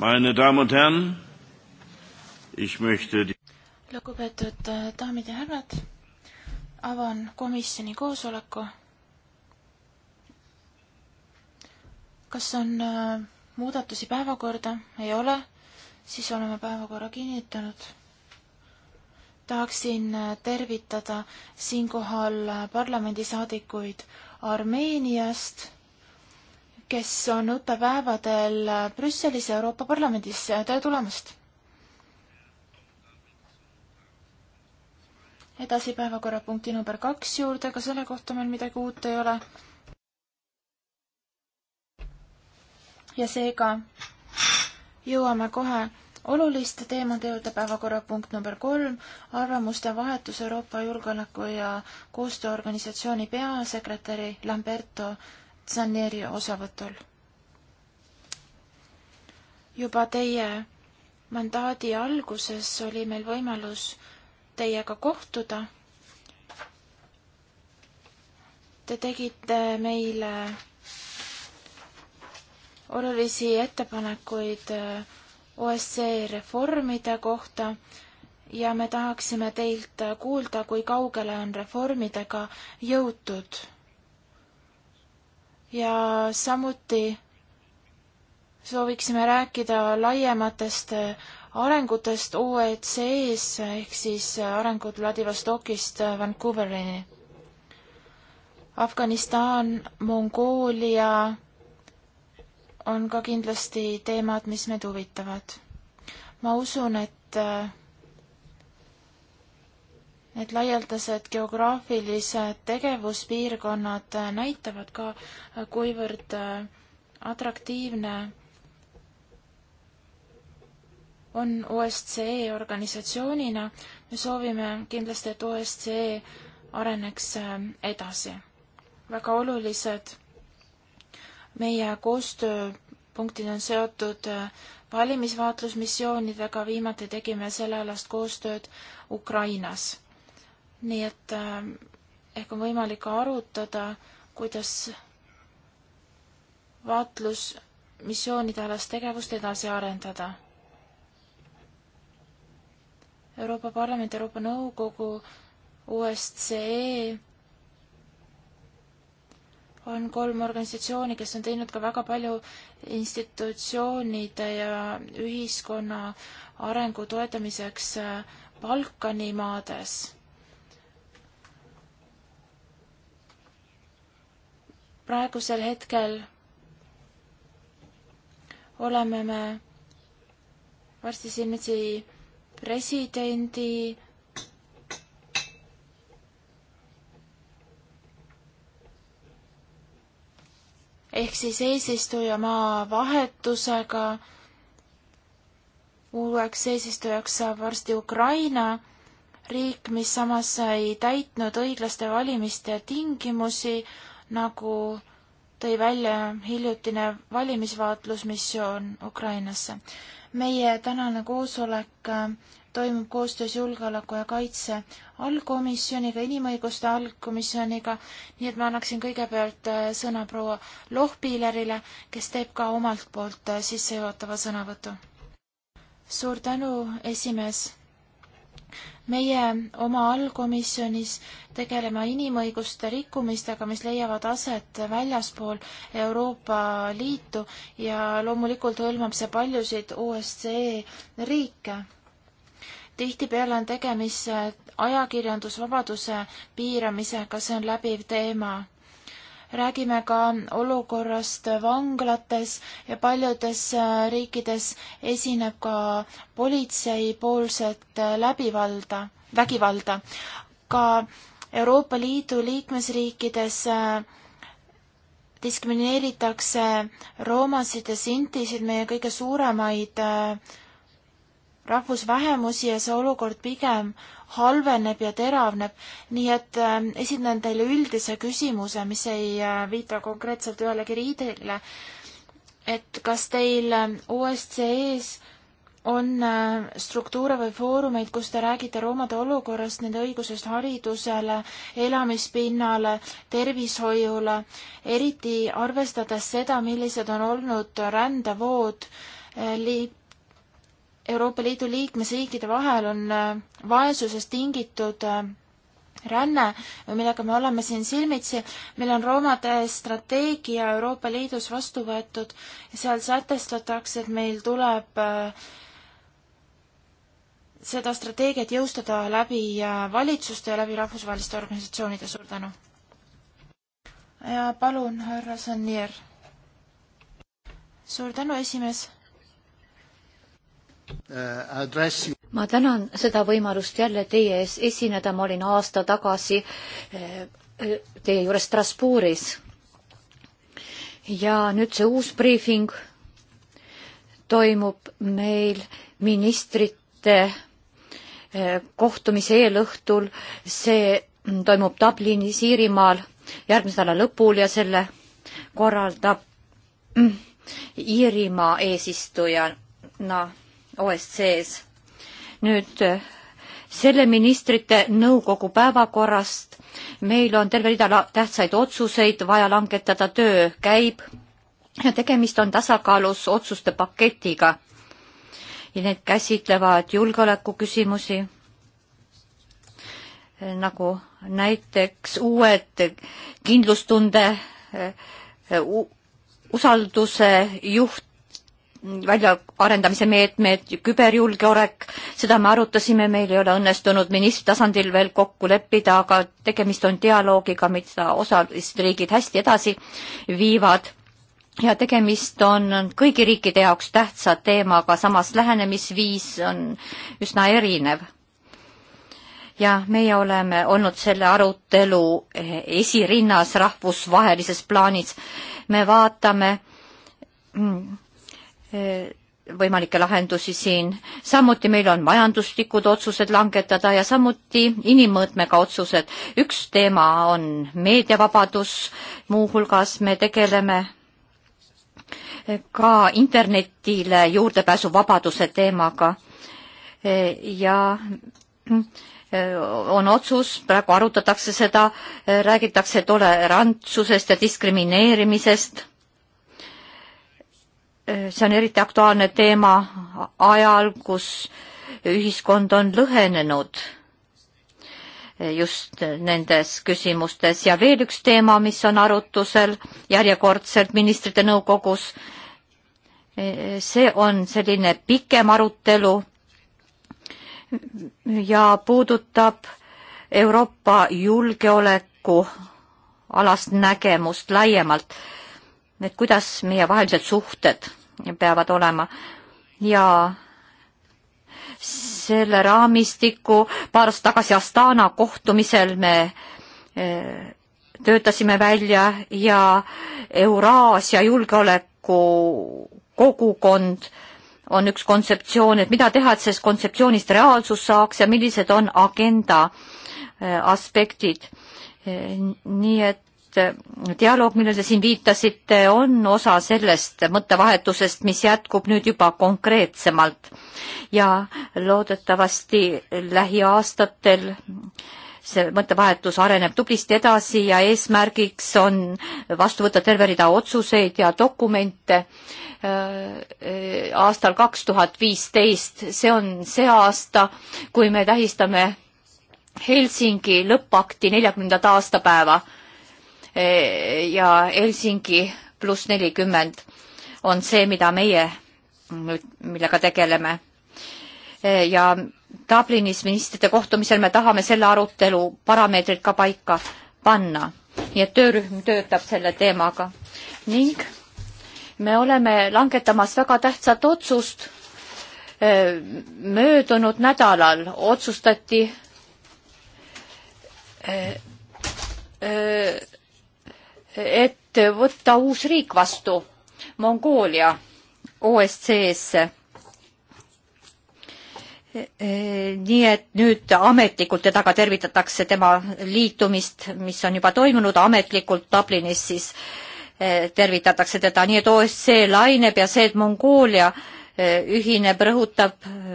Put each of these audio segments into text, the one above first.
Meine Damen und Herren, ich möchte die lugupeetud äh, daamid ja härrad, avan komisjoni koosoleku. kas on äh, muudatusi päevakorda? ei ole? siis oleme päevakorra kinnitanud. tahaksin äh, tervitada siinkohal parlamendisaadikuid Armeeniast kes on õppepäevadel Brüsselis Euroopa Parlamendis. tere tulemast! edasi päevakorrapunkti number kaks juurde, ka selle kohta meil midagi uut ei ole. ja seega jõuame kohe oluliste teemade juurde päevakorrapunkt number kolm, arvamuste vahetus Euroopa Julgeoleku ja Koostööorganisatsiooni peasekretäri Lamberto Zaneri osavõtul. juba teie mandaadi alguses oli meil võimalus teiega kohtuda. Te tegite meile olulisi ettepanekuid äh, OSCE reformide kohta ja me tahaksime teilt kuulda, kui kaugele on reformidega jõutud ja samuti sooviksime rääkida laiematest äh, arengutest OECD-s ehk siis äh, arengud Vladivostokist äh, Vancouverini. Afganistan, Mongoolia on ka kindlasti teemad, mis meid huvitavad. ma usun, et Need laialdased geograafilised tegevuspiirkonnad äh, näitavad ka, äh, kuivõrd äh, atraktiivne on OSCE organisatsioonina. me soovime kindlasti, et OSCE areneks edasi. väga olulised meie koostööpunktid on seotud valimisvaatlusmissioonidega, viimati tegime sellealast koostööd Ukrainas nii et äh, ehk on võimalik arutada, kuidas vaatlusmissioonide alast tegevust edasi arendada. Euroopa Parlament, Euroopa Nõukogu, OSCE on kolm organisatsiooni, kes on teinud ka väga palju institutsioonide ja ühiskonna arengu toetamiseks äh, Balkani maades praegusel hetkel oleme me varsti silmitsi presidendi ehk siis eesistujamaa vahetusega. uueks eesistujaks saab varsti Ukraina, riik, mis samas ei täitnud õiglaste valimiste tingimusi nagu tõi välja hiljutine valimisvaatlusmissioon Ukrainasse. meie tänane koosolek äh, toimub koostöös Julgeoleku ja Kaitse allkomisjoniga, Inimõiguste allkomisjoniga, nii et ma annaksin kõigepealt äh, sõna proua Lohpillerile, kes teeb ka omalt poolt äh, sissejuhatava sõnavõtu. suur tänu, esimees! meie oma allkomisjonis tegeleme inimõiguste rikkumistega, mis leiavad aset väljaspool Euroopa Liitu ja loomulikult hõlmab see paljusid OSCE riike. tihtipeale on tegemist ajakirjandusvabaduse piiramisega, see on läbiv teema räägime ka olukorrast vanglates ja paljudes äh, riikides esineb ka politseipoolset äh, läbivalda, vägivalda. ka Euroopa Liidu liikmesriikides äh, diskrimineeritakse roomasid ja sintisid, meie kõige suuremaid rahvusvähemusi ja see olukord pigem halveneb ja teravneb, nii et äh, esinen teile üldise küsimuse, mis ei äh, viita konkreetselt ühelegi riidele. et kas teil OSCE-s äh, on struktuure või foorumeid, kus te räägite roomade olukorrast, nende õigusest haridusele, elamispinnale, tervishoiule, eriti arvestades seda, millised on olnud rändevood li-, Euroopa Liidu liikmesriikide vahel on äh, vaesusest tingitud äh, ränne, millega me oleme siin silmitsi, meil on roomade strateegia Euroopa Liidus vastu võetud ja seal sätestatakse, et meil tuleb äh, seda strateegiat jõustada läbi valitsuste ja läbi rahvusvaheliste organisatsioonide, suur tänu! ja palun, härra Sannier! suur tänu, esimees! Uh, ma tänan seda võimalust jälle teie ees esineda, ma olin aasta tagasi eh, eh, teie juures Strasbourgis. ja nüüd see uus briefing toimub meil ministrite eh, kohtumise eelõhtul, see toimub Dublinis Iirimaal järgmise nädala lõpul ja selle korraldab mm, Iirimaa eesistujana no. OSCE-s. nüüd eh, selle ministrite nõukogu päevakorrast meil on terve rida tähtsaid otsuseid vaja langetada, töö käib ja tegemist on tasakaalus otsuste paketiga. ja need käsitlevad julgeolekuküsimusi, eh, nagu näiteks uued kindlustunde eh, usalduse juht, väljaarendamise meetmed, küberjulgeolek, seda me arutasime, meil ei ole õnnestunud ministri tasandil veel kokku leppida, aga tegemist on dialoogiga, mida osalisriigid hästi edasi viivad ja tegemist on kõigi riikide jaoks tähtsa teemaga, samas lähenemisviis on üsna erinev. ja meie oleme olnud selle arutelu esirinnas rahvusvahelises plaanis. me vaatame mm, Eh, võimalikke lahendusi siin. samuti meil on majanduslikud otsused langetada ja samuti inimmõõtmega otsused. üks teema on meediavabadus, muuhulgas me tegeleme ka internetile juurdepääsu vabaduse teemaga eh, ja eh, on otsus, praegu arutatakse seda, räägitakse tolerantsusest ja diskrimineerimisest see on eriti aktuaalne teema ajal, kus ühiskond on lõhenenud just nendes küsimustes ja veel üks teema, mis on arutusel järjekordselt ministrite nõukogus. see on selline pikem arutelu ja puudutab Euroopa julgeoleku alast nägemust laiemalt, et kuidas meievahelised suhted peavad olema ja selle raamistiku paar aastat tagasi Astana kohtumisel me e, töötasime välja ja Euraasia julgeoleku kogukond on üks kontseptsioon, et mida teha, et sellest kontseptsioonist reaalsus saaks ja millised on agenda e, aspektid. E, nii et Äh, dialoog, millele siin viitasite, on osa sellest mõttevahetusest, mis jätkub nüüd juba konkreetsemalt ja loodetavasti lähiaastatel see mõttevahetus areneb tublisti edasi ja eesmärgiks on vastu võtta terve rida otsuseid ja dokumente äh, äh, aastal kaks tuhat viisteist, see on see aasta, kui me tähistame Helsingi lõppakti neljakümnendat aastapäeva ja Helsingi pluss nelikümmend on see, mida meie nüüd, millega tegeleme. ja Dublinis ministrite kohtumisel me tahame selle arutelu parameetrid ka paika panna. nii et töörühm töötab selle teemaga ning me oleme langetamas väga tähtsat otsust. möödunud nädalal otsustati öö, öö, et võtta uus riik vastu, Mongoolia OSCE-sse. nii et nüüd ametlikult teda ka tervitatakse tema liitumist, mis on juba toimunud ametlikult Dublinis siis eh, tervitatakse teda, nii et OSCE laineb ja see, et Mongoolia eh, ühineb, rõhutab eh,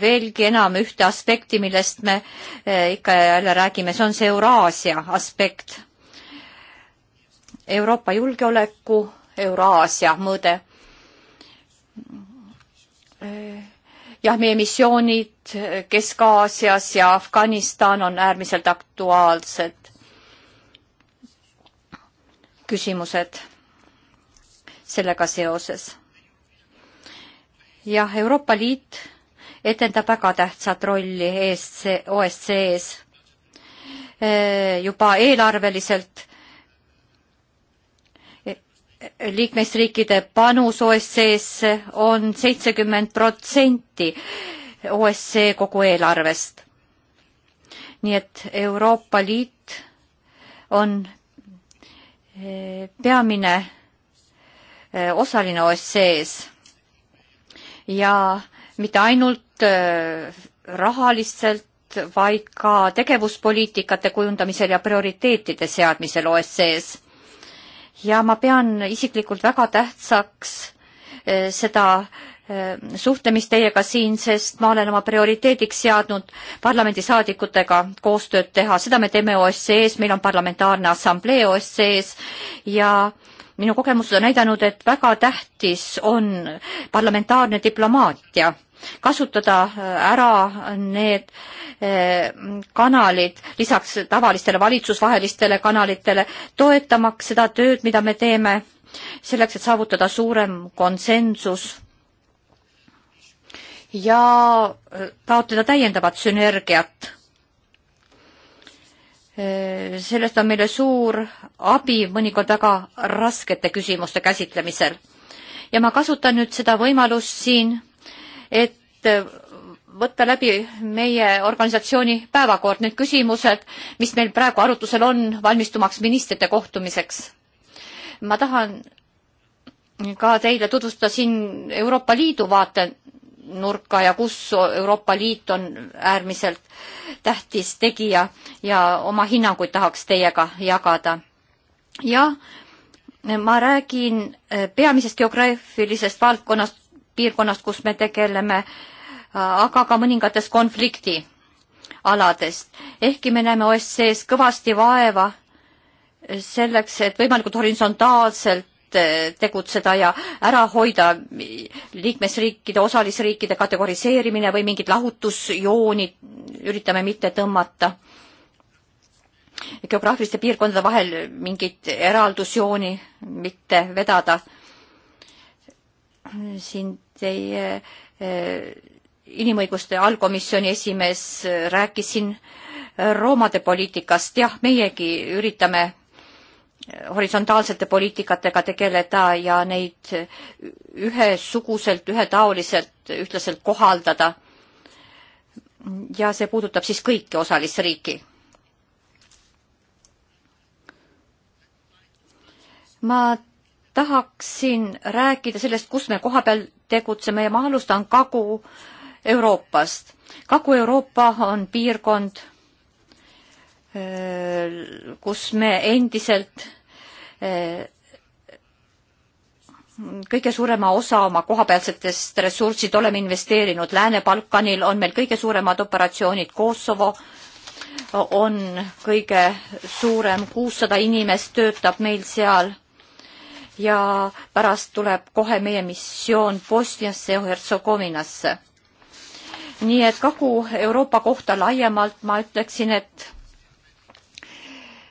veelgi enam ühte aspekti, millest me ikka ja jälle räägime, see on see Euraasia aspekt Euroopa julgeoleku Euraasia mõõde. jah, meie missioonid Kesk-Aasias ja Afganistan on äärmiselt aktuaalsed küsimused sellega seoses. jah, Euroopa Liit etendab väga tähtsat rolli ESC, OSCE-s eh, juba eelarveliselt liikmesriikide panus OSCE-sse on seitsekümmend protsenti OSCE kogu eelarvest. nii et Euroopa Liit on eh, peamine eh, osaline OSCE-s ja mitte ainult eh, rahaliselt, vaid ka tegevuspoliitikate kujundamisel ja prioriteetide seadmisel OSCE-s ja ma pean isiklikult väga tähtsaks eh, seda eh, suhtlemist teiega siin, sest ma olen oma prioriteediks seadnud parlamendisaadikutega koostööd teha, seda me teeme OSCE-s, e meil on parlamentaarne assamblee OSCE-s e ja minu kogemused on näidanud, et väga tähtis on parlamentaarne diplomaatia kasutada äh, ära need äh, kanalid lisaks tavalistele valitsusvahelistele kanalitele, toetamaks seda tööd, mida me teeme selleks, et saavutada suurem konsensus ja äh, taotleda täiendavat sünergiat. sellest on meile suur abi mõnikord väga raskete küsimuste käsitlemisel. ja ma kasutan nüüd seda võimalust siin et võtta läbi meie organisatsiooni päevakord need küsimused, mis meil praegu arutusel on, valmistumaks ministrite kohtumiseks. ma tahan ka teile tutvustada siin Euroopa Liidu vaatenurka ja kus Euroopa Liit on äärmiselt tähtis tegija ja oma hinnanguid tahaks teiega jagada. jah, ma räägin peamisest geograafilisest valdkonnast piirkonnast, kus me tegeleme, aga ka mõningatest konfliktialadest. ehkki me näeme OSCE-s kõvasti vaeva selleks, et võimalikult horisontaalselt eh, tegutseda ja ära hoida liikmesriikide, osalisriikide kategoriseerimine või mingid lahutusjooni üritame mitte tõmmata. geograafiliste piirkondade vahel mingeid eraldusjooni mitte vedada. siin teie eh, eh, inimõiguste allkomisjoni esimees eh, rääkis siin roomade poliitikast, jah, meiegi üritame horisontaalsete poliitikatega tegeleda ja neid ühesuguselt, ühetaoliselt, ühtlaselt kohaldada. ja see puudutab siis kõiki osalisriiki. ma tahaksin rääkida sellest, kus me kohapeal tegutseme ja ma alustan Kagu-Euroopast. Kagu-Euroopa on piirkond, kus me endiselt kõige suurema osa oma kohapealsetest ressursid oleme investeerinud. Lääne-Balkanil on meil kõige suuremad operatsioonid, Kosovo on kõige suurem, kuussada inimest töötab meil seal ja pärast tuleb kohe meie missioon Bosniasse ja Hertsegoviinasse. nii et Kagu-Euroopa kohta laiemalt ma ütleksin, et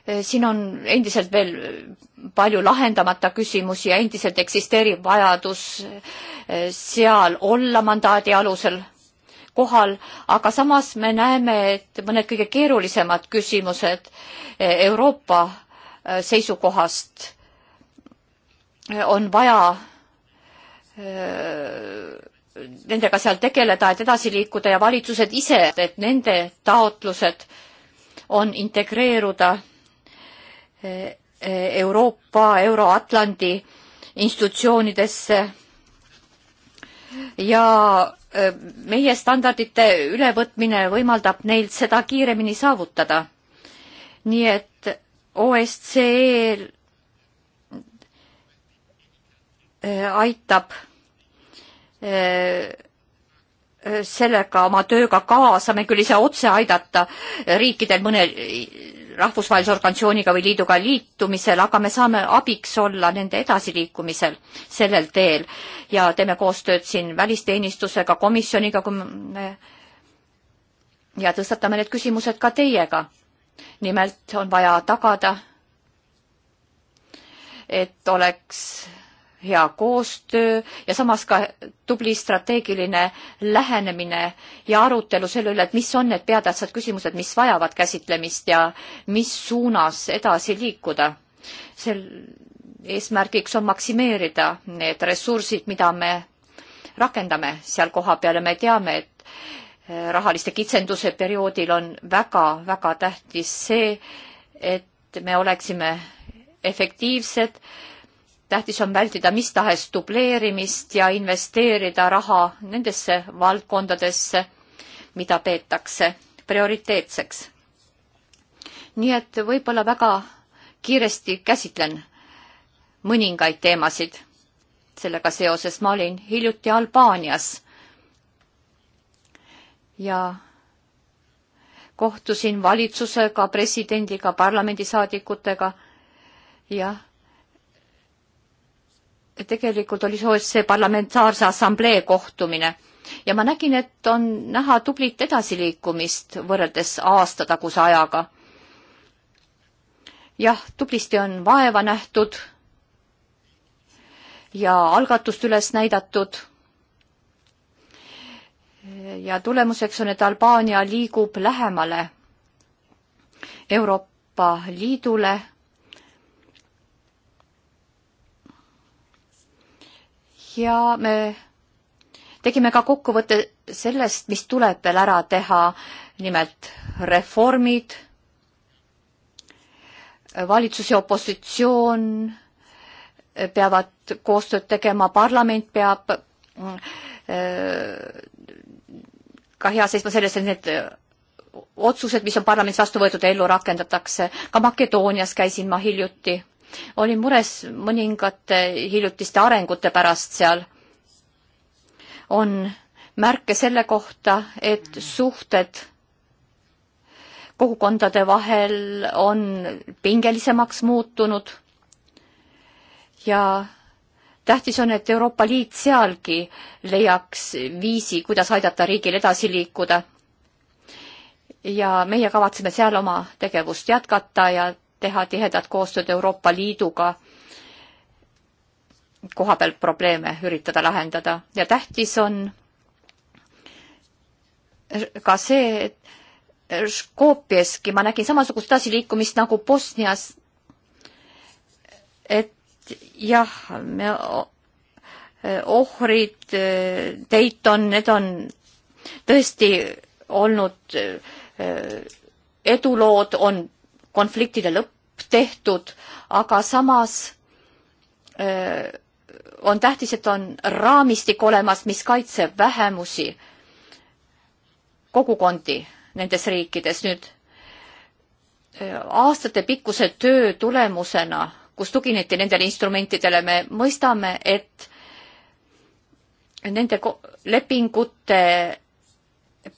eh, siin on endiselt veel palju lahendamata küsimusi ja endiselt eksisteerib vajadus eh, seal olla mandaadi alusel kohal, aga samas me näeme, et mõned kõige keerulisemad küsimused eh, Euroopa seisukohast on vaja äh, nendega seal tegeleda, et edasi liikuda ja valitsused ise, et nende taotlused on integreeruda äh, Euroopa, Euro-Atlandi institutsioonidesse ja äh, meie standardite ülevõtmine võimaldab neil seda kiiremini saavutada. nii et OSCE-l Äh, aitab äh, äh, sellega oma tööga kaasa, me küll ei saa otse aidata riikidel mõne rahvusvahelise organisatsiooniga või liiduga liitumisel, aga me saame abiks olla nende edasiliikumisel sellel teel ja teeme koostööd siin välisteenistusega, komisjoniga, kui me ja tõstatame need küsimused ka teiega. nimelt on vaja tagada, et oleks hea koostöö ja samas ka tubli strateegiline lähenemine ja arutelu selle üle, et mis on need peatähtsad küsimused, mis vajavad käsitlemist ja mis suunas edasi liikuda. sel eesmärgiks on maksimeerida need ressursid, mida me rakendame seal kohapeal ja me teame, et eh, rahaliste kitsenduse perioodil on väga-väga tähtis see, et me oleksime efektiivsed tähtis on vältida mis tahes dubleerimist ja investeerida raha nendesse valdkondadesse, mida peetakse prioriteetseks. nii et võib-olla väga kiiresti käsitlen mõningaid teemasid sellega seoses. ma olin hiljuti Albaanias ja kohtusin valitsusega, presidendiga, parlamendisaadikutega. jah tegelikult oli see OSCE Parlamentaarse Assamblee kohtumine ja ma nägin, et on näha tublit edasiliikumist võrreldes aastataguse ajaga. jah, tublisti on vaeva nähtud ja algatust üles näidatud. ja tulemuseks on, et Albaania liigub lähemale Euroopa Liidule ja me tegime ka kokkuvõtte sellest, mis tuleb veel ära teha, nimelt reformid, valitsus ja opositsioon peavad koostööd tegema, parlament peab äh, ka hea seisma selles, et need otsused, mis on parlamendis vastu võetud ja ellu rakendatakse. ka Makedoonias käisin ma hiljuti olin mures mõningate hiljutiste arengute pärast seal. on märke selle kohta, et suhted kogukondade vahel on pingelisemaks muutunud ja tähtis on, et Euroopa Liit sealgi leiaks viisi, kuidas aidata riigil edasi liikuda. ja meie kavatseme seal oma tegevust jätkata ja teha tihedat koostööd Euroopa Liiduga, koha peal probleeme üritada lahendada ja tähtis on ka see, et Skopjeski ma nägin samasugust edasiliikumist nagu Bosnias. et jah, me ohvrid, Dayton, need on tõesti olnud eh, edulood, on konfliktide lõpp tehtud, aga samas öö, on tähtis, et on raamistik olemas, mis kaitseb vähemusi, kogukondi nendes riikides nüüd aastatepikkuse töö tulemusena, kus tugineti nendele instrumentidele, me mõistame, et nende lepingute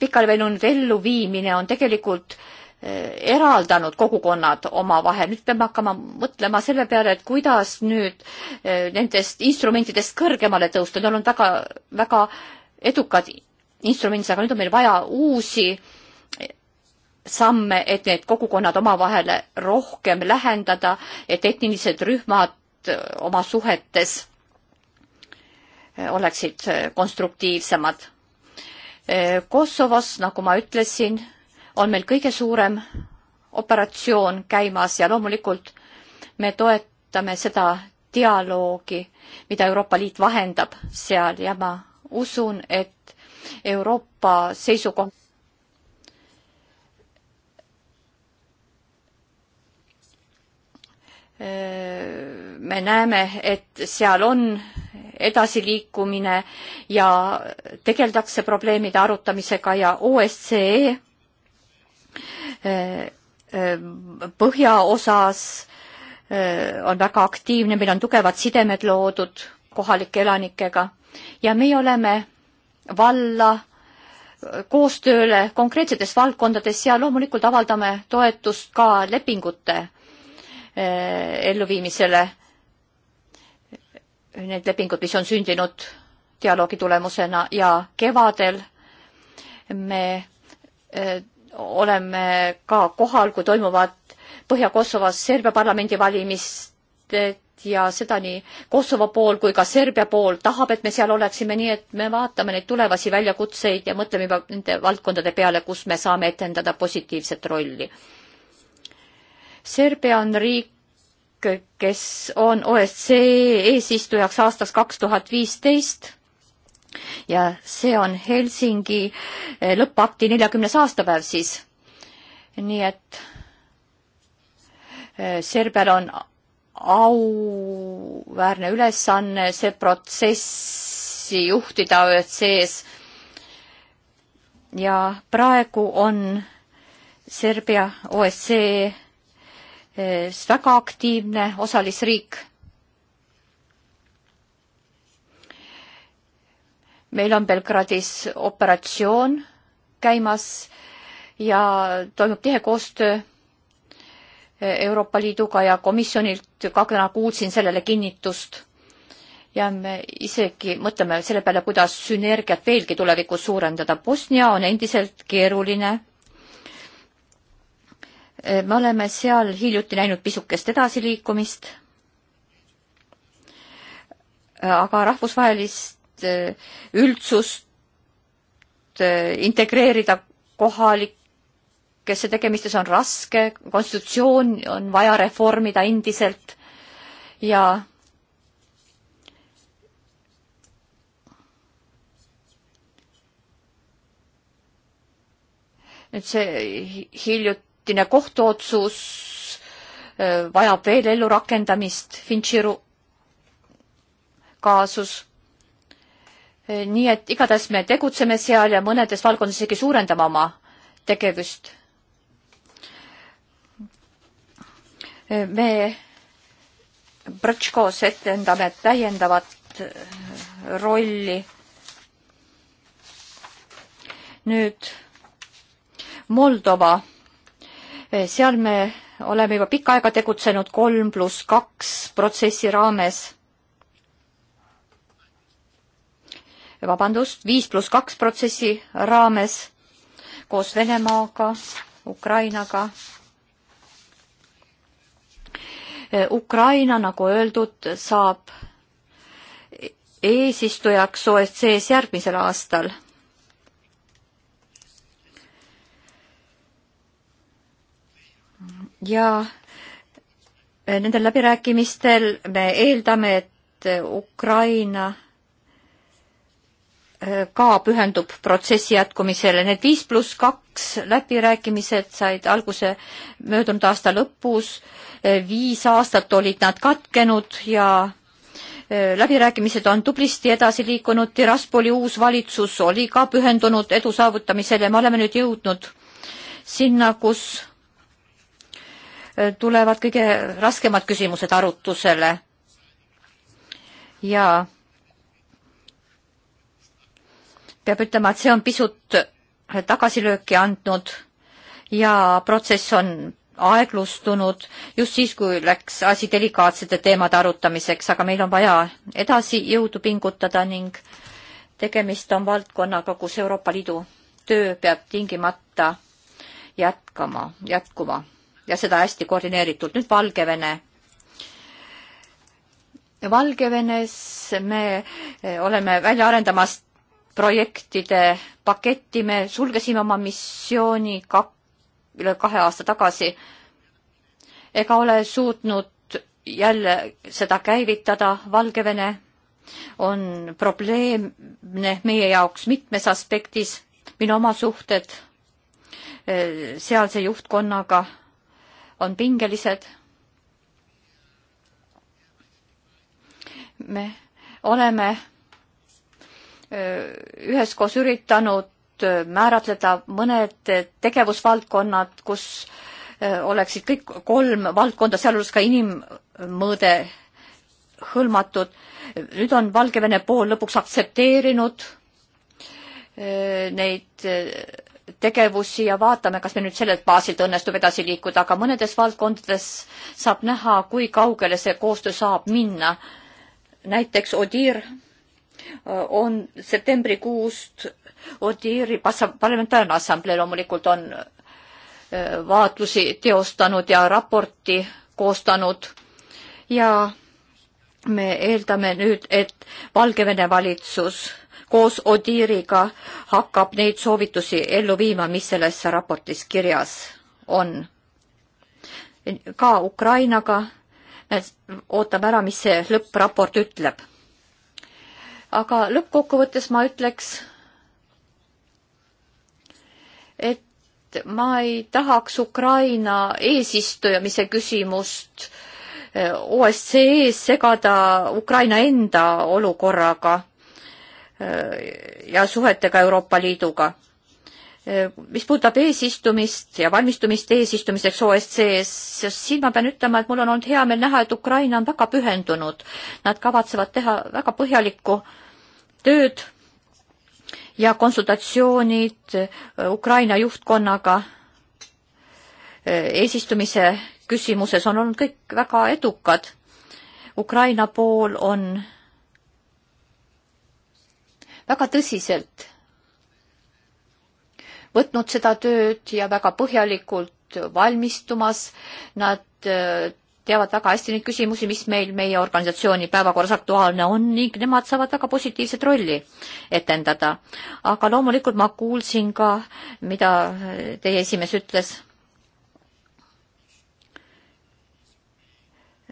pikali veninud elluviimine on tegelikult äh, Eh, eraldanud kogukonnad omavahel, nüüd peame hakkama mõtlema selle peale, et kuidas nüüd eh, nendest instrumentidest kõrgemale tõusta, need on väga, väga edukad instrumendid, aga nüüd on meil vaja uusi eh, samme, et need kogukonnad omavahel rohkem lähendada, et etnilised rühmad oma suhetes oleksid konstruktiivsemad. Kosovos, nagu ma ütlesin on meil kõige suurem operatsioon käimas ja loomulikult me toetame seda dialoogi, mida Euroopa Liit vahendab seal ja ma usun, et Euroopa seisukoht me näeme, et seal on edasiliikumine ja tegeldakse probleemide arutamisega ja OSCE Äh, äh, põhjaosas äh, on väga aktiivne, meil on tugevad sidemed loodud kohalike elanikega ja meie oleme valla koostööle konkreetsetes valdkondades ja loomulikult avaldame toetust ka lepingute elluviimisele. Need lepingud, mis on sündinud dialoogi tulemusena ja kevadel me oleme ka kohal, kui toimuvad Põhja-Kosovos Serbia parlamendivalimised ja seda nii Kosovo pool kui ka Serbia pool tahab, et me seal oleksime, nii et me vaatame neid tulevasi väljakutseid ja mõtleme juba nende valdkondade peale, kus me saame etendada positiivset rolli. Serbia on riik, kes on OSCE eesistujaks aastast kaks tuhat viisteist ja see on Helsingi eh, lõppakti neljakümnes aastapäev siis. nii et eh, Serbial on auväärne ülesanne see protsessi juhtida ÖEC-s. ja praegu on Serbia OSCE-s eh, väga aktiivne osalisriik meil on Belgradis operatsioon käimas ja toimub tihe koostöö Euroopa Liiduga ja komisjonilt ka täna kuulsin sellele kinnitust. ja me isegi mõtleme selle peale, kuidas sünergiat veelgi tulevikus suurendada. Bosnia on endiselt keeruline. me oleme seal hiljuti näinud pisukest edasiliikumist. aga rahvusvahelist Eh, üldsust eh, integreerida kohalikesse tegemistes on raske, konstitutsioon on vaja reformida endiselt ja nüüd see hiljutine kohtuotsus eh, vajab veel ellurakendamist, Finchiru kaasus Äh, nii et igatahes me tegutseme seal ja mõnedes valdkondades isegi suurendame oma tegevust. Äh, me Bratškos etendame täiendavat äh, rolli. nüüd Moldova, seal me oleme juba pikka aega tegutsenud kolm pluss kaks protsessi raames vabandust, viis pluss kaks protsessi raames koos Venemaaga, Ukrainaga. Eh, Ukraina, nagu öeldud, saab eesistujaks OSCE-s järgmisel aastal ja eh, nendel läbirääkimistel me eeldame, et Ukraina ka pühendub protsessi jätkumisele. Need viis pluss kaks läbirääkimised said alguse möödunud aasta lõpus, viis aastat olid nad katkenud ja e, läbirääkimised on tublisti edasi liikunud, Tiraspoli uus valitsus oli ka pühendunud edu saavutamisele, me oleme nüüd jõudnud sinna, kus e, tulevad kõige raskemad küsimused arutusele. ja peab ütlema, et see on pisut tagasilööki andnud ja protsess on aeglustunud just siis, kui läks asi delikaatsete teemade arutamiseks, aga meil on vaja edasi jõudu pingutada ning tegemist on valdkonnaga, kus Euroopa Liidu töö peab tingimata jätkama, jätkuma ja seda hästi koordineeritult. nüüd Valgevene. Valgevenes me eh, oleme välja arendamas projektide paketti, me sulgesime oma missiooni kak-, üle kahe aasta tagasi ega ole suutnud jälle seda käivitada. Valgevene on probleemne meie jaoks mitmes aspektis, minu oma suhted eh, sealse juhtkonnaga on pingelised. me oleme Äh, üheskoos üritanud äh, määratleda mõned äh, tegevusvaldkonnad, kus oleksid kõik kolm valdkonda, sealhulgas ka inimmõõde hõlmatud. nüüd on Valgevene pool lõpuks aktsepteerinud neid tegevusi ja vaatame, kas me nüüd sellelt baasilt õnnestub edasi liikuda, aga mõnedes valdkondades saab näha, kui kaugele see koostöö saab minna. näiteks Odir on septembrikuust Odiiri parlamentaarne assamblee loomulikult on äh, vaatlusi teostanud ja raporti koostanud ja me eeldame nüüd, et Valgevene valitsus koos Odiiriga hakkab neid soovitusi ellu viima, mis selles raportis kirjas on. ka Ukrainaga me ootame ära, mis see lõppraport ütleb aga lõppkokkuvõttes ma ütleks, et ma ei tahaks Ukraina eesistujamise küsimust eh, OSCE-s segada Ukraina enda olukorraga eh, ja suhetega Euroopa Liiduga mis puudutab eesistumist ja valmistumist eesistumiseks OSCE-s, e siin ma pean ütlema, et mul on olnud hea meel näha, et Ukraina on väga pühendunud. Nad kavatsevad teha väga põhjalikku tööd ja konsultatsioonid äh, Ukraina juhtkonnaga äh, eesistumise küsimuses on olnud kõik väga edukad. Ukraina pool on väga tõsiselt võtnud seda tööd ja väga põhjalikult valmistumas. Nad äh, teavad väga hästi neid küsimusi, mis meil meie organisatsiooni päevakorras aktuaalne on ning nemad saavad väga positiivset rolli etendada. aga loomulikult ma kuulsin ka, mida teie esimees ütles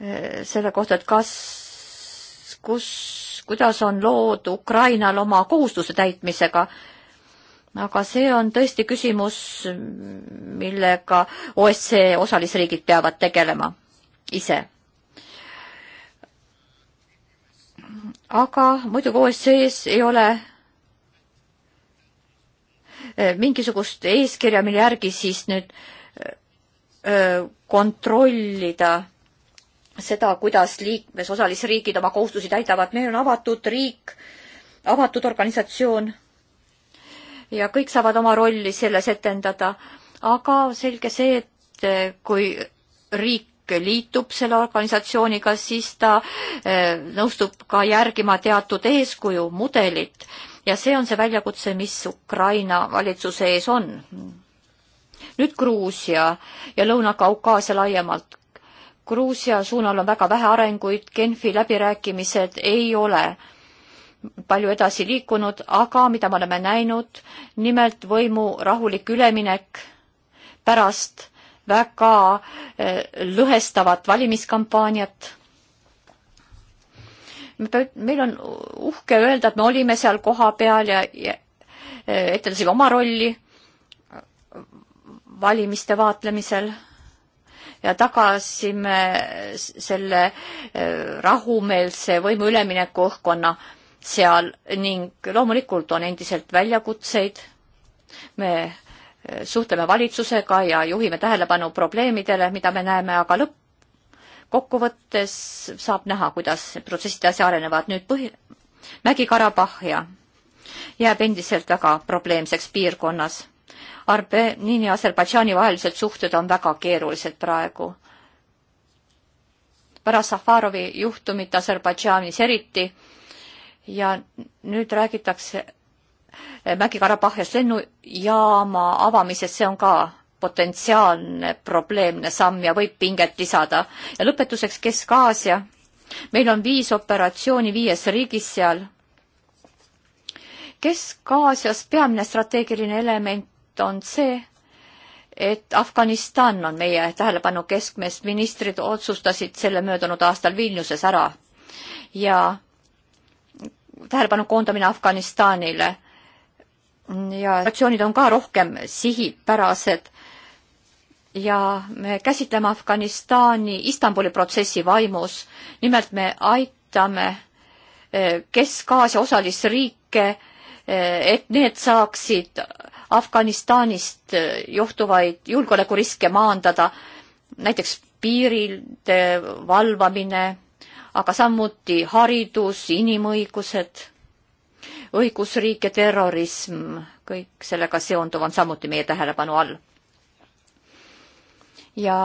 äh, selle kohta, et kas, kus, kuidas on lood Ukrainal oma kohustuse täitmisega aga see on tõesti küsimus, millega OSCE osalisriigid peavad tegelema ise. aga muidugi OSCE-s ei ole e, mingisugust eeskirja, mille järgi siis nüüd e, e, kontrollida seda, kuidas liikmes osalisriigid oma kohustusi täidavad. meil on avatud riik, avatud organisatsioon ja kõik saavad oma rolli selles etendada. aga selge see, et eh, kui riik liitub selle organisatsiooniga, siis ta eh, nõustub ka järgima teatud eeskuju, mudelit ja see on see väljakutse, mis Ukraina valitsuse ees on. nüüd Gruusia ja Lõuna-Kaukaasia laiemalt. Gruusia suunal on väga vähe arenguid, Genfi läbirääkimised ei ole äh, palju edasi liikunud, aga mida me oleme näinud, nimelt võimu rahulik üleminek pärast väga eh, lõhestavat valimiskampaaniat. meil on uhke öelda, et me olime seal kohapeal ja, ja eh, etendasime oma rolli valimiste vaatlemisel ja tagasime selle eh, rahumeelse võimu ülemineku õhkkonna seal ning loomulikult on endiselt väljakutseid. me eh, suhtleme valitsusega ja juhime tähelepanu probleemidele, mida me näeme, aga lõppkokkuvõttes saab näha, kuidas protsessid edasi arenevad. nüüd põhi, Mägi-Karabahhia jääb endiselt väga probleemseks piirkonnas. Armeenia ja Aserbaidžaani vahelised suhted on väga keerulised praegu. pärast Sahharovi juhtumit Aserbaidžaanis eriti ja nüüd räägitakse eh, Mägi-Karabahhias lennujaama avamisest, see on ka potentsiaalne probleemne samm ja võib pinget lisada. ja lõpetuseks Kesk-Aasia. meil on viis operatsiooni viies riigis seal. Kesk-Aasias peamine strateegiline element on see, et Afganistan on meie tähelepanu keskmes, ministrid otsustasid selle möödunud aastal Vilniuses ära ja tähelepanu koondamine Afganistanile ja aktsioonid on ka rohkem sihipärased ja me käsitleme Afganistani Istanbuli protsessi vaimus. nimelt me aitame eh, Kesk-Aasia osalisriike, eh, et need saaksid Afganistanist eh, johtuvaid julgeolekuriske maandada, näiteks piiride valvamine aga samuti haridus, inimõigused, õigusriik ja terrorism, kõik sellega seonduv on samuti meie tähelepanu all. ja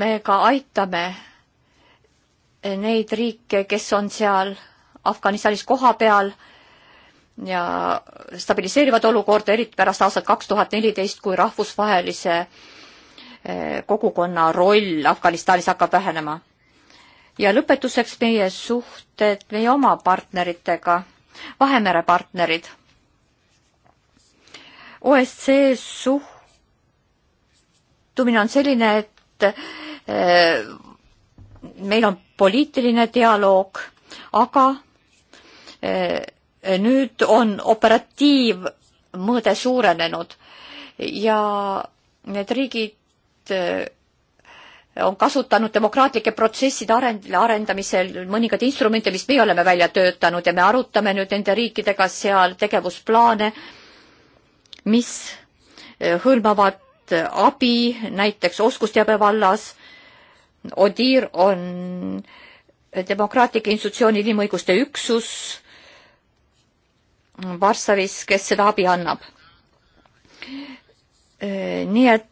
me ka aitame neid riike, kes on seal Afganistanis kohapeal ja stabiliseerivad olukorda, eriti pärast aastat kaks tuhat neliteist, kui rahvusvahelise eh, kogukonna roll Afganistanis hakkab vähenema ja lõpetuseks meie suhted meie oma partneritega, Vahemere partnerid. OSCE suhtumine on selline, et eh, meil on poliitiline dialoog, aga eh, nüüd on operatiivmõõde suurenenud ja need riigid eh, on kasutanud demokraatlike protsesside arend-, arendamisel mõningaid instrumente, mis meie oleme välja töötanud ja me arutame nüüd nende riikidega seal tegevusplaane, mis eh, hõlmavad abi näiteks oskusteabe vallas. Odir on demokraatlike institutsiooni inimõiguste üksus Varssavis, kes seda abi annab. Eh, nii et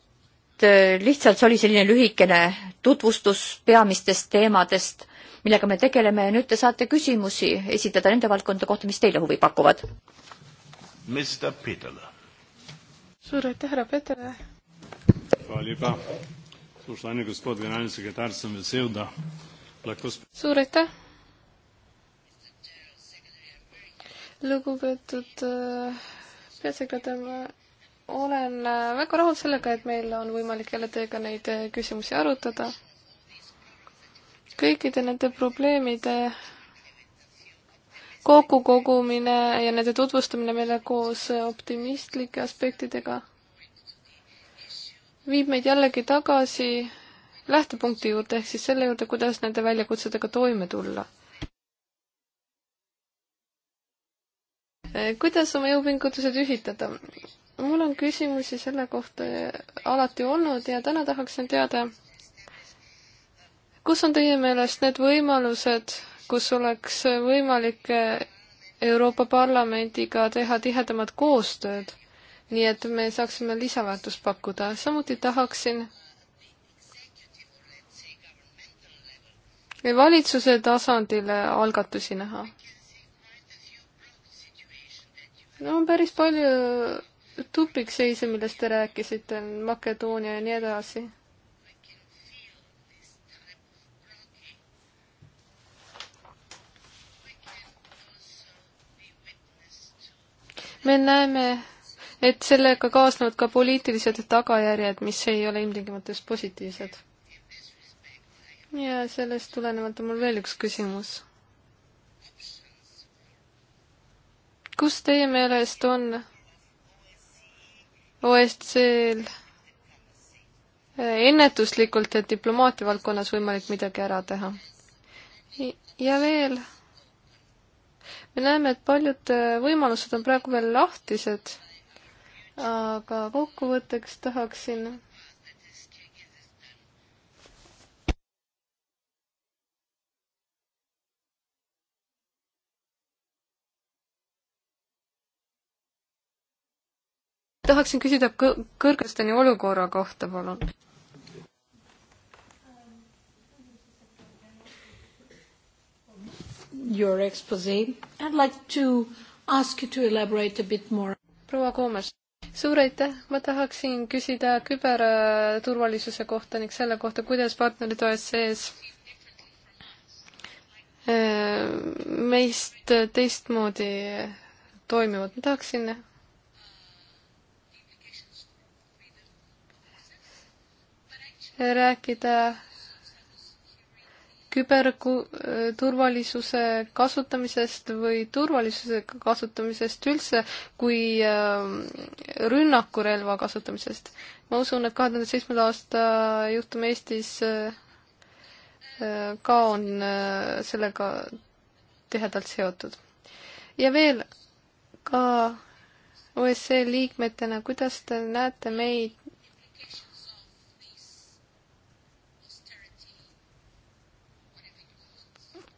Äh, lihtsalt see oli selline lühikene tutvustus peamistest teemadest, millega me tegeleme ja nüüd te saate küsimusi esitada nende valdkondade kohta, mis teile huvi pakuvad. suur aitäh, härra Peterle! suur aitäh! lugupeetud äh, peasekretär, ma olen äh, väga rahul sellega, et meil on võimalik jälle teiega neid äh, küsimusi arutada. kõikide nende probleemide kokkukogumine ja nende tutvustamine meile koos äh, optimistlike aspektidega viib meid jällegi tagasi lähtepunkti juurde, ehk siis selle juurde, kuidas nende väljakutsedega toime tulla kuidas oma jõupingutused ühitada? mul on küsimusi selle kohta alati olnud ja täna tahaksin teada, kus on teie meelest need võimalused, kus oleks võimalik Euroopa Parlamendiga teha tihedamat koostööd, nii et me saaksime lisaväärtust pakkuda, samuti tahaksin valitsuse tasandile algatusi näha. no on päris palju tupikseise, millest te rääkisite, Makedoonia ja nii edasi. me näeme, et sellega kaasnevad ka poliitilised tagajärjed, mis ei ole ilmtingimata just positiivsed. ja sellest tulenevalt on mul veel üks küsimus. kus teie meelest on OSCE-l eh, ennetuslikult ja diplomaatia valdkonnas võimalik midagi ära teha. ja veel, me näeme, et paljud eh, võimalused on praegu veel lahtised, aga kokkuvõtteks tahaksin tahaksin küsida Kõrgõzstani olukorra kohta, palun. Your expose. I'd like to ask you to elaborate a bit more. proua Koomas, suur aitäh, ma tahaksin küsida küberturvalisuse kohta ning selle kohta, kuidas partnerid OSCE-s äh, meist teistmoodi toimivad, ma tahaksin rääkida küberturvalisuse kasutamisest või turvalisuse kasutamisest üldse kui ähm, rünnakurelva kasutamisest. ma usun, et kahe tuhande seitsmenda aasta juhtum Eestis äh, äh, ka on äh, sellega tihedalt seotud. ja veel ka OSCE liikmetena, kuidas te näete meid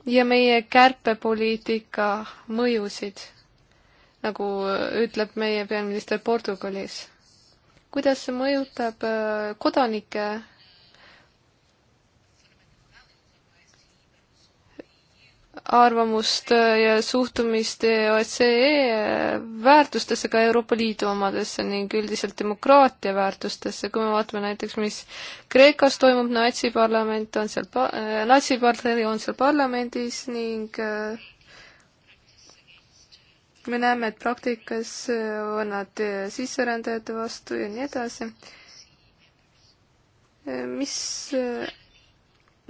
ja meie kärpepoliitika mõjusid, nagu ütleb meie peaminister Portugalis. kuidas see mõjutab äh, kodanike arvamust äh, ja suhtumist OSCE väärtustesse, ka Euroopa Liidu omadesse ning üldiselt demokraatia väärtustesse, kui me vaatame näiteks, mis Kreekas toimub, natsiparlament on seal pa-, äh, natsipartneri on seal parlamendis ning äh, me näeme, et praktikas on nad sisserändajate vastu ja nii edasi. mis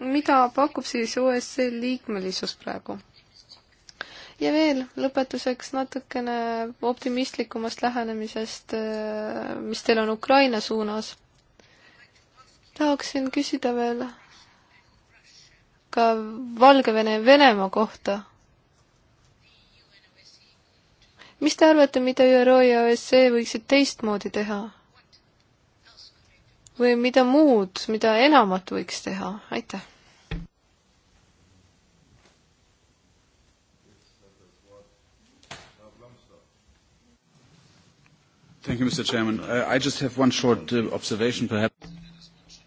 mida pakub siis OSCE liikmelisus praegu? ja veel lõpetuseks natukene optimistlikumast lähenemisest, äh, mis teil on Ukraina suunas. tahaksin küsida veel ka Valgevene ja Venemaa kohta. mis te arvate, mida ÜRO ja OSCE võiksid teistmoodi teha? või mida muud, mida enamat võiks teha, aitäh! Thank you, Mr. Chairman. Uh, I just have one short uh, observation, perhaps.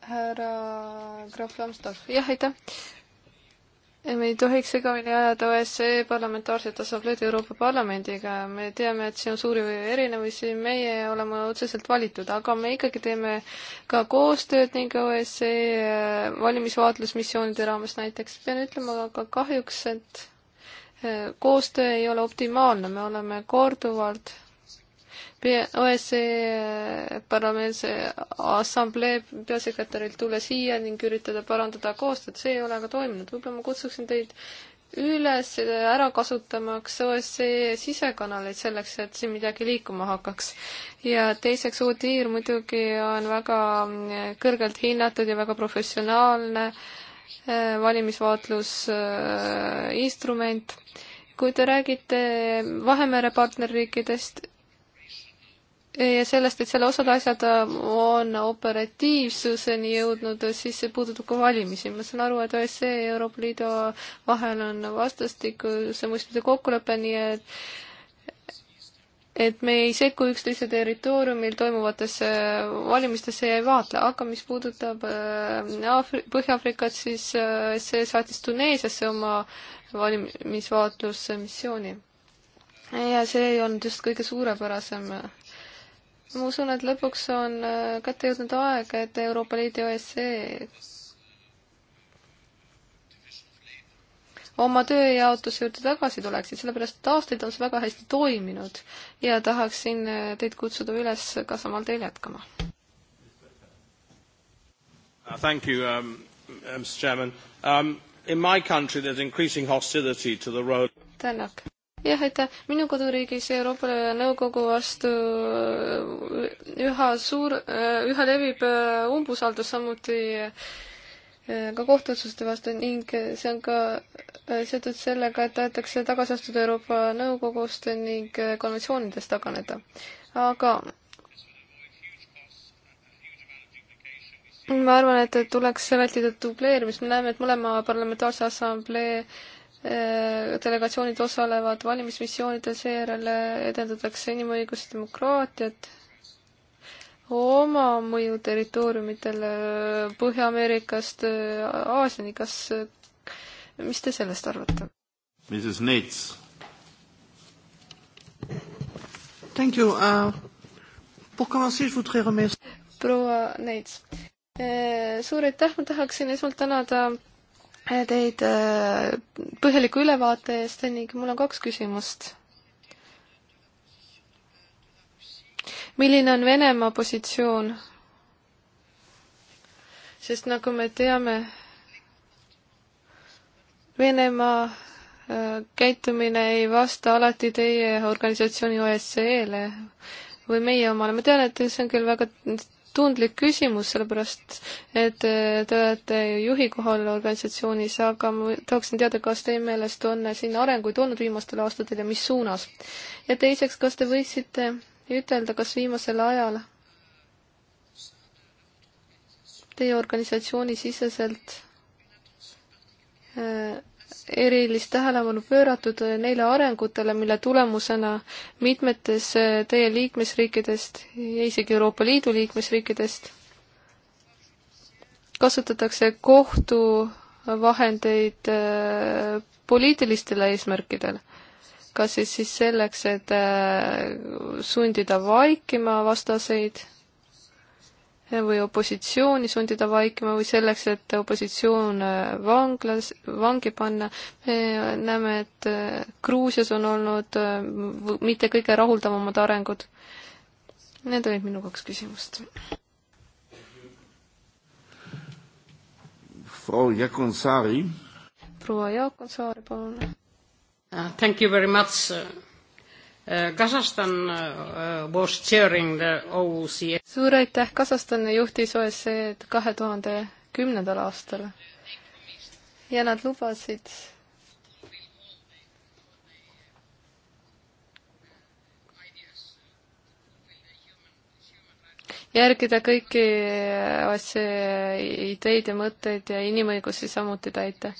härra Graf Lambsdorff, jah, aitäh me ei tohiks segamini ajada OSCE parlamentaarset assambleed Euroopa Parlamendiga, me teame, et siin on suuri erinevusi, meie oleme otseselt valitud, aga me ikkagi teeme ka koostööd ning OSCE äh, valimisvaatlusmissioonide raames näiteks, pean ütlema aga kahjuks, et äh, koostöö ei ole optimaalne, me oleme korduvalt OSCE e, eh, parlamendse assamblee peasekretärilt tulla siia ning üritada parandada koostööd, see ei ole aga toiminud. võib-olla ma kutsuksin teid üles eh, ära kasutamaks OSCE e sisekanaleid selleks, et siin midagi liikuma hakkaks. ja teiseks, Udir muidugi on väga eh, kõrgelt hinnatud ja väga professionaalne valimisvaatlusinstrument kui te räägite Vahemere partnerriikidest, ja sellest, et selle osad asjad äh, on operatiivsuseni jõudnud, äh, siis see puudutab ka valimisi. ma saan aru, et OSCE ja Euroopa Liidu vahel on vastastikuse mõistmise kokkulepe, nii et et me ei sekku üksteise territooriumil toimuvatesse valimistesse ja ei vaatle, aga mis puudutab äh, Afri-, Põhja-Aafrikat, siis see saatis Tuneesiasse oma valimisvaatlusmissiooni. ja see ei olnud just kõige suurepärasem ma usun, et lõpuks on äh, kätte jõudnud aeg, et Euroopa Liit ja OSCE oma tööjaotuse juurde tagasi tuleksid, sellepärast et aastaid on see väga hästi toiminud ja tahaksin äh, teid kutsuda üles ka samal teel jätkama. Uh, thank you um,, Mr Chairman um,. In my country there is increasing hostility to the role tänak jah, aitäh. minu koduriigis Euroopa Nõukogu vastu äh, üha suur, äh, üha levib äh, umbusaldus, samuti ka kohtuotsuste vastu ning see on ka seotud sellega, et tahetakse tagasi astuda Euroopa Nõukogust ning konventsioonidest taganeda. aga ma arvan, et tuleks vältida dubleerimist, me näeme, et mõlema parlamentaarse assamblee äh, Äh, delegatsioonid osalevad valimismissioonidel, seejärel edendatakse inimõigusi, demokraatiat, oma mõju territooriumitel äh, Põhja-Ameerikast äh, Aasiani, kas, mis te sellest arvate? Mrs Neits. Thank you uh,. Pour commencer, je voudrais remercier proua Neits. suur aitäh, ma tahaksin esmalt tänada teid äh, põhjaliku ülevaate eest ning mul on kaks küsimust. milline on Venemaa positsioon? sest nagu me teame, Venemaa äh, käitumine ei vasta alati teie organisatsiooni OSCE-le või meie omale, ma tean, et see on küll väga tundlik küsimus, sellepärast et äh, te olete ju juhi kohal organisatsioonis, aga ma tahaksin teada, kas teie meelest on siin arenguid olnud viimastel aastatel ja mis suunas? ja teiseks, kas te võiksite ütelda, kas viimasel ajal teie organisatsiooni siseselt äh, erilist tähelepanu pööratud neile arengutele, mille tulemusena mitmetes äh, teie liikmesriikidest ja isegi Euroopa Liidu liikmesriikidest kasutatakse kohtuvahendeid äh, poliitilistel eesmärkidel. kas siis, siis selleks, et äh, sundida vaikima vastaseid või opositsiooni sundida vaikima või selleks, et opositsioon äh, vanglas, vangi panna. me näeme, et äh, Gruusias on olnud äh, mitte kõige rahuldavamad arengud. Need olid minu kaks küsimust. proua Jaakonsaari. proua Jaakonsaari, palun. Uh, thank you very much uh, Eh, Kazakhstan eh, was chairing the OSCE. suur aitäh, Kasahstan juhtis OSCE-d kahe tuhande kümnendal aastal ja nad lubasid järgida kõiki OSCE ideid ja mõtteid ja inimõigusi samuti täita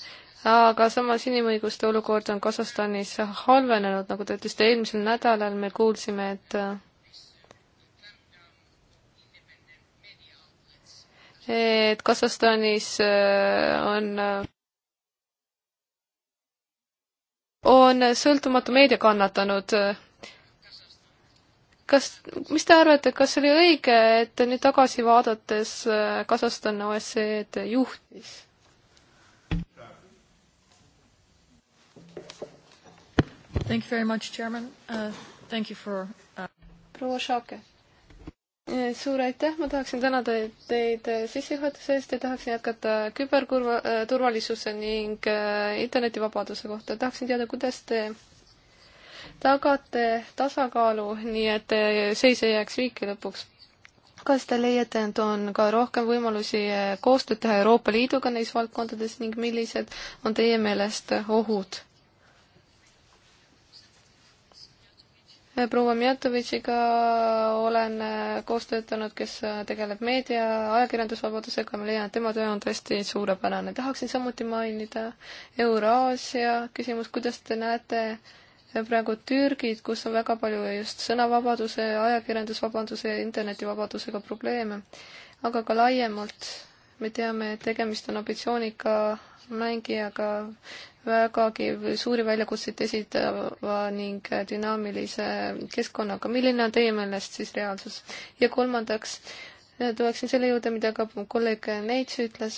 aga samas inimõiguste olukord on Kasahstanis halvenenud, nagu te ütlesite, eelmisel nädalal me kuulsime, et et Kasahstanis äh, on on sõltumatu meedia kannatanud. kas, mis te arvate, kas oli õige, et nüüd tagasi vaadates äh, Kasahstan OSCE-d juhtis? Thank you very much, chairman uh,. Thank you for uh.... proua Šake. Eh, suur aitäh, ma tahaksin tänada teid eh, sissejuhatuse eest ja tahaksin jätkata küberturvalisuse eh, ning internetivabaduse kohta. tahaksin teada, kuidas te tagate tasakaalu, nii et seis ei jääks riiki lõpuks kas te leiate, et on ka rohkem võimalusi koostööd teha Euroopa Liiduga neis valdkondades ning millised on teie meelest ohud? proua Mjatovitšiga olen äh, koos töötanud, kes äh, tegeleb meedia, ajakirjandusvabadusega, ma leian, et tema töö on tõesti suurepärane. tahaksin samuti mainida Euraasia küsimus, kuidas te näete äh, praegu Türgit, kus on väga palju just sõnavabaduse, ajakirjandusvabaduse ja internetivabadusega probleeme, aga ka laiemalt me teame, et tegemist on ambitsioonika mängijaga, vägagi suuri väljakutseid esitava ning dünaamilise keskkonnaga. milline on teie meelest siis reaalsus? ja kolmandaks, tuleksin selle juurde, mida ka kolleeg Neits ütles.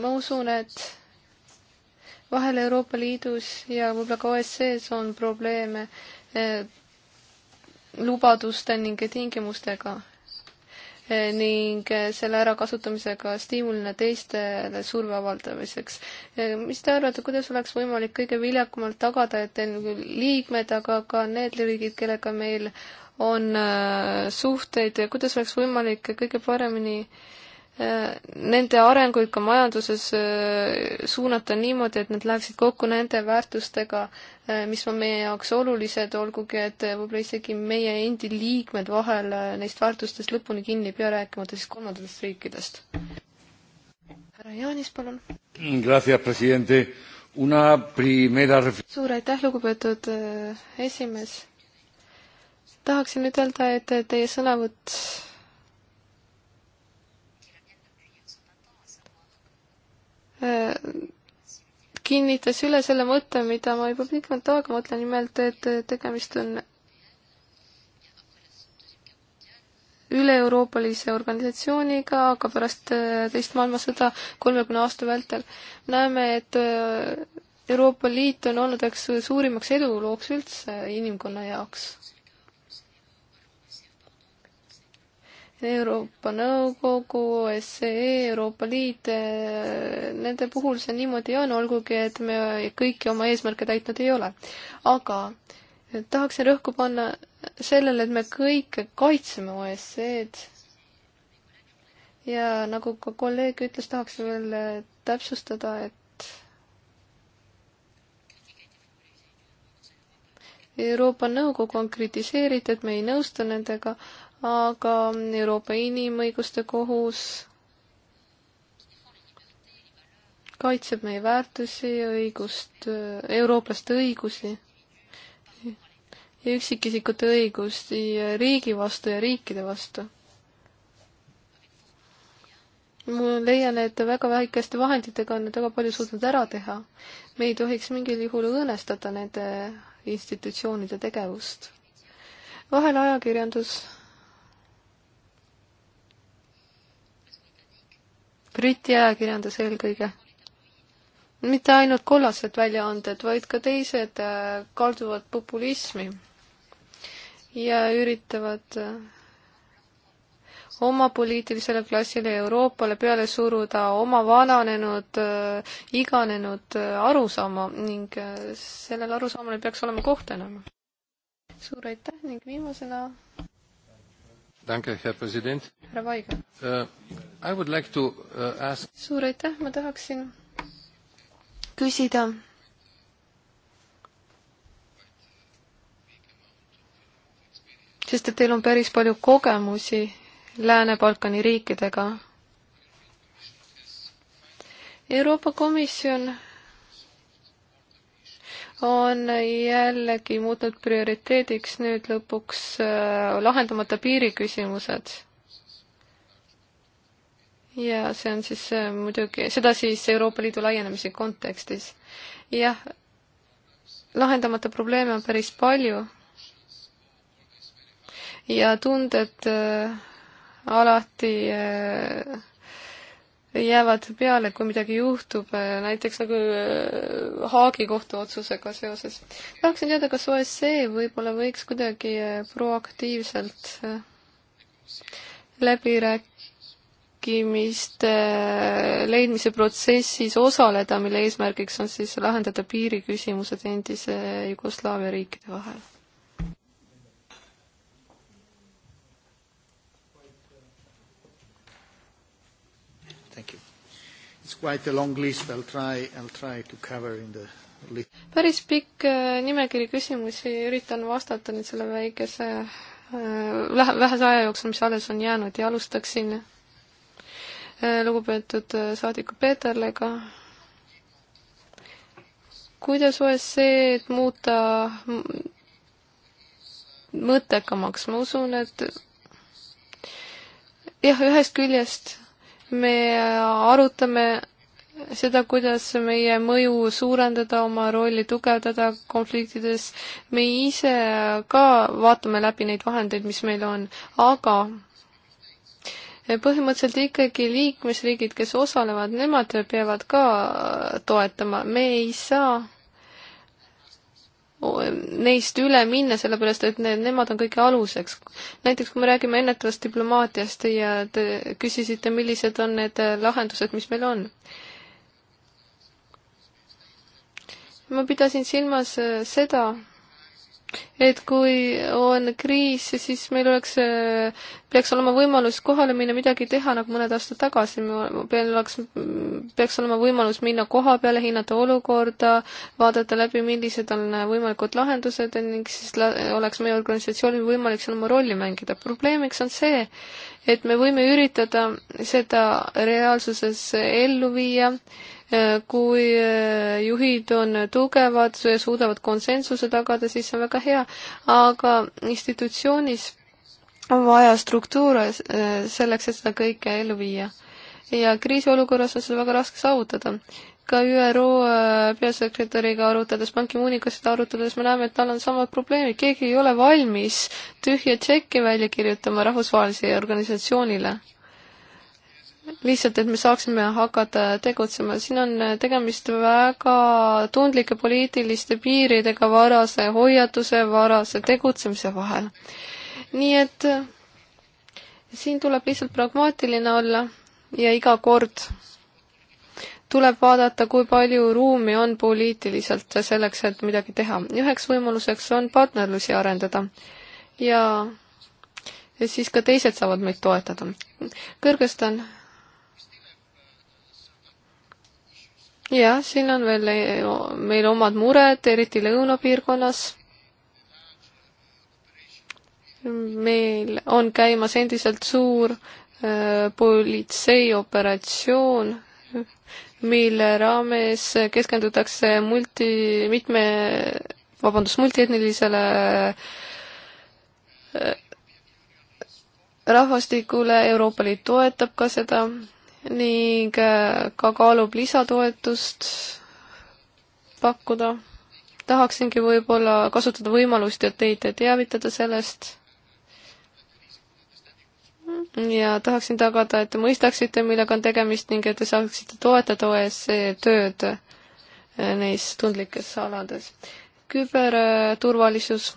ma usun, et vahel Euroopa Liidus ja võib-olla ka OSCE-s on probleeme eh, lubaduste ning tingimustega ning eh, selle ärakasutamisega stiimulina teistele surve avaldamiseks. Eh, mis te arvate, kuidas oleks võimalik kõige viljakamalt tagada, et liikmed, aga ka need riigid, kellega meil on eh, suhteid, kuidas oleks võimalik kõige paremini äh, nende arenguid ka majanduses äh, suunata niimoodi, et need läheksid kokku nende väärtustega, äh, mis on meie jaoks olulised, olgugi et äh, võib-olla isegi meie endi liikmed vahel neist väärtustest lõpuni kinni ei pea, rääkimata siis kolmandatest riikidest. härra Jaanis, palun. Primera... suur aitäh, lugupeetud esimees. tahaksin ütelda, et teie sõnavõtt kinnitas üle selle mõtte, mida ma juba pikemat aega mõtlen, nimelt, et tegemist on üle-euroopalise organisatsiooniga, aga pärast äh, teist maailmasõda kolmekümne aasta vältel näeme, et äh, Euroopa Liit on olnud eks suurimaks edulooks üldse inimkonna jaoks. Euroopa Nõukogu, OSCE, Euroopa Liit, eh, nende puhul see niimoodi on, olgugi et me kõiki oma eesmärke täitnud ei ole. aga tahaksin rõhku panna sellele, et me kõik kaitseme OSCE-d ja nagu ka kolleeg ütles, tahaksin veel eh, täpsustada, et Euroopa Nõukogu on kritiseeritud, me ei nõustu nendega, aga Euroopa Inimõiguste Kohus kaitseb meie väärtusi ja õigust, eurooplaste õigusi ja üksikisikute õigust riigi vastu ja riikide vastu. ma leian, et väga väikeste vahenditega on nad väga palju suutnud ära teha. me ei tohiks mingil juhul õõnestada nende institutsioonide tegevust. vahel ajakirjandus Briti ajakirjandus eelkõige. mitte ainult kollased väljaanded, vaid ka teised äh, kalduvad populismi ja üritavad äh, oma poliitilisele klassile ja Euroopale peale suruda oma vananenud, äh, iganenud arusaama ning sellel arusaamal ei peaks olema koht enam. suur aitäh ning viimasena härra Vaiga uh,. Like to, uh, ask... suur aitäh, ma tahaksin küsida. sest et teil on päris palju kogemusi Lääne-Balkani riikidega. Euroopa Komisjon on jällegi muutnud prioriteediks nüüd lõpuks äh, lahendamata piiriküsimused. ja see on siis äh, muidugi, seda siis Euroopa Liidu laienemise kontekstis. jah, lahendamata probleeme on päris palju ja tunded äh, alati äh, jäävad peale, kui midagi juhtub, äh, näiteks nagu äh, Haagi kohtuotsusega seoses. tahaksin teada, kas OSCE võib-olla võiks kuidagi äh, proaktiivselt läbirääkimiste leidmise protsessis osaleda, mille eesmärgiks on siis lahendada piiriküsimused endise Jugoslaavia riikide vahel It's quite a long list, I will try, I will try to cover in the list. päris pikk äh, nimekiri küsimusi, üritan vastata nüüd selle väikese lähe, äh, vähese aja jooksul, mis alles on jäänud ja alustaksin äh, lugupeetud saadiku Peeterlega. kuidas OSCE-d muuta mõttekamaks, ma usun, et jah, ühest küljest me arutame seda, kuidas meie mõju suurendada, oma rolli tugevdada konfliktides. me ise ka vaatame läbi neid vahendeid, mis meil on, aga põhimõtteliselt ikkagi liikmesriigid, kes osalevad, nemad peavad ka toetama, me ei saa neist üle minna, sellepärast et ne, nemad on kõige aluseks. näiteks kui me räägime ennetavast diplomaatiast ja te küsisite, millised on need lahendused, mis meil on. ma pidasin silmas äh, seda, et kui on kriis, siis meil oleks, peaks olema võimalus kohale minna, midagi teha, nagu mõned aastad tagasi, meil oleks, peaks olema võimalus minna koha peale, hinnata olukorda, vaadata läbi, millised on võimalikud lahendused ning siis oleks meie organisatsioonil võimalik seal oma rolli mängida. probleemiks on see, et me võime üritada seda reaalsuses ellu viia, kui juhid on tugevad ja suudavad konsensuse tagada, siis see on väga hea ära, aga institutsioonis on vaja struktuure eh, selleks, et seda kõike ellu viia. ja kriisiolukorras on seda väga raske saavutada. ka ÜRO eh, peasekretäriga arutades, Ban Ki-mooniga seda arutades me näeme, et tal on samad probleemid, keegi ei ole valmis tühja tšekki välja kirjutama rahvusvahelisele organisatsioonile lihtsalt, et me saaksime hakata tegutsema, siin on tegemist väga tundlike poliitiliste piiridega varase hoiatuse, varase tegutsemise vahel. nii et siin tuleb lihtsalt pragmaatiline olla ja iga kord tuleb vaadata, kui palju ruumi on poliitiliselt selleks, et midagi teha. üheks võimaluseks on partnerlusi arendada ja ja siis ka teised saavad meid toetada. kõrgestan jah, siin on veel eh, meil omad mured, eriti lõunapiirkonnas meil on käimas endiselt suur äh, politseioperatsioon, mille raames keskendutakse multi, mitme, vabandust, multietnilisele äh, rahvastikule, Euroopa Liit toetab ka seda ning äh, ka kaalub lisatoetust pakkuda. tahaksingi võib-olla kasutada võimalust ja teid teavitada sellest. ja tahaksin tagada, et te mõistaksite, millega on tegemist ning et te saaksite toetada OSCE tööd äh, neis tundlikes alades. küberturvalisus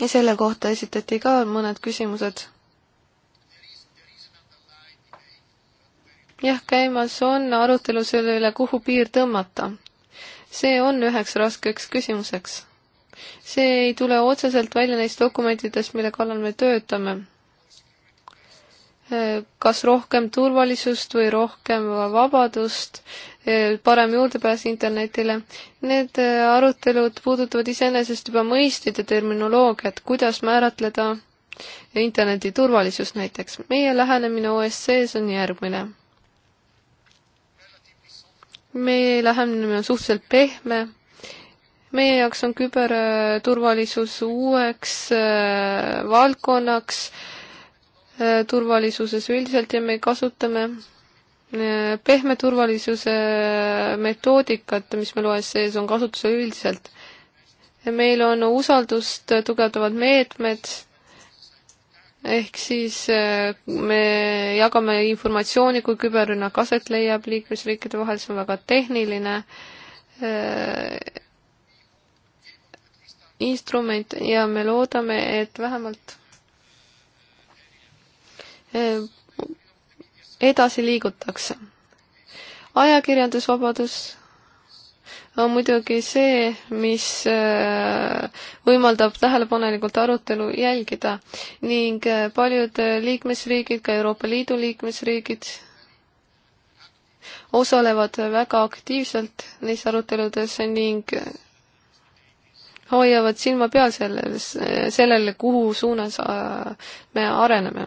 ja selle kohta esitati ka mõned küsimused jah, käimas on arutelu selle üle, kuhu piir tõmmata. see on üheks raskeks küsimuseks. see ei tule otseselt välja neist dokumentidest, mille kallal me töötame. Äh, kas rohkem turvalisust või rohkem vabadust, äh, parem juurdepääs internetile. Need äh, arutelud puudutavad iseenesest juba mõisteid ja terminoloogiat, kuidas määratleda interneti turvalisust näiteks. meie lähenemine OSCE-s on järgmine meie lähenemine on suhteliselt pehme. meie jaoks on küberturvalisus uueks äh, valdkonnaks äh, turvalisuses üldiselt ja me kasutame äh, pehme turvalisuse metoodikat, mis meil OSCE-s e on kasutusel üldiselt. meil on usaldust tugevdavad meetmed ehk siis äh, me jagame informatsiooni, kui küberrünnak aset leiab liikmesriikide vahel, see on väga tehniline äh, instrument ja me loodame, et vähemalt äh, edasi liigutakse. ajakirjandusvabadus on muidugi see, mis äh, võimaldab tähelepanelikult arutelu jälgida ning äh, paljud liikmesriigid, ka Euroopa Liidu liikmesriigid, osalevad väga aktiivselt neis aruteludes ning äh, hoiavad silma peal selles, sellele, kuhu suunas me areneme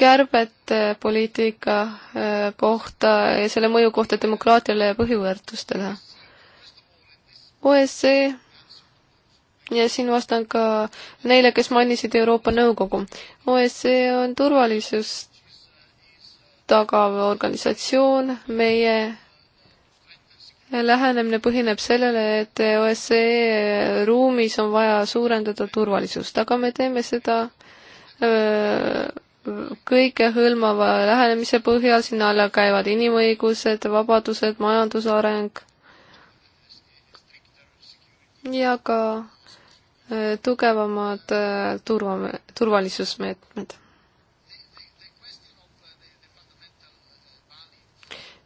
kärbete poliitika äh, kohta ja selle mõju kohta demokraatiale ja põhiväärtustele. OSCE ja siin vastan ka neile, kes mainisid Euroopa Nõukogu. OSCE on turvalisust tagav organisatsioon, meie lähenemine põhineb sellele, et OSCE ruumis on vaja suurendada turvalisust, aga me teeme seda öö, äh, kõikehõlmava lähenemise põhjal, sinna alla käivad inimõigused, vabadused, majandusareng ja ka äh, tugevamad äh, turva, turvalisusmeetmed.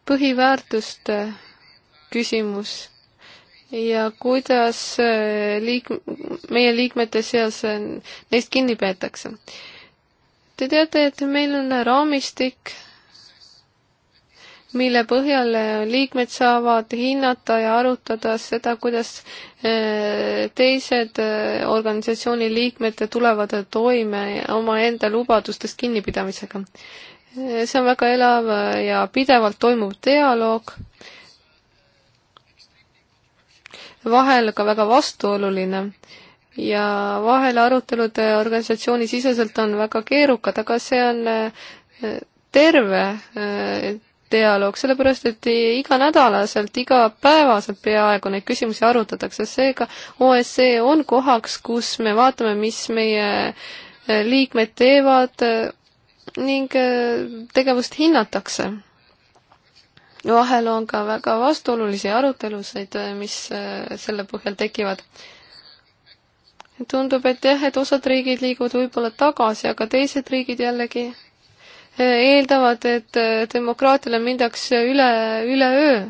põhiväärtuste küsimus ja kuidas äh, liik-, meie liikmete seas neist kinni peetakse Te teate, et meil on raamistik, mille põhjal liikmed saavad hinnata ja arutada seda, kuidas eh, teised eh, organisatsiooni liikmed tulevad toime omaenda lubadustest kinnipidamisega. Eh, see on väga elav ja pidevalt toimuv dialoog, vahel ka väga vastuoluline ja vahel arutelud organisatsiooni siseselt on väga keerukad, aga see on eh, terve eh, dialoog, sellepärast et iganädalaselt, igapäevaselt peaaegu neid küsimusi arutatakse, seega OSCE on kohaks, kus me vaatame, mis meie eh, liikmed teevad ning tegevust hinnatakse. vahel on ka väga vastuolulisi arutelusid, mis selle põhjal tekivad tundub, et jah, et osad riigid liiguvad võib-olla tagasi, aga teised riigid jällegi eh, eeldavad, et eh, demokraatiale mindakse üle, üleöö.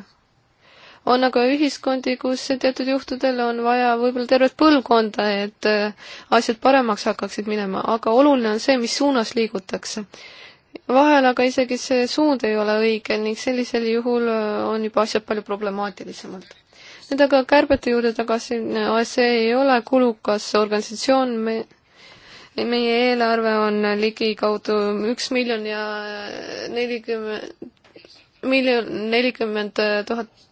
on aga ühiskondi, kus teatud juhtudel on vaja võib-olla tervet põlvkonda, et eh, asjad paremaks hakkaksid minema, aga oluline on see, mis suunas liigutakse. vahel aga isegi see suund ei ole õige ning sellisel juhul on juba asjad palju problemaatilisemad nüüd aga kärbete juurde tagasi, OSCE ei ole kulukas organisatsioon, me, meie eelarve on ligikaudu üks miljon ja nelikümmend, miljon, nelikümmend tuhat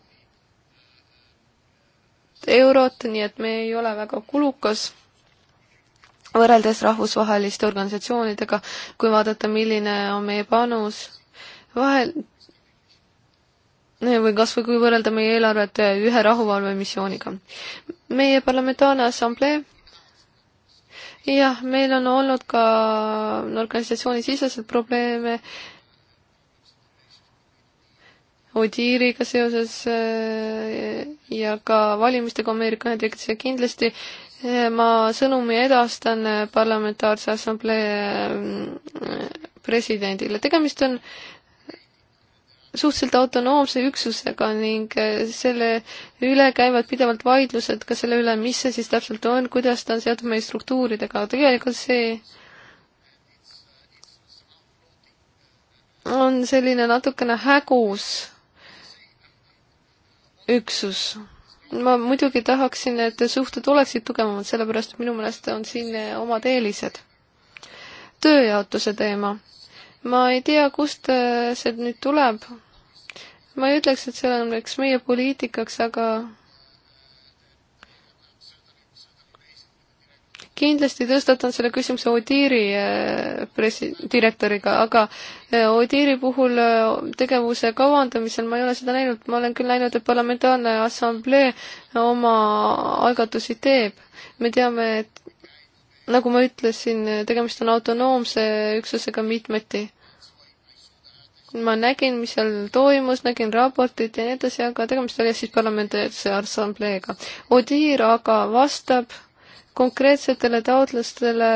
eurot, nii et me ei ole väga kulukas võrreldes rahvusvaheliste organisatsioonidega, kui vaadata, milline on meie panus. vahel Eh, või kas või kui võrrelda meie eelarvet eh, ühe rahuvalvemissiooniga. meie parlamentaarne assamblee, jah, meil on olnud ka organisatsiooni siseseid probleeme Odiiriga seoses eh, ja ka valimistega Ameerika Ühendriikides ja kindlasti ma sõnumi edastan parlamentaarse assamblee mm, presidendile. tegemist on äh, suhteliselt autonoomse üksusega ning äh, selle üle käivad pidevalt vaidlused ka selle üle, mis see siis täpselt on, kuidas ta on seotud meie struktuuridega, tegelikult see on selline natukene hägus üksus. ma muidugi tahaksin, et suhted oleksid tugevamad, sellepärast et minu meelest on siin omad eelised. tööjaotuse teema ma ei tea, kust äh, see nüüd tuleb. ma ei ütleks, et see oleks meie poliitikaks, aga kindlasti tõstatan selle küsimuse Odiiri äh, pressi-, direktoriga, aga äh, Odiiri puhul tegevuse kavandamisel ma ei ole seda näinud, ma olen küll näinud, et parlamentaarne assamblee oma algatusi teeb. me teame, et nagu ma ütlesin, tegemist on autonoomse üksusega mitmeti. ma nägin, mis seal toimus, nägin raportit ja nii edasi, aga tegemist oli siis parlamentaarse assambleega. Odiir aga vastab konkreetsetele taotlustele,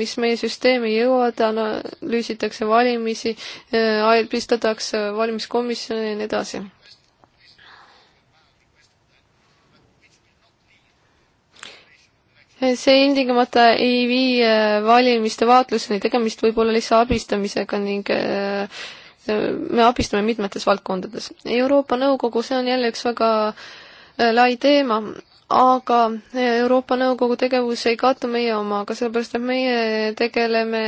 mis meie süsteemi jõuavad, analüüsitakse valimisi, äh, pistatakse valimiskomisjone ja nii edasi see ilmtingimata ei vii äh, valimiste vaatluseni, tegemist võib olla lihtsalt abistamisega ning äh, me abistame mitmetes valdkondades. Euroopa Nõukogu, see on jälle üks väga äh, lai teema, aga Euroopa Nõukogu tegevus ei kattu meie omaga, sellepärast et meie tegeleme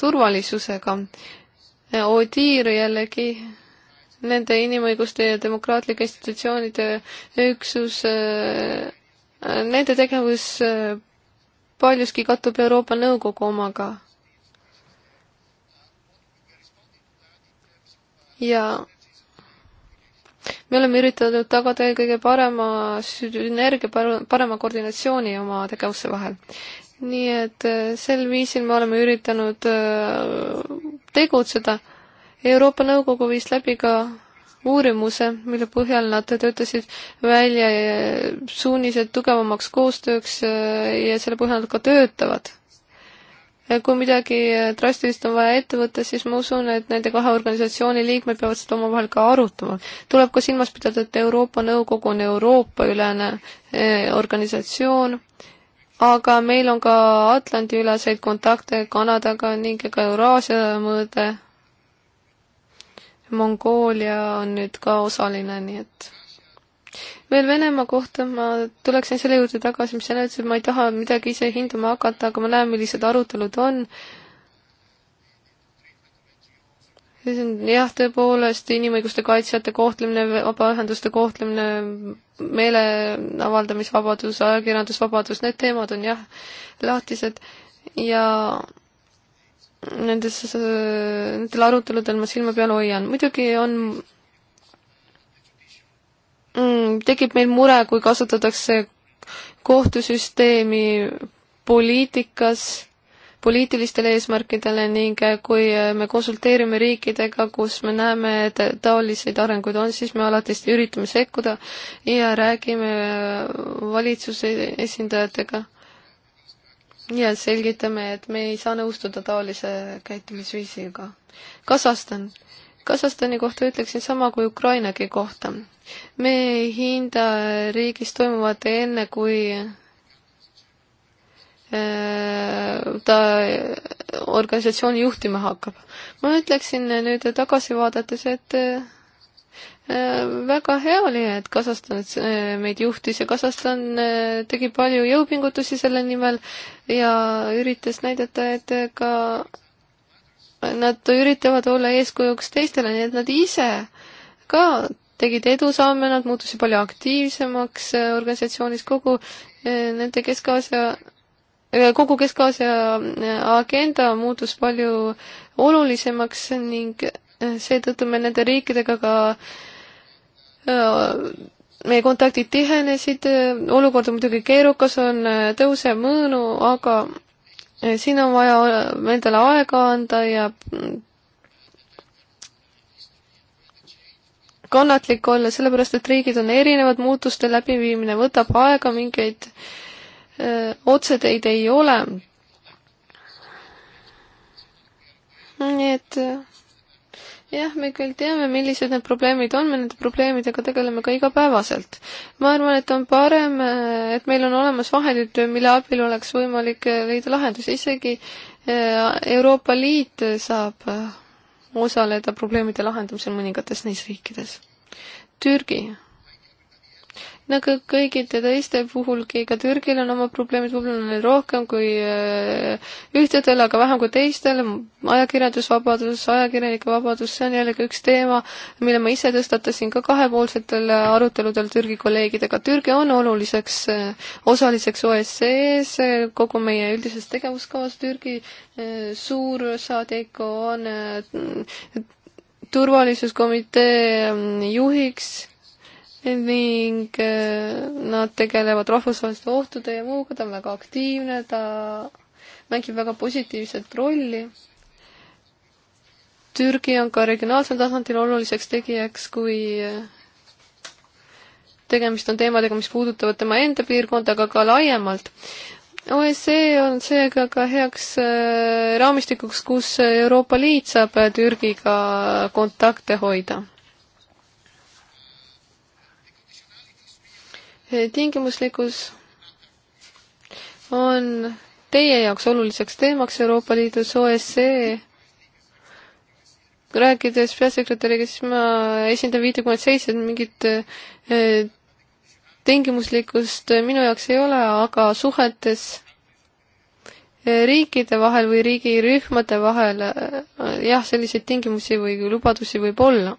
turvalisusega. Odiir jällegi nende inimõiguste ja demokraatlike institutsioonide üksus äh, Nende tegevus äh, paljuski kattub Euroopa Nõukogu omaga. ja me oleme üritanud tagada eelkõige parema sünergia, parema koordinatsiooni oma tegevuste vahel. nii et äh, sel viisil me oleme üritanud äh, tegutseda. Euroopa Nõukogu viis läbi ka uurimuse, mille põhjal nad töötasid välja suunised tugevamaks koostööks äh, ja selle põhjal nad ka töötavad. kui midagi äh, drastilist on vaja ette võtta, siis ma usun, et nende kahe organisatsiooni liikmed peavad seda omavahel ka arutama. tuleb ka silmas pidada, et Euroopa Nõukogu on Euroopa-ülene äh, organisatsioon, aga meil on ka Atlandi-üleseid kontakte Kanadaga ning ka Euraasia mõõde Mongoolia on nüüd ka osaline, nii et veel Venemaa kohta ma tuleksin selle juurde tagasi, mis sa ütlesid, ma ei taha midagi ise hindama hakata, aga ma näen, millised arutelud on. jah, tõepoolest inimõiguste kaitsjate kohtlemine, vabaühenduste kohtlemine, meeleavaldamisvabadus, ajakirjandusvabadus, need teemad on jah lahtised ja nendes, nendel aruteludel ma silma peal hoian. muidugi on mm,, tekib meil mure, kui kasutatakse kohtusüsteemi poliitikas, poliitilistele eesmärkidele ning eh, kui eh, me konsulteerime riikidega, kus me näeme, et taoliseid arenguid on, siis me alati üritame sekkuda ja räägime eh, valitsuse esindajatega ja selgitame, et me ei saa nõustuda taolise käitumisviisiga. Kasahstan. Kasahstani kohta ütleksin sama kui Ukrainagi kohta. me ei hinda riigis toimuvat enne, kui äh, ta organisatsiooni juhtima hakkab. ma ütleksin nüüd tagasi vaadates, et äh, Äh, väga hea oli, et Kasahstan äh, meid juhtis ja Kasahstan äh, tegi palju jõupingutusi selle nimel ja üritas näidata, et ka nad üritavad olla eeskujuks teistele, nii et nad ise ka tegid edusamme, nad muutusid palju aktiivsemaks organisatsioonis, kogu nende Kesk-Aasia kogu Kesk-Aasia agenda muutus palju olulisemaks ning seetõttu me nende riikidega ka äh, Äh, meie kontaktid tihenesid, äh, olukord on muidugi keerukas, on äh, tõusev mõõnu, aga siin on vaja endale aega anda ja mm, kannatlik olla, sellepärast et riigid on erinevad, muutuste läbiviimine võtab aega, mingeid öö, otseteid ei ole. nii et öö, jah, me küll teame, millised need probleemid on, me nende probleemidega tegeleme ka igapäevaselt. ma arvan, et on parem, äh, et meil on olemas vahendid, mille abil oleks võimalik äh, leida lahendusi, isegi äh, Euroopa Liit saab osaleda probleemide lahendamisel mõningates neis riikides. Türgi nagu kõigide teiste puhulgi, ka Türgil on oma probleemid, võib-olla on neil rohkem kui äh, ühtedel, aga vähem kui teistel. ajakirjandusvabadus, ajakirjanike vabadus, see on jällegi üks teema, mille ma ise tõstatasin ka kahepoolsetel aruteludel Türgi kolleegidega. Türgi on oluliseks äh, osaliseks OSCE-s, äh, kogu meie üldises tegevuskavas Türgi suursaadik on turvalisuskomitee juhiks ning äh, nad tegelevad rahvusvaheliste ohtude ja muuga, ta on väga aktiivne, ta mängib väga positiivset rolli. Türgi on ka regionaalsel tasandil oluliseks tegijaks, kui äh, tegemist on teemadega, mis puudutavad tema enda piirkonda, aga ka laiemalt. OSCE on seega ka heaks äh, raamistikuks, kus Euroopa Liit saab Türgiga kontakte hoida tingimuslikkus on teie jaoks oluliseks teemaks Euroopa Liidus OSCE rääkides peasekretäriga, siis ma esindan viite koma seitse, mingit eh, tingimuslikkust minu jaoks ei ole, aga suhetes eh, riikide vahel või riigirühmade vahel eh, jah, selliseid tingimusi või lubadusi võib olla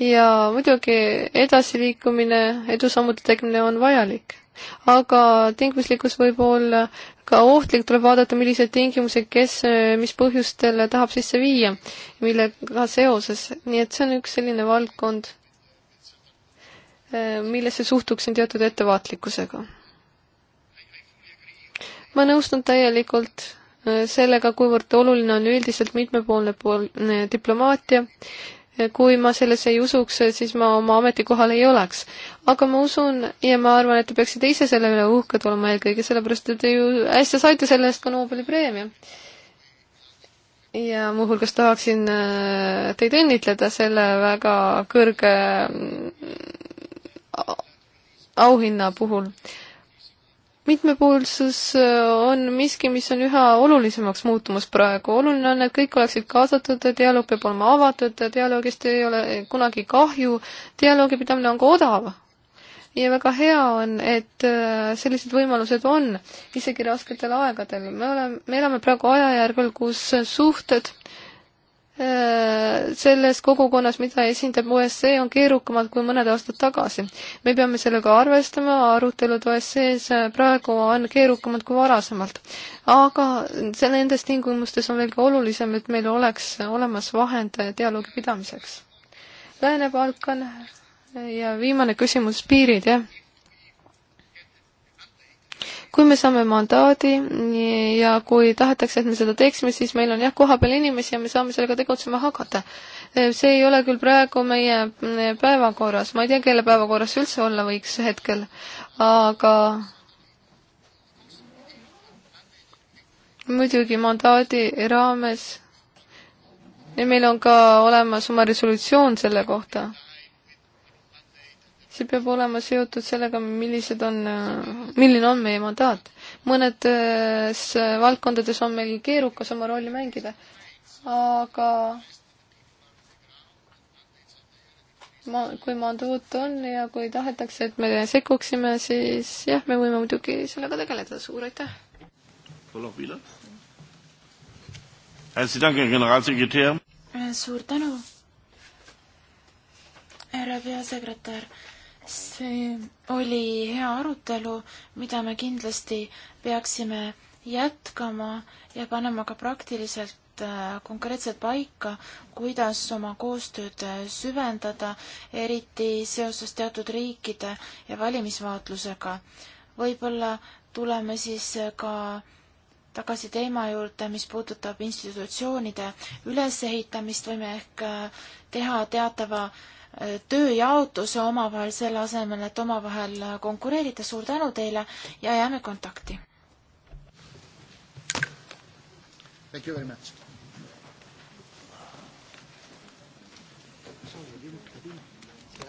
ja muidugi edasiliikumine, edusammude tegemine on vajalik. aga tingimuslikkus võib olla ka ohtlik, tuleb vaadata, millised tingimused, kes, mis põhjustel tahab sisse viia, millega seoses, nii et see on üks selline valdkond, millesse suhtuksin teatud ettevaatlikkusega. ma nõustun täielikult eh, sellega, kuivõrd oluline on üldiselt mitmepoolne pool, eh, diplomaatia kui ma sellesse ei usuks, siis ma oma ametikohal ei oleks. aga ma usun ja ma arvan, et te peaksite ise selle üle uhked olema eelkõige sellepärast, et te ju äsja saite selle eest ka Nobeli preemia. ja muuhulgas tahaksin äh, teid õnnitleda selle väga kõrge mm, auhinna puhul mitmepoolsus äh, on miski, mis on üha olulisemaks muutumas praegu. oluline on, et kõik oleksid kaasatud, dialoog peab olema avatud, dialoogist ei ole kunagi kahju, dialoogi pidamine on ka odav. ja väga hea on, et äh, sellised võimalused on, isegi rasketel aegadel. me oleme, me elame praegu ajajärgul, kus suhted äh, selles kogukonnas, mida esindab OSCE, on keerukamad kui mõned aastad tagasi. me peame sellega arvestama, arutelud OSCE-s praegu on keerukamad kui varasemalt. aga see nendes tingimustes on veelgi olulisem, et meil oleks olemas vahend dialoogi pidamiseks. Lääne-Balkan ja viimane küsimus, piirid, jah kui me saame mandaadi ja kui tahetakse, et me seda teeksime, siis meil on jah, kohapeal inimesi ja me saame sellega tegutsema hakata. Äh, see ei ole küll praegu meie äh, päevakorras, ma ei tea, kelle päevakorras see üldse olla võiks hetkel, aga muidugi mandaadi raames ja meil on ka olemas oma resolutsioon selle kohta see peab olema seotud sellega, millised on, milline on meie mandaat. mõnedes valdkondades on meil keerukas oma rolli mängida, aga ma, kui mandaat on ja kui tahetakse, et me sekkuksime, siis jah, me võime muidugi sellega tegeleda, suur aitäh! suur tänu, härra peasekretär! see oli hea arutelu, mida me kindlasti peaksime jätkama ja panema ka praktiliselt äh, konkreetselt paika, kuidas oma koostööd äh, süvendada, eriti seoses teatud riikide ja valimisvaatlusega. võib-olla tuleme siis äh, ka tagasi teema juurde, mis puudutab institutsioonide ülesehitamist, võime ehk teha teatava äh, tööjaotuse omavahel, selle asemel, et omavahel konkureerida. suur tänu teile ja jääme kontakti. Thank you very much.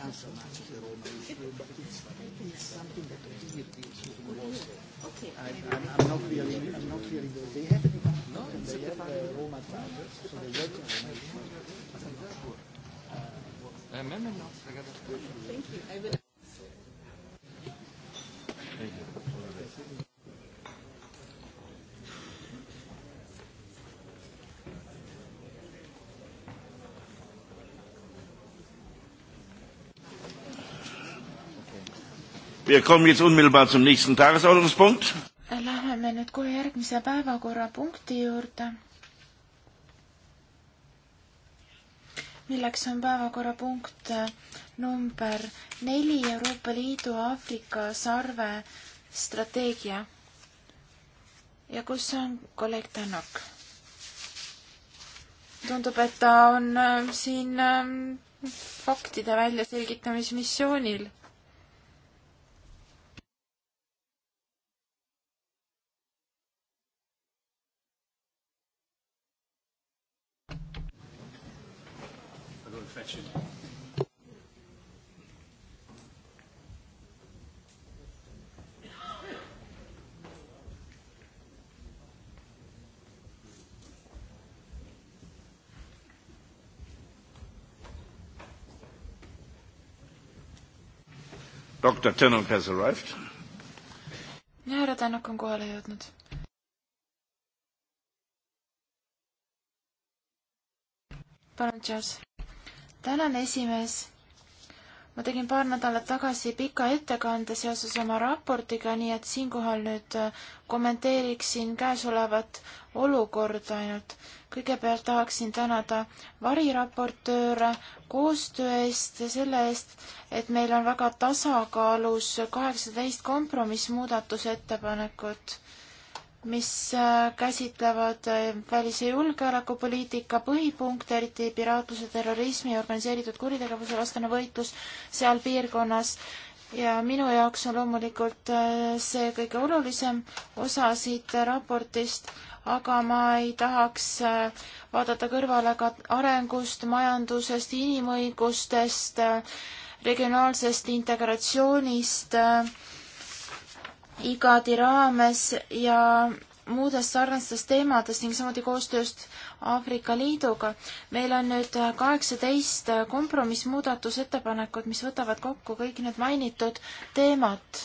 answer much the Roman issue, but it's, it's something that really was. Okay. I, I'm, I'm not really, I'm not really. They have the, no, they have the uh, Roman, so they have the Roman. Eh, me, me no, ragazzi. Thank you. I will... Thank you. Wir kommen jetzt unmittelbar zum nächsten Tagesordnungspunkt. Läheme nüüd kohe järgmise päevakorrapunkti juurde. milleks on päevakorrapunkt äh, number neli Euroopa Liidu Aafrika sarve strateegia. ja kus on kolleeg Tänak? tundub, et ta on äh, siin ähm, faktide väljaselgitamismissioonil doktor Tõnuk has arrived. härra Tänak on kohale jõudnud. palun, Charles. tänan, esimees ma tegin paar nädalat tagasi pika ettekande seoses oma raportiga, nii et siinkohal nüüd äh, kommenteeriksin käesolevat olukorda ainult. kõigepealt tahaksin tänada variraportööre koostöö eest ja selle eest, et meil on väga tasakaalus kaheksateist kompromissmuudatusettepanekut mis äh, käsitlevad äh, välis- ja julgeolekupoliitika põhipunkte, eriti piraatluse, terrorismi ja organiseeritud kuritegevuse vastane võitlus seal piirkonnas. ja minu jaoks on loomulikult äh, see kõige olulisem osa siit raportist, aga ma ei tahaks vaadata kõrvale ka arengust, majandusest, inimõigustest, regionaalsest integratsioonist äh, igadi raames ja muudest sarnastest teemadest ning samuti koostööst Aafrika Liiduga. meil on nüüd kaheksateist kompromissmuudatusettepanekut, mis võtavad kokku kõik need mainitud teemad.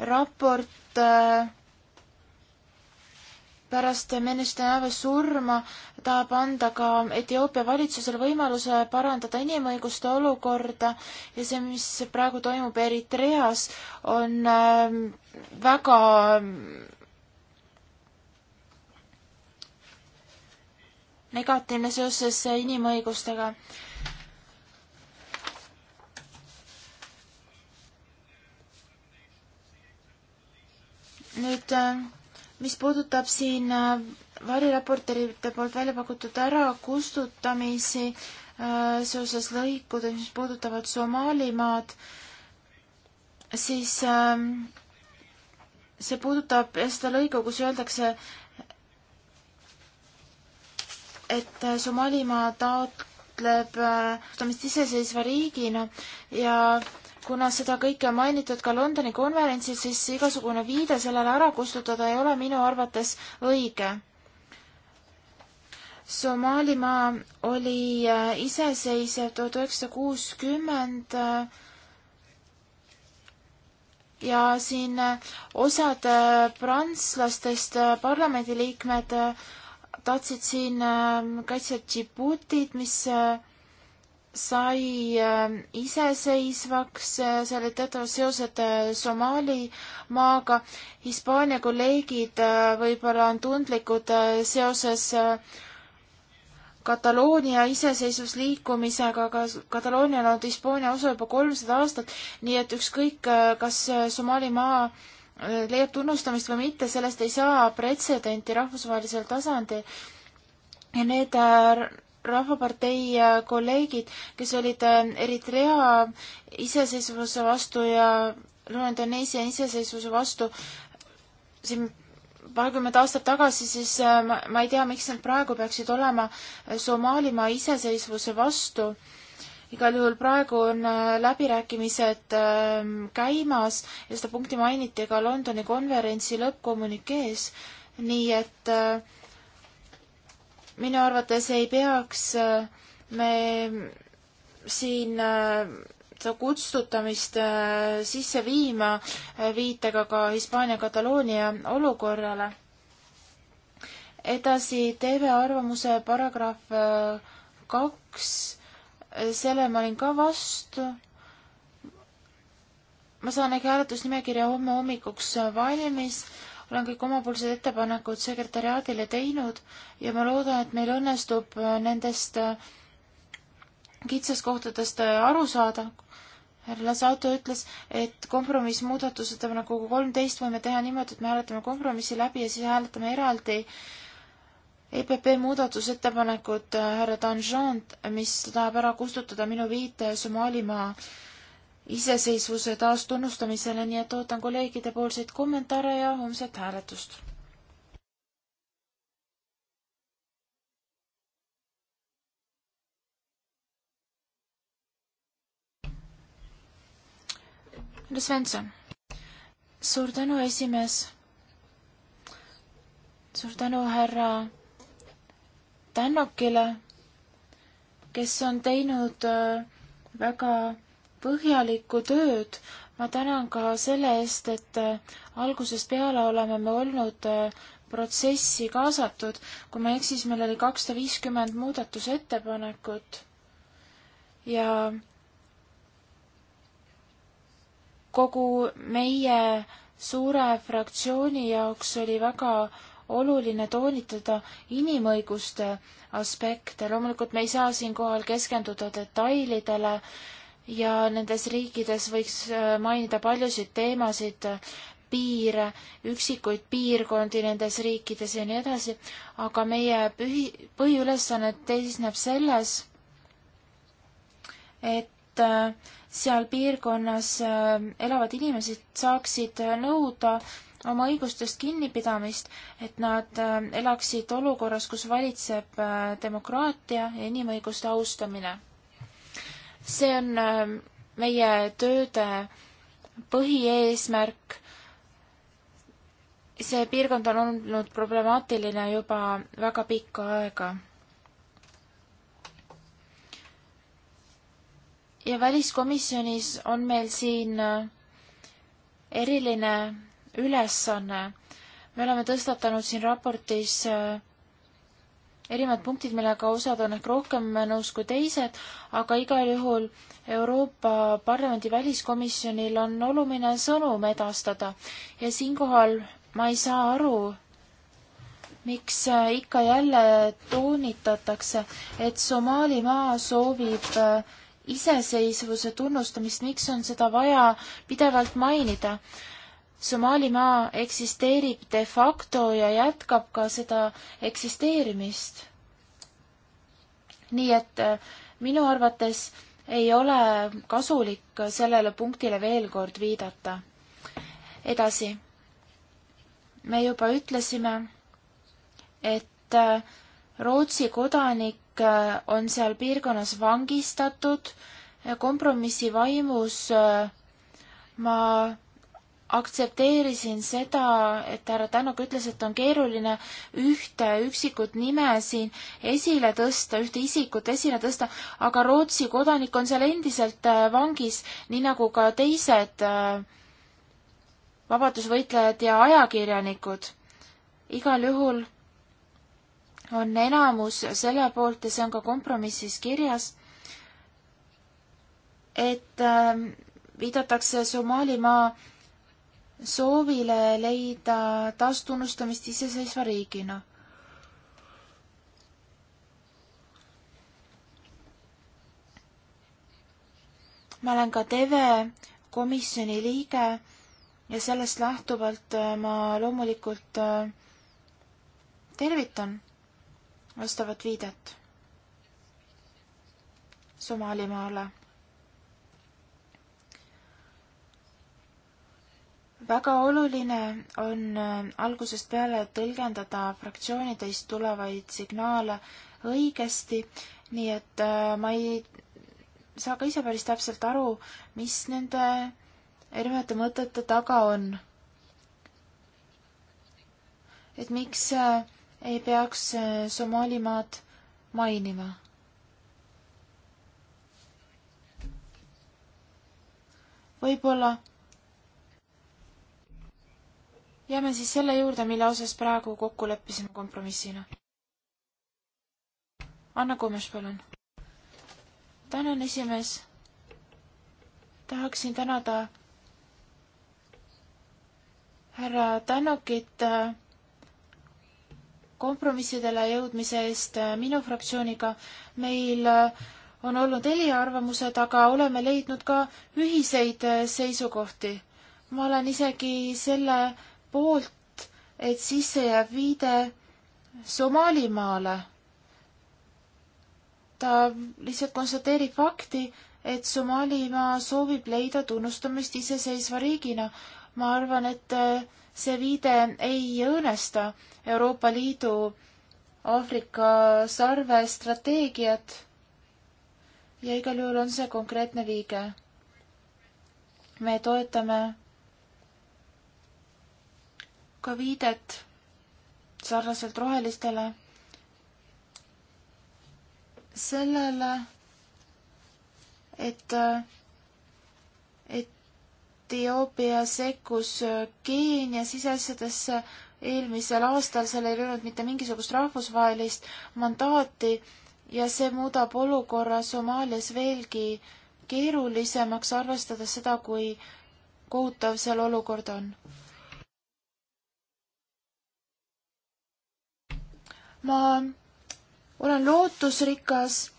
raport äh, pärast Menestaeva surma tahab anda ka Etioopia valitsusele võimaluse parandada inimõiguste olukorda ja see, mis praegu toimub Eritreas, on ähm, väga ähm, negatiivne seoses inimõigustega. nüüd äh, mis puudutab siin äh, variraportorite poolt välja pakutud ärakustutamisi äh, seoses lõikudes, mis puudutavad Somaalimaad, siis ähm, see puudutab seda lõigu, kus öeldakse, et äh, Somaalimaa taotleb äh, iseseisva riigina ja äh, kuna seda kõike on mainitud ka Londoni konverentsil, siis igasugune viide sellele ära kustutada ei ole minu arvates õige. Somaalimaa oli äh, iseseisev tuhat üheksasada kuuskümmend äh, ja siin äh, osad prantslastest parlamendiliikmed tahtsid siin kaitsta Djiboutit, mis sai äh, iseseisvaks, äh, seal olid teatavad seosed äh, Somaalimaaga. Hispaania kolleegid võib-olla on tundlikud seoses Kataloonia iseseisvusliikumisega, aga Kataloonia on olnud Hispaania osa juba kolmsada aastat, nii et ükskõik, kas Somaalimaa leiab tunnustamist või mitte, sellest ei saa pretsedenti rahvusvahelisel tasandil. ja need rahvapartei äh, kolleegid, kes olid äh, Eritrea iseseisvuse vastu ja Lõuna-Indoneesia iseseisvuse vastu siin paarkümmend aastat tagasi, siis äh, ma, ma ei tea, miks nad praegu peaksid olema Somaalimaa iseseisvuse vastu. igal juhul praegu on läbirääkimised ähm, käimas ja seda punkti mainiti ka Londoni konverentsi lõppkommünikees, nii et äh, minu arvates ei peaks äh, me siin äh, seda kustutamist äh, sisse viima viitega ka Hispaania-Kataloonia olukorrale. edasi TV arvamuse paragrahv kaks, selle ma olin ka vastu. ma saan äkki hääletusnimekirja homme hommikuks valmis olen kõik omapoolsed ettepanekud sekretäriaadile teinud ja ma loodan, et meil õnnestub äh, nendest äh, kitsaskohtadest äh, aru saada. härra Lasato ütles, et kompromissmuudatusettepaneku nagu kolmteist võime teha niimoodi, et me hääletame kompromissi läbi ja siis hääletame eraldi EPP muudatusettepanekut härra Danjant, mis tahab ära kustutada minu viite Somaalimaa äh, iseseisvuse taastunnustamisele, nii et ootan kolleegide poolseid kommentaare ja homset hääletust. härra Svensson, suur tänu, esimees. suur tänu härra Tännokile, kes on teinud äh, väga põhjalikku tööd. ma tänan ka selle eest, et äh, algusest peale oleme me olnud äh, protsessi kaasatud. kui ma ei eksi, siis meil oli kakssada viiskümmend muudatusettepanekut ja kogu meie suure fraktsiooni jaoks oli väga oluline toonitada inimõiguste aspekte. loomulikult me ei saa siinkohal keskenduda detailidele, ja nendes riikides võiks äh, mainida paljusid teemasid, piire, üksikuid piirkondi nendes riikides ja nii edasi, aga meie põhi, põhiülesanne seisneb selles, et äh, seal piirkonnas äh, elavad inimesed saaksid nõuda oma õigustest kinnipidamist, et nad elaksid olukorras, kus valitseb demokraatia ja inimõiguste austamine see on ähm, meie tööde põhieesmärk. see piirkond on olnud problemaatiline juba väga pikka aega. ja väliskomisjonis on meil siin äh, eriline ülesanne. me oleme tõstatanud siin raportis äh, erinevad punktid, millega osad on ehk rohkem nõus kui teised, aga igal juhul Euroopa Parlamendi väliskomisjonil on oluline sõnum edastada ja siinkohal ma ei saa aru, miks ikka jälle toonitatakse, et Somaalimaa soovib äh, iseseisvuse tunnustamist, miks on seda vaja pidevalt mainida? Somaalimaa eksisteerib de facto ja jätkab ka seda eksisteerimist. nii et äh, minu arvates ei ole kasulik sellele punktile veel kord viidata. edasi. me juba ütlesime, et äh, Rootsi kodanik äh, on seal piirkonnas vangistatud kompromissi vaimus ma aktsepteerisin seda, et härra Tänuk ütles, et on keeruline ühte üksikut nime siin esile tõsta, ühte isikut esile tõsta, aga Rootsi kodanik on seal endiselt äh, vangis, nii nagu ka teised äh, vabadusvõitlejad ja ajakirjanikud. igal juhul on enamus selle poolt ja see on ka kompromissis kirjas, et äh, viidatakse Somaalimaa soovile leida taastunustamist iseseisva riigina. ma olen ka TV komisjoni liige ja sellest lähtuvalt äh, ma loomulikult äh, tervitan vastavat viidet Somaalimaale väga oluline on äh, algusest peale tõlgendada fraktsioonidest tulevaid signaale õigesti, nii et äh, ma ei saa ka ise päris täpselt aru, mis nende erinevate mõtete taga on. et miks äh, ei peaks Somaalimaad mainima? võib-olla jääme siis selle juurde, mille osas praegu kokku leppisime kompromissina. Anna Kumes, palun. tänan, esimees. tahaksin tänada härra Tänokit äh, kompromissidele jõudmise eest äh, minu fraktsiooniga. meil äh, on olnud eriarvamused, aga oleme leidnud ka ühiseid seisukohti. ma olen isegi selle poolt, et sisse jääb viide Somaalimaale. ta lihtsalt konstateerib fakti, et Somaalimaa soovib leida tunnustamist iseseisva riigina. ma arvan, et äh, see viide ei õõnesta Euroopa Liidu Aafrika sarve strateegiat. ja igal juhul on see konkreetne viige. me toetame ka viidet sarnaselt rohelistele sellele, et, et Etioopia sekkus Keenia siseasjadesse eelmisel aastal, sellel ei olnud mitte mingisugust rahvusvahelist mandaati ja see muudab olukorra Somaalias veelgi keerulisemaks, arvestades seda, kui kohutav seal olukord on. ma olen lootusrikas,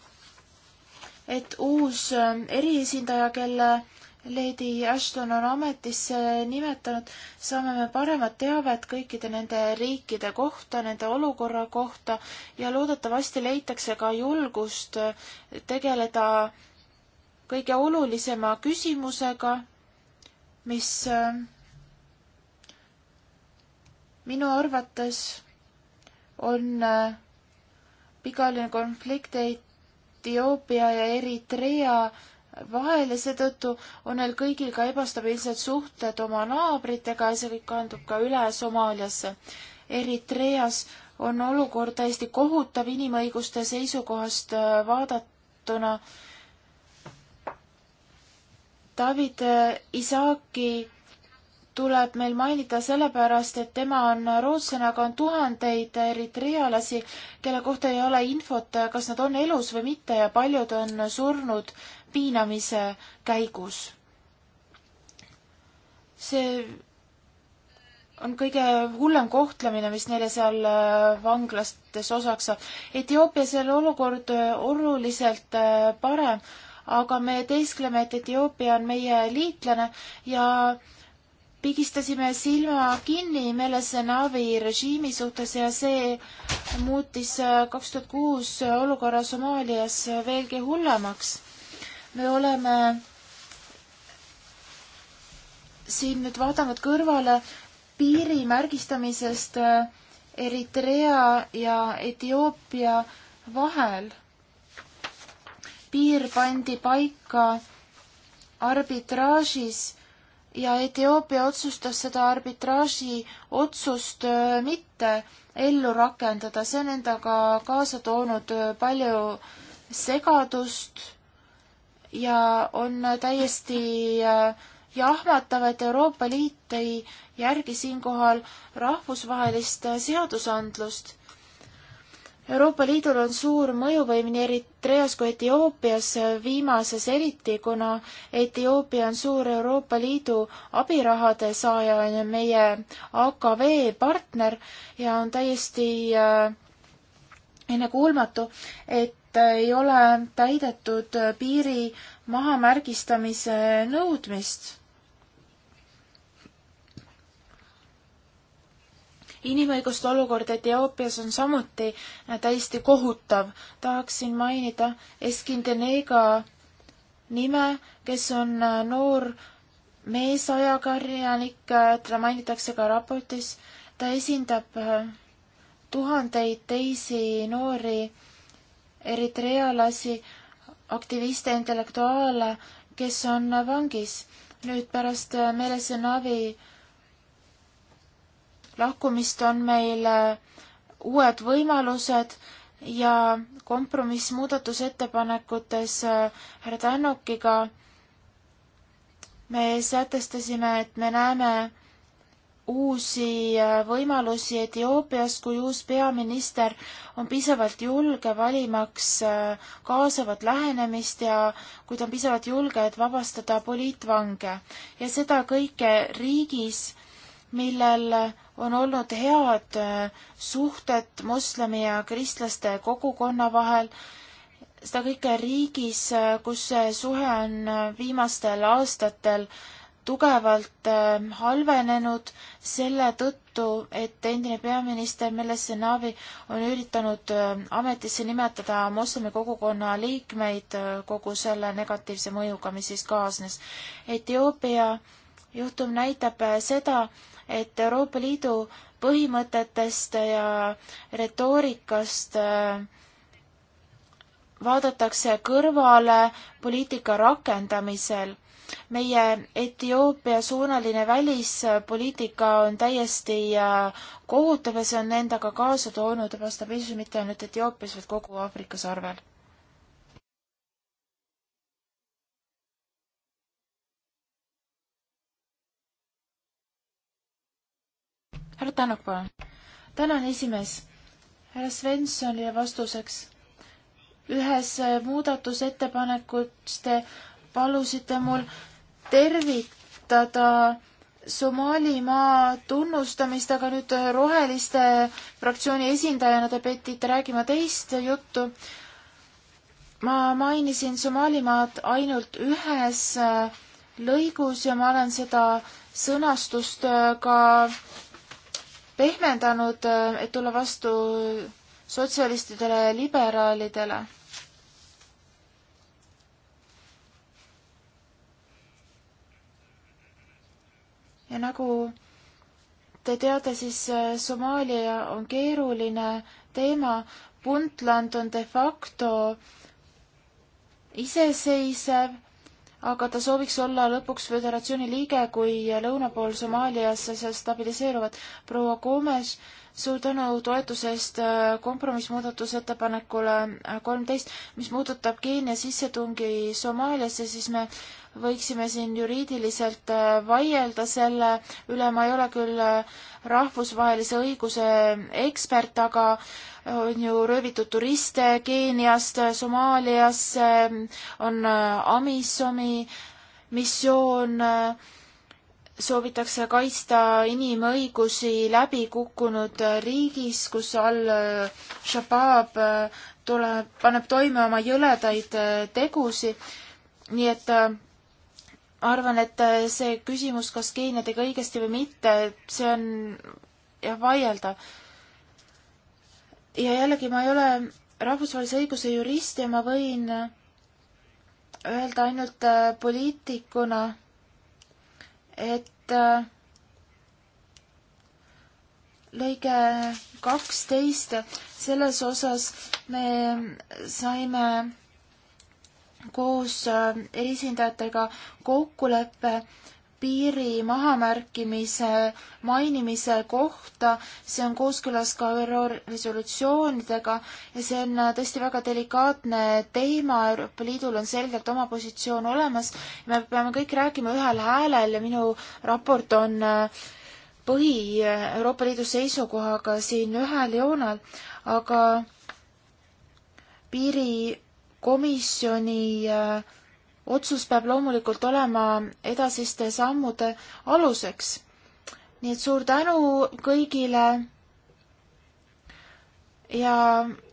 et uus ähm, eriesindaja, kelle Lady Ashton on ametisse nimetanud, saame me paremat teavet kõikide nende riikide kohta, nende olukorra kohta ja loodetavasti leitakse ka julgust äh, tegeleda kõige olulisema küsimusega, mis ähm, minu arvates on äh, pikaline konflikt Etioopia ja Eritrea vahel ja seetõttu on neil kõigil ka ebastabiilsed suhted oma naabritega ja see kõik kandub ka üle Somaaliasse. Eritreas on olukord täiesti kohutav inimõiguste seisukohast äh, vaadatuna. David äh, Isaki tuleb meil mainida sellepärast, et tema on rootslane, aga on tuhandeid eritrealasi, kelle kohta ei ole infot, kas nad on elus või mitte ja paljud on surnud piinamise käigus. see on kõige hullem kohtlemine, mis neile seal äh, vanglates osaks saab. Etioopias ei ole olukord äh, oluliselt äh, parem, aga me teeskleme, et Etioopia on meie liitlane ja äh, pigistasime silma kinni Melesenavi režiimi suhtes ja see muutis äh, kaks tuhat kuus olukorra Somaalias veelgi hullemaks. me oleme siin nüüd vaadanud kõrvale piiri märgistamisest äh, Eritrea ja Etioopia vahel. piir pandi paika arbitraažis ja Etioopia otsustas seda arbitraaži otsust äh, mitte ellu rakendada, see on endaga kaasa toonud äh, palju segadust ja on täiesti äh, jahmatav, et Euroopa Liit ei järgi siinkohal rahvusvahelist seadusandlust Euroopa Liidul on suur mõjuvõim nii Eritreas kui Etioopias, viimases eriti, kuna Etioopia on suur Euroopa Liidu abirahade saaja, on ju meie AKV partner ja on täiesti äh, ennekuulmatu, et äh, ei ole täidetud piiri mahamärgistamise nõudmist inimõiguste olukord Etioopias on samuti äh, täiesti kohutav. tahaksin mainida Eskindenega nime, kes on äh, noor meesajakirjanik, äh, teda mainitakse ka raportis. ta esindab tuhandeid teisi noori eritrealasi, aktiviste, intellektuaale, kes on vangis. nüüd pärast Melesenavi lahkumist on meil äh, uued võimalused ja kompromiss muudatusettepanekutes äh, härra Tännokiga me sätestasime, et me näeme uusi äh, võimalusi Etioopias, kui uus peaminister on piisavalt julge valimaks kaasavat lähenemist ja kui ta on piisavalt julge, et vabastada poliitvange. ja seda kõike riigis, millel on olnud head äh, suhted moslemi ja kristlaste kogukonna vahel, seda kõike riigis, äh, kus see suhe on äh, viimastel aastatel tugevalt halvenenud selle tõttu, et endine peaminister Meles Zenavi on üritanud ametisse nimetada moslemi kogukonna liikmeid kogu selle negatiivse mõjuga, mis siis kaasnes. Etioopia juhtum näitab seda, et Euroopa Liidu põhimõtetest ja retoorikast äh, vaadatakse kõrvale poliitika rakendamisel. meie Etioopia suunaline välispoliitika on täiesti äh, kohutav ja see on endaga kaasa toonud ebastabiilsuse mitte ainult Etioopias, vaid kogu Aafrika sarvel. härra Tänak, palun. tänan, esimees. härra Svenssonile vastuseks. ühes muudatusettepanekus te palusite mul tervitada Somaalimaa tunnustamist, aga nüüd Roheliste fraktsiooni esindajana te petite räägima teist juttu. ma mainisin Somaalimaad ainult ühes lõigus ja ma olen seda sõnastust ka pehmendanud, äh, et tulla vastu sotsialistidele ja liberaalidele. ja nagu te teate, siis äh, Somaalia on keeruline teema. Puntland on de facto iseseisev aga ta sooviks olla lõpuks föderatsiooni liige, kui lõuna pool Somaalias see stabiliseeruvad. proua Gomes suur tänu toetuse eest äh, kompromissmuudatusettepanekule äh, kolmteist. mis puudutab Keenia sissetungi Somaaliasse, siis me võiksime siin juriidiliselt äh, vaielda selle üle, ma ei ole küll rahvusvahelise õiguse ekspert, aga on ju röövitud turiste Keeniast, Somaaliasse, on Amisomi missioon äh, soovitakse kaitsta inimõigusi läbi kukkunud riigis, kus al-Shabaab äh, äh, tuleb, paneb toime oma jõledaid äh, tegusi. nii et arvan, et see küsimus, kas Keenia tegi õigesti või mitte, see on jah, vaieldav. ja jällegi, ma ei ole rahvusvahelise õiguse jurist ja ma võin öelda ainult poliitikuna et äh, lõige kaksteist, selles osas me saime koos äh, erisindajatega kokkuleppe, piiri mahamärkimise mainimise kohta, see on kooskõlas ka ÜRO resolutsioonidega ja see on äh, tõesti väga delikaatne teema, Euroopa Liidul on selgelt oma positsioon olemas, me peame kõik rääkima ühel häälel ja minu raport on äh, põhi äh, Euroopa Liidu seisukohaga siin ühel joonel, aga piirikomisjoni äh, otsus peab loomulikult olema edasiste sammude aluseks. nii et suur tänu kõigile ja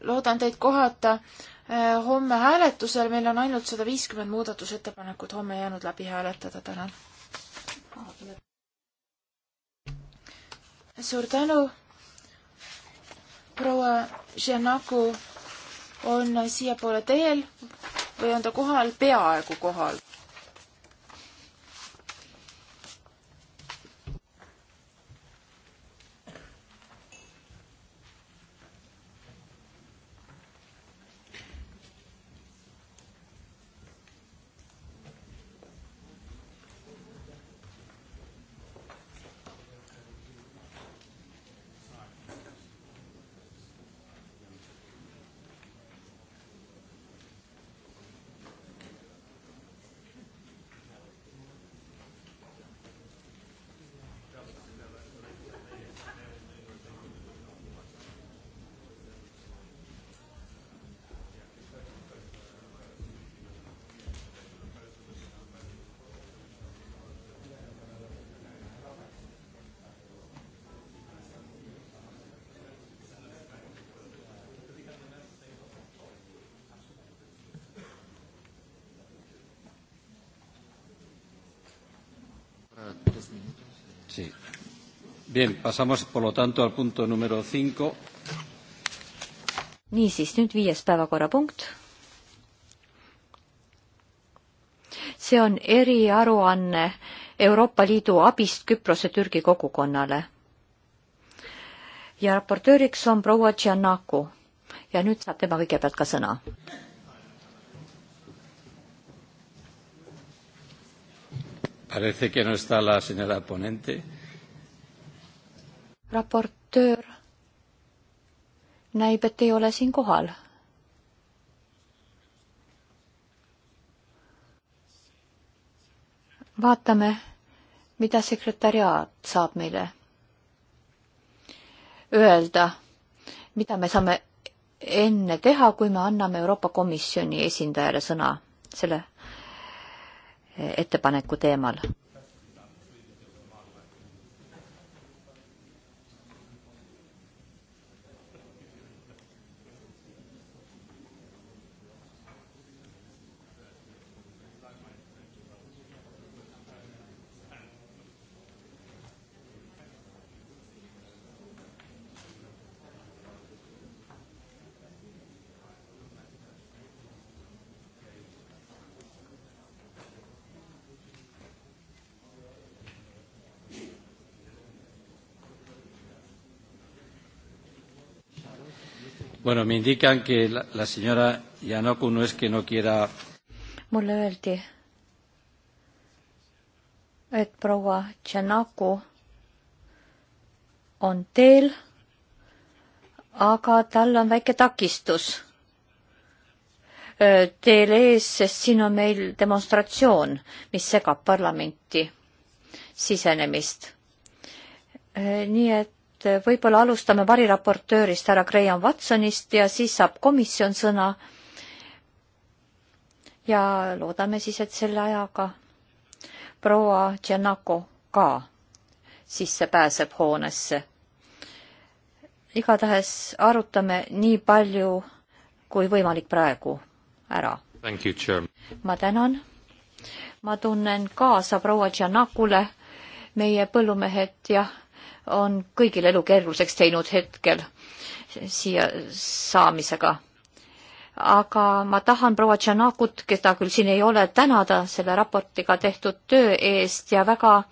loodan teid kohata eh, homme hääletusel, meil on ainult sada viiskümmend muudatusettepanekut homme jäänud läbi hääletada, tänan. suur tänu. proua Žanaku on siiapoole teel või on ta kohal peaaegu kohal? Bien, pasamos por lo tanto al punto numero cinco. niisiis, nüüd viies päevakorrapunkt. see on eriaruanne Euroopa Liidu abist Küprose Türgi kogukonnale. ja raportööriks on proua Tšernaku ja nüüd saab tema kõigepealt ka sõna. Parece que no está la señora ponente raportöör näib, et ei ole siin kohal. vaatame, mida sekretäriaat saab meile öelda, mida me saame enne teha, kui me anname Euroopa Komisjoni esindajale sõna selle ettepaneku teemal. Bueno, me indican que la, la señora Yanoku no es que no quiera. mulle öeldi, et proua Tšanaku on teel, aga tal on väike takistus äh, teel ees, sest siin on meil demonstratsioon, mis segab parlamenti sisenemist. Äh, nii et et võib-olla alustame variraportöörist härra Graham Watsonist ja siis saab komisjon sõna. ja loodame siis, et selle ajaga proua Tšernako ka sisse pääseb hoonesse. igatahes arutame nii palju kui võimalik praegu ära. ma tänan. ma tunnen kaasa proua Tšernakule, meie põllumehed jah on kõigil elu keeruliseks teinud hetkel siia saamisega. aga ma tahan proua Tšanakut, keda küll siin ei ole, tänada selle raportiga tehtud töö eest ja väga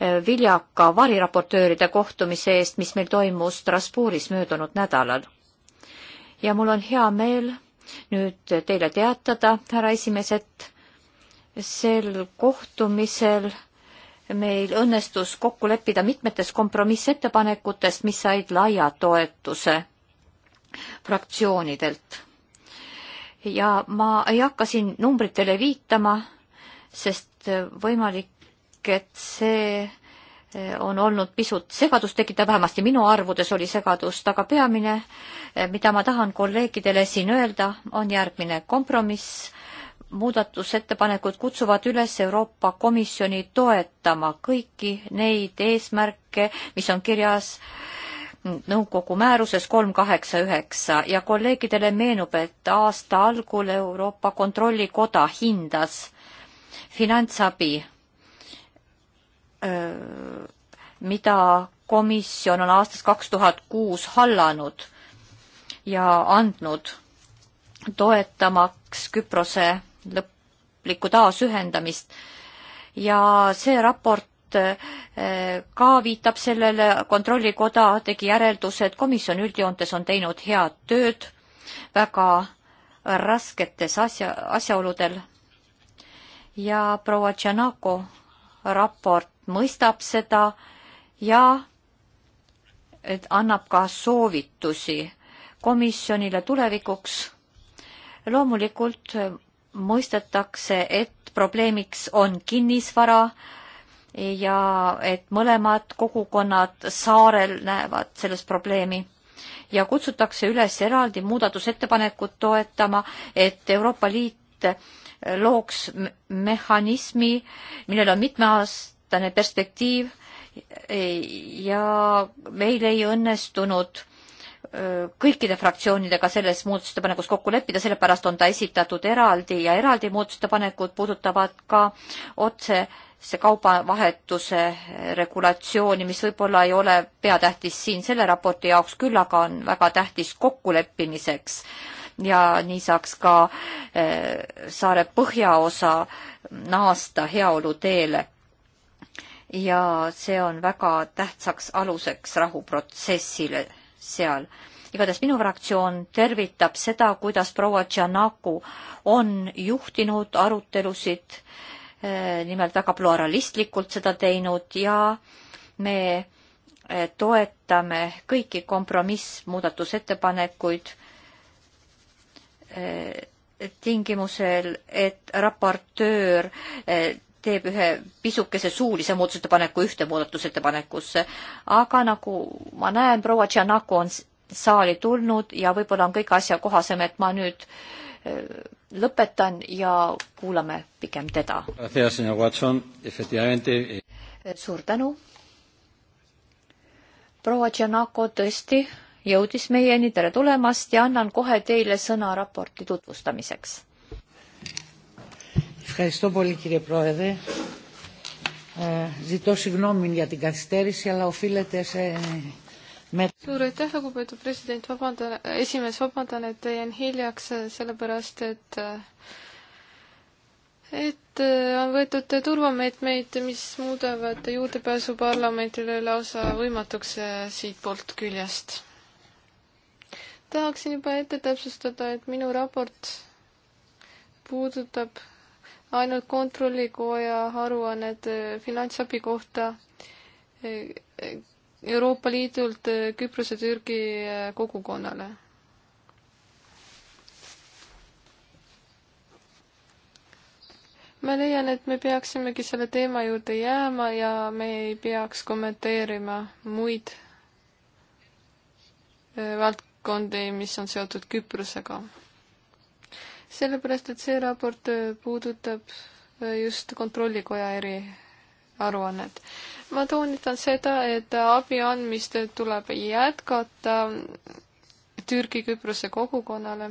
eh, viljaka variraportööride kohtumise eest, mis meil toimus Strasbourgis möödunud nädalal. ja mul on hea meel nüüd teile teatada, härra esimees, et sel kohtumisel meil õnnestus kokku leppida mitmetes kompromissettepanekutest, mis said laia toetuse fraktsioonidelt. ja ma ei hakka siin numbritele viitama, sest võimalik, et see eh, on olnud pisut segadust tekitav, vähemasti minu arvudes oli segadust, aga peamine, eh, mida ma tahan kolleegidele siin öelda, on järgmine kompromiss muudatusettepanekud kutsuvad üles Euroopa Komisjoni toetama kõiki neid eesmärke, mis on kirjas nõukogu määruses kolm kaheksa üheksa ja kolleegidele meenub, et aasta algul Euroopa Kontrollikoda hindas finantsabi, mida komisjon on aastast kaks tuhat kuus hallanud ja andnud toetamaks Küprose lõplikku taasühendamist. ja see raport eh, ka viitab sellele, Kontrollikoda tegi järelduse, et komisjon üldjoontes on teinud head tööd väga rasketes asja, asjaoludel. ja proua Tšanako raport mõistab seda ja et annab ka soovitusi komisjonile tulevikuks. loomulikult mõistetakse, et probleemiks on kinnisvara ja et mõlemad kogukonnad saarel näevad selles probleemi ja kutsutakse üles eraldi muudatusettepanekut toetama, et Euroopa Liit looks mehhanismi, millel on mitmeaastane perspektiiv ja meil ei õnnestunud kõikide fraktsioonidega selles muudatusettepanekus kokku leppida, sellepärast on ta esitatud eraldi ja eraldi muudatusettepanekud puudutavad ka otse see kaubavahetuse regulatsiooni, mis võib-olla ei ole peatähtis siin selle raporti jaoks, küll aga on väga tähtis kokkuleppimiseks. ja nii saaks ka eh, saare põhjaosa naasta heaolu teele. ja see on väga tähtsaks aluseks rahuprotsessile seal. igatahes minu fraktsioon tervitab seda, kuidas proua Tšanaku on juhtinud arutelusid, eh, nimelt väga pluralistlikult seda teinud ja me eh, toetame kõiki kompromissmuudatusettepanekuid eh, tingimusel, et raportöör teeb ühe pisukese suulise muudatusettepaneku ühte muudatusettepanekusse, aga nagu ma näen, proua Tšanaku on saali tulnud ja võib-olla on kõige asjakohasem, et ma nüüd äh, lõpetan ja kuulame pigem teda. Eh. Äh, suur tänu. proua Tšanako tõesti jõudis meieni, tere tulemast ja annan kohe teile sõna raporti tutvustamiseks Ευχαριστώ πολύ κύριε Πρόεδρε. Ε, ζητώ συγγνώμη για την καθυστέρηση, αλλά οφείλεται σε... Με... suur aitäh, lugupeetud president, vabandan, esimees, vabandan, et jäin hiljaks, sellepärast et et on võetud turvameetmeid, mis muudavad juurdepääsu parlamendile lausa võimatuks siitpoolt küljest. tahaksin juba ette täpsustada, et minu raport puudutab ainult Kontrollikoja aruanned äh, finantsabi kohta äh, Euroopa Liidult äh, Küprose Türgi kogukonnale. ma leian, et me peaksimegi selle teema juurde jääma ja me ei peaks kommenteerima muid valdkondi, mis on seotud Küprosega sellepärast, et see raport äh, puudutab äh, just Kontrollikoja eriaruannet. ma toonitan seda, et abi andmist tuleb jätkata Türgi-Küprose kogukonnale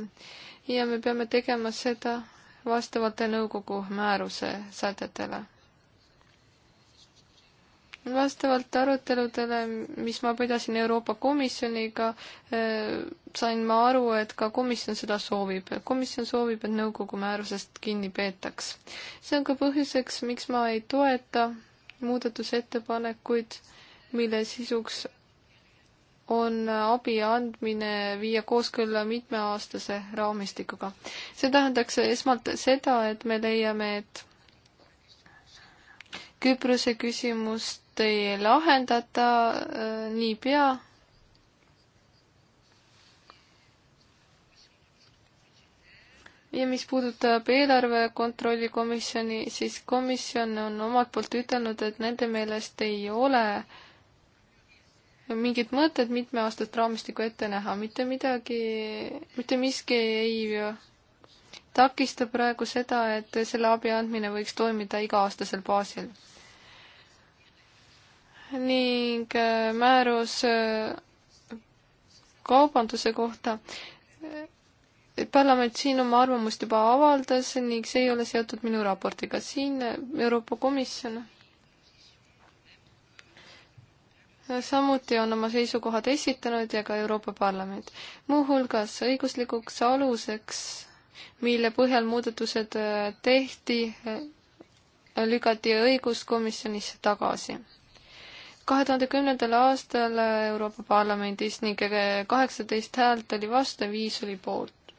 ja me peame tegema seda vastavalt nõukogu määruse sätetele vastavalt aruteludele, mis ma pidasin Euroopa Komisjoniga, eh, sain ma aru, et ka komisjon seda soovib. komisjon soovib, et nõukogu määrusest kinni peetaks. see on ka põhjuseks, miks ma ei toeta muudatusettepanekuid, mille sisuks on abi andmine viia kooskõlla mitmeaastase raamistikuga. see tähendaks esmalt seda, et me leiame, et Küprose küsimust ei lahendata äh, niipea, ja mis puudutab eelarve kontrolli komisjoni, siis komisjon on omalt poolt ütelnud, et nende meelest ei ole mingit mõtet mitmeaastast raamistikku ette näha, mitte midagi, mitte miski ei takista praegu seda, et selle abi andmine võiks toimida iga-aastasel baasil ning äh, määrus äh, kaubanduse kohta. parlament siin oma arvamust juba avaldas ning see ei ole seotud minu raportiga. siin äh, Euroopa Komisjon samuti on oma seisukohad esitanud ja ka Euroopa Parlament. muuhulgas õiguslikuks aluseks, mille põhjal muudatused tehti, lükati õiguskomisjonis tagasi kahe tuhande kümnendal aastal Euroopa Parlamendis ning kaheksateist häält oli vastu ja viis oli poolt.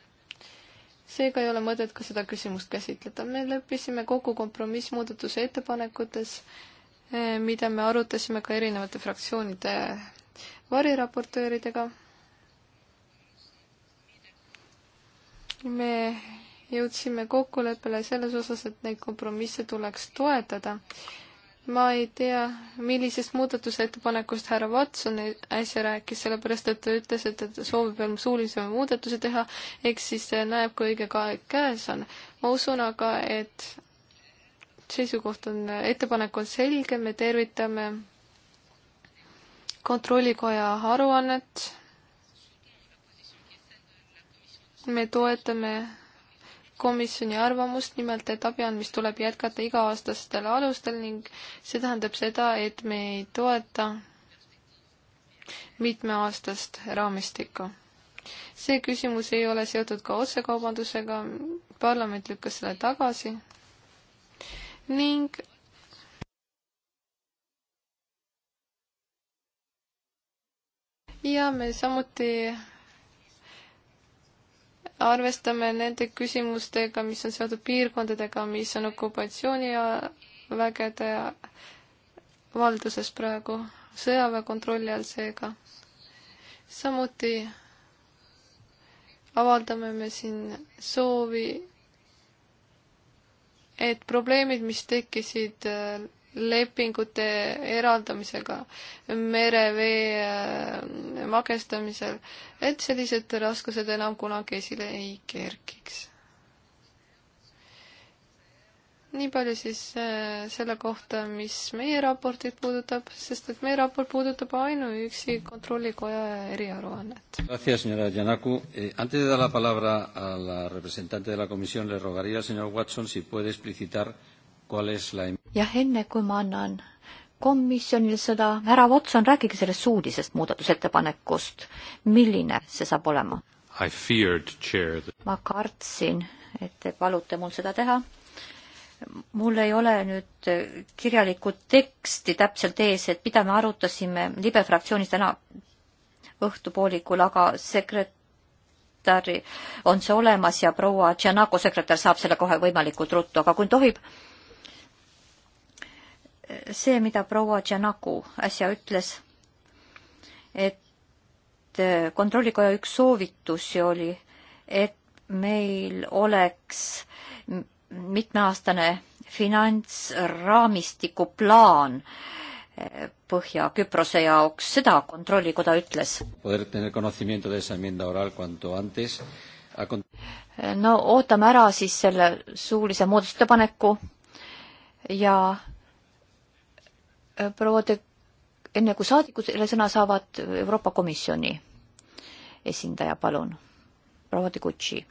seega ei ole mõtet ka seda küsimust käsitleda. me leppisime kokku kompromissmuudatuse ettepanekutes, eh, mida me arutasime ka erinevate fraktsioonide variraportööridega. me jõudsime kokkuleppele selles osas, et neid kompromisse tuleks toetada ma ei tea, millisest muudatusettepanekust härra Watson äsja rääkis, sellepärast et ta ütles, et, et soovib veel suulise muudatuse teha, eks siis näeb, kui õige aeg käes on. ma usun aga, et seisukoht on, ettepanek on selge, me tervitame kontrollikoja aruannet. me toetame komisjoni arvamust, nimelt et abi andmist tuleb jätkata iga-aastastel alustel ning see tähendab seda, et me ei toeta mitmeaastast raamistikku. see küsimus ei ole seotud ka otsekaubandusega, parlament lükkas selle tagasi ning ja me samuti arvestame nende küsimustega, mis on seotud piirkondadega, mis on okupatsioonivägede valduses praegu, sõjaväe kontrolli all seega. samuti avaldame me siin soovi, et probleemid, mis tekkisid lepingute eraldamisega merevee äh, magestamisel, et sellised raskused enam kunagi esile ei kerkiks. nii palju siis äh, selle kohta, mis meie raportit puudutab, sest et meie raport puudutab ainuüksi Kontrollikoja eriaruannet. Gracias, señora Yanaku eh,. Antes de dar la palabra a la representante de la comisión, le rogaría, señor Watson, si puede explicitar jah, enne kui ma annan komisjonil seda värava otsa on, rääkige sellest suulisest muudatusettepanekust. milline see saab olema? ma kartsin, et te palute mul seda teha. mul ei ole nüüd kirjalikku teksti täpselt ees, et mida me arutasime libe fraktsioonis täna õhtupoolikul, aga sekretäri on see olemas ja proua Tšernako sekretär saab selle kohe võimalikult ruttu, aga kui tohib, see, mida proua Tšanaku äsja ütles, et kontrollikoja üks soovitusi oli, et meil oleks mitmeaastane finantsraamistiku plaan Põhja-Küprose jaoks, seda Kontrollikoda ütles. no ootame ära siis selle suulise muudatusettepaneku ja Äh, proua de, enne kui saadikud selle sõna saavad, Euroopa Komisjoni esindaja, palun, proua de Gucci.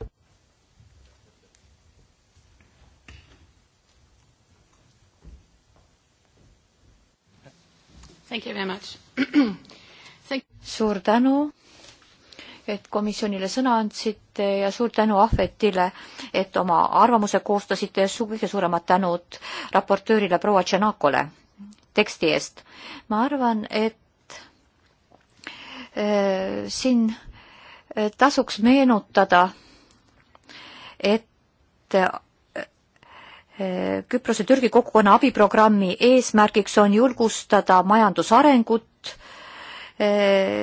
suur tänu, et komisjonile sõna andsite ja suur tänu Ahvetile, et oma arvamuse koostasite ja su kõige suuremad tänud raportöörile proua Tšenakole teksti eest. ma arvan, et äh, siin äh, tasuks meenutada, et äh, Küprose-Türgi kogukonna abiprogrammi eesmärgiks on julgustada majandusarengut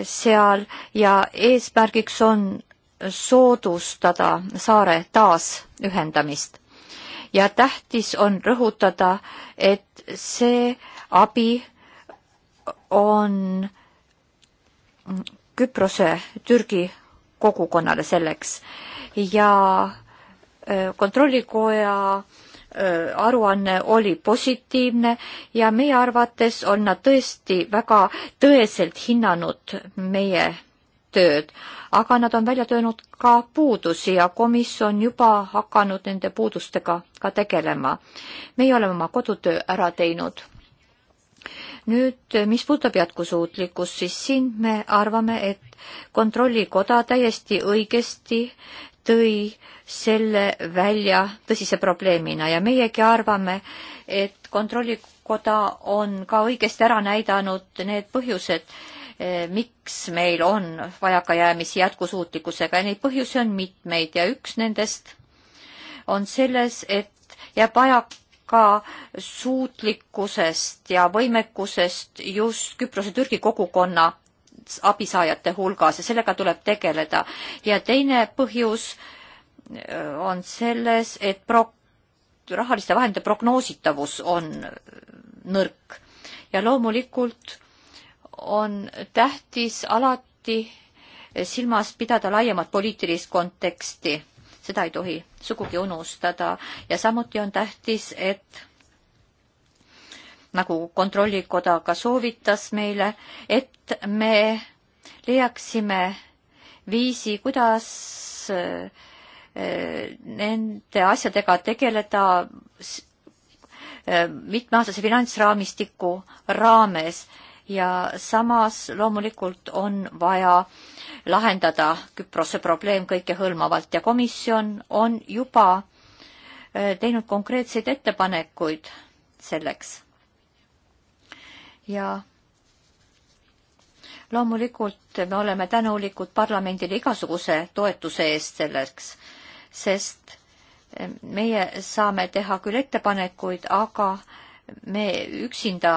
seal ja eesmärgiks on soodustada saare taasühendamist. ja tähtis on rõhutada, et see äh, abi on Küprose Türgi kogukonnale selleks ja äh, kontrollikoja äh, aruanne oli positiivne ja meie arvates on nad tõesti väga tõeselt hinnanud meie tööd, aga nad on välja töönud ka puudusi ja komisjon juba hakanud nende puudustega ka tegelema. meie oleme oma kodutöö ära teinud nüüd, mis puudutab jätkusuutlikkust, siis siin me arvame, et kontrollikoda täiesti õigesti tõi selle välja tõsise probleemina ja meiegi arvame, et kontrollikoda on ka õigesti ära näidanud need põhjused, eh, miks meil on vajakajäämisi jätkusuutlikkusega ja neid põhjusi on mitmeid ja üks nendest on selles, et jääb vajak ka suutlikkusest ja võimekusest just Küprose-Türgi kogukonna abisaajate hulgas ja sellega tuleb tegeleda. ja teine põhjus äh, on selles, et pro-, rahaliste vahendite prognoositavus on nõrk ja loomulikult on tähtis alati silmas pidada laiemat poliitilist konteksti seda ei tohi sugugi unustada ja samuti on tähtis, et nagu Kontrollikoda ka soovitas meile, et me leiaksime viisi, kuidas äh, nende asjadega tegeleda äh, mitmeaastase finantsraamistiku raames ja samas loomulikult on vaja äh, lahendada Küprose probleem kõikehõlmavalt ja komisjon on juba äh, teinud konkreetseid ettepanekuid selleks. ja loomulikult me oleme tänulikud parlamendile igasuguse toetuse eest selleks, sest äh, meie saame teha küll ettepanekuid, aga me üksinda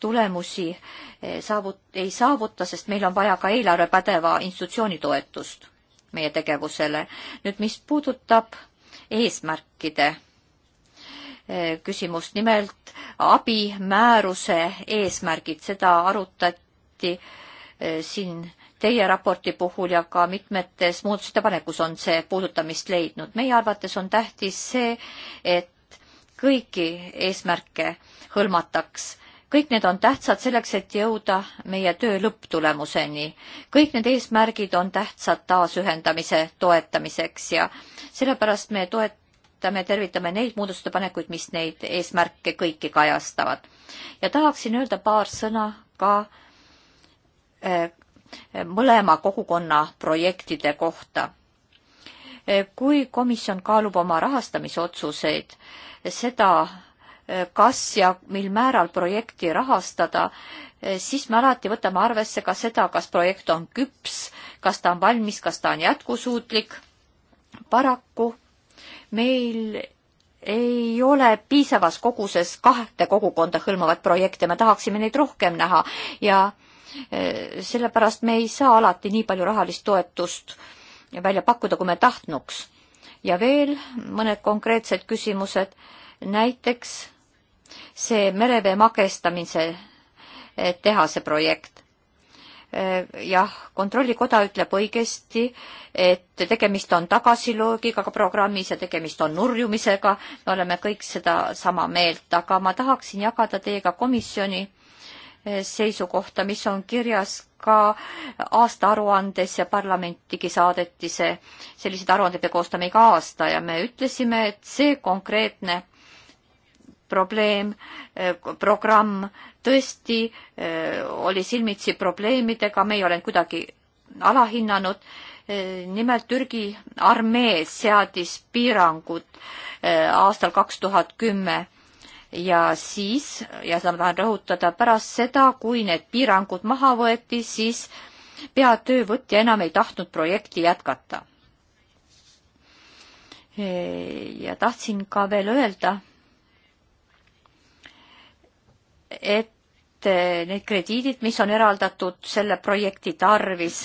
tulemusi eh, saavut-, ei saavuta, sest meil on vaja ka eelarvepädeva institutsiooni toetust meie tegevusele. nüüd, mis puudutab eesmärkide eh, küsimust, nimelt abimääruse eesmärgid, seda arutati eh, siin teie raporti puhul ja ka mitmetes muudatusettepanekus on see puudutamist leidnud. meie arvates on tähtis see, et kõiki eesmärke hõlmataks kõik need on tähtsad selleks, et jõuda meie töö lõpptulemuseni. kõik need eesmärgid on tähtsad taasühendamise toetamiseks ja sellepärast me toetame, tervitame neid muudatusettepanekuid, mis neid eesmärke kõiki kajastavad. ja tahaksin öelda paar sõna ka eh, mõlema kogukonna projektide kohta. Eh, kui komisjon kaalub oma rahastamisotsuseid, seda kas ja mil määral projekti rahastada, eh, siis me alati võtame arvesse ka seda, kas projekt on küps, kas ta on valmis, kas ta on jätkusuutlik. paraku meil ei ole piisavas koguses kahte kogukonda hõlmavat projekte, me tahaksime neid rohkem näha ja eh, sellepärast me ei saa alati nii palju rahalist toetust välja pakkuda, kui me tahtnuks. ja veel mõned konkreetsed küsimused, näiteks see merevee makestamise eh, tehase projekt. Eh, jah, Kontrollikoda ütleb õigesti, et tegemist on tagasilöögiga programmis ja tegemist on nurjumisega, me oleme kõik seda sama meelt, aga ma tahaksin jagada teiega komisjoni eh, seisukohta, mis on kirjas ka aastaaruandes ja parlamentigi saadeti see, selliseid aruandeid me koostame iga aasta ja me ütlesime, et see konkreetne probleem, programm tõesti eh, oli silmitsi probleemidega, me ei ole kuidagi alahinnanud. Eh, nimelt Türgi armee seadis piirangud eh, aastal kaks tuhat kümme ja siis, ja seda ma tahan rõhutada, pärast seda, kui need piirangud maha võeti, siis peatöövõtja enam ei tahtnud projekti jätkata. ja tahtsin ka veel öelda et eh, need krediidid, mis on eraldatud selle projekti tarvis,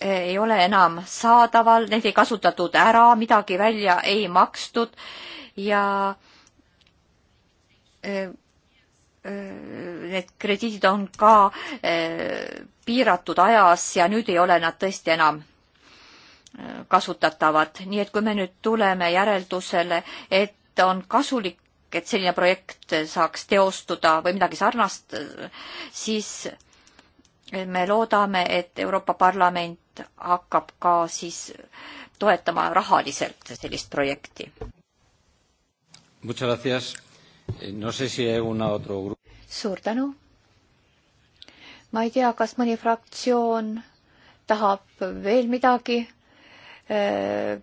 eh, ei ole enam saadaval, neid ei kasutatud ära, midagi välja ei makstud ja eh, need krediidid on ka piiratud ajas ja nüüd ei ole nad tõesti enam kasutatavad, nii et kui me nüüd tuleme järeldusele, et on kasulik et selline projekt saaks teostuda või midagi sarnast, siis me loodame, et Euroopa Parlament hakkab ka siis toetama rahaliselt sellist projekti. Eh, no sé si suur tänu. ma ei tea, kas mõni fraktsioon tahab veel midagi eh,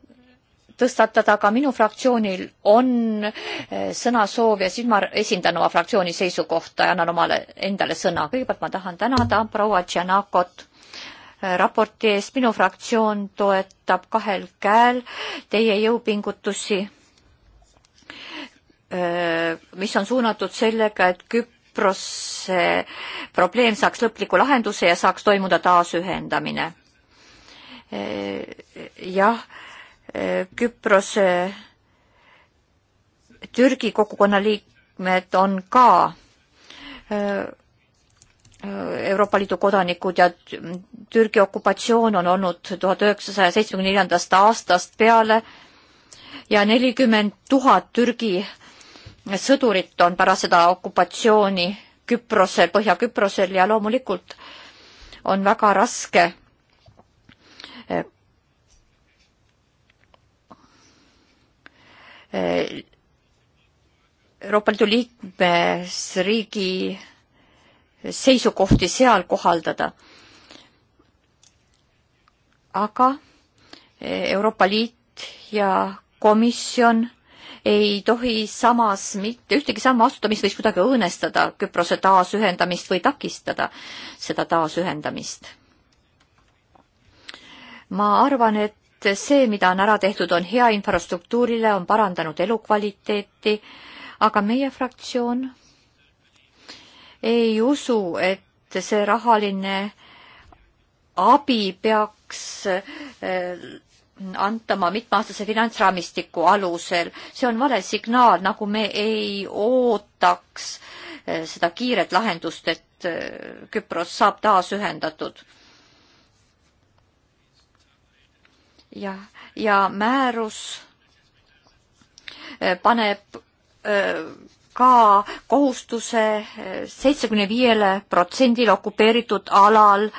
tõstatada, aga minu fraktsioonil on eh, sõnasoov ja siis ma esindan oma fraktsiooni seisukohta ja annan omale, endale sõna. kõigepealt ma tahan tänada proua Tšernakot eh, raporti eest. minu fraktsioon toetab kahel käel teie jõupingutusi, eh, mis on suunatud sellega, et Küprose probleem saaks lõpliku lahenduse ja saaks toimuda taasühendamine jah, Küprose Türgi kogukonna liikmed on ka äh, äh, Euroopa Liidu kodanikud ja Türgi okupatsioon on olnud tuhat üheksasaja seitsmekümne neljandast aastast peale ja nelikümmend tuhat Türgi sõdurit on pärast seda okupatsiooni Küprosel, Põhja-Küprosel ja loomulikult on väga raske äh, Euroopa Liidu liikmesriigi seisukohti seal kohaldada. aga Euroopa Liit ja komisjon ei tohi samas mitte ühtegi sammu astuda, mis võiks kuidagi õõnestada Küprose taasühendamist või takistada seda taasühendamist. ma arvan, et et see, mida on ära tehtud, on hea infrastruktuurile, on parandanud elukvaliteeti, aga meie fraktsioon ei usu, et see rahaline abi peaks eh, antama mitmeaastase finantsraamistiku alusel. see on vale signaal, nagu me ei ootaks eh, seda kiiret lahendust, et eh, Küpros saab taas ühendatud ja, ja määrus eh, paneb eh, ka kohustuse eh, seitsmekümne viiele protsendil okupeeritud alal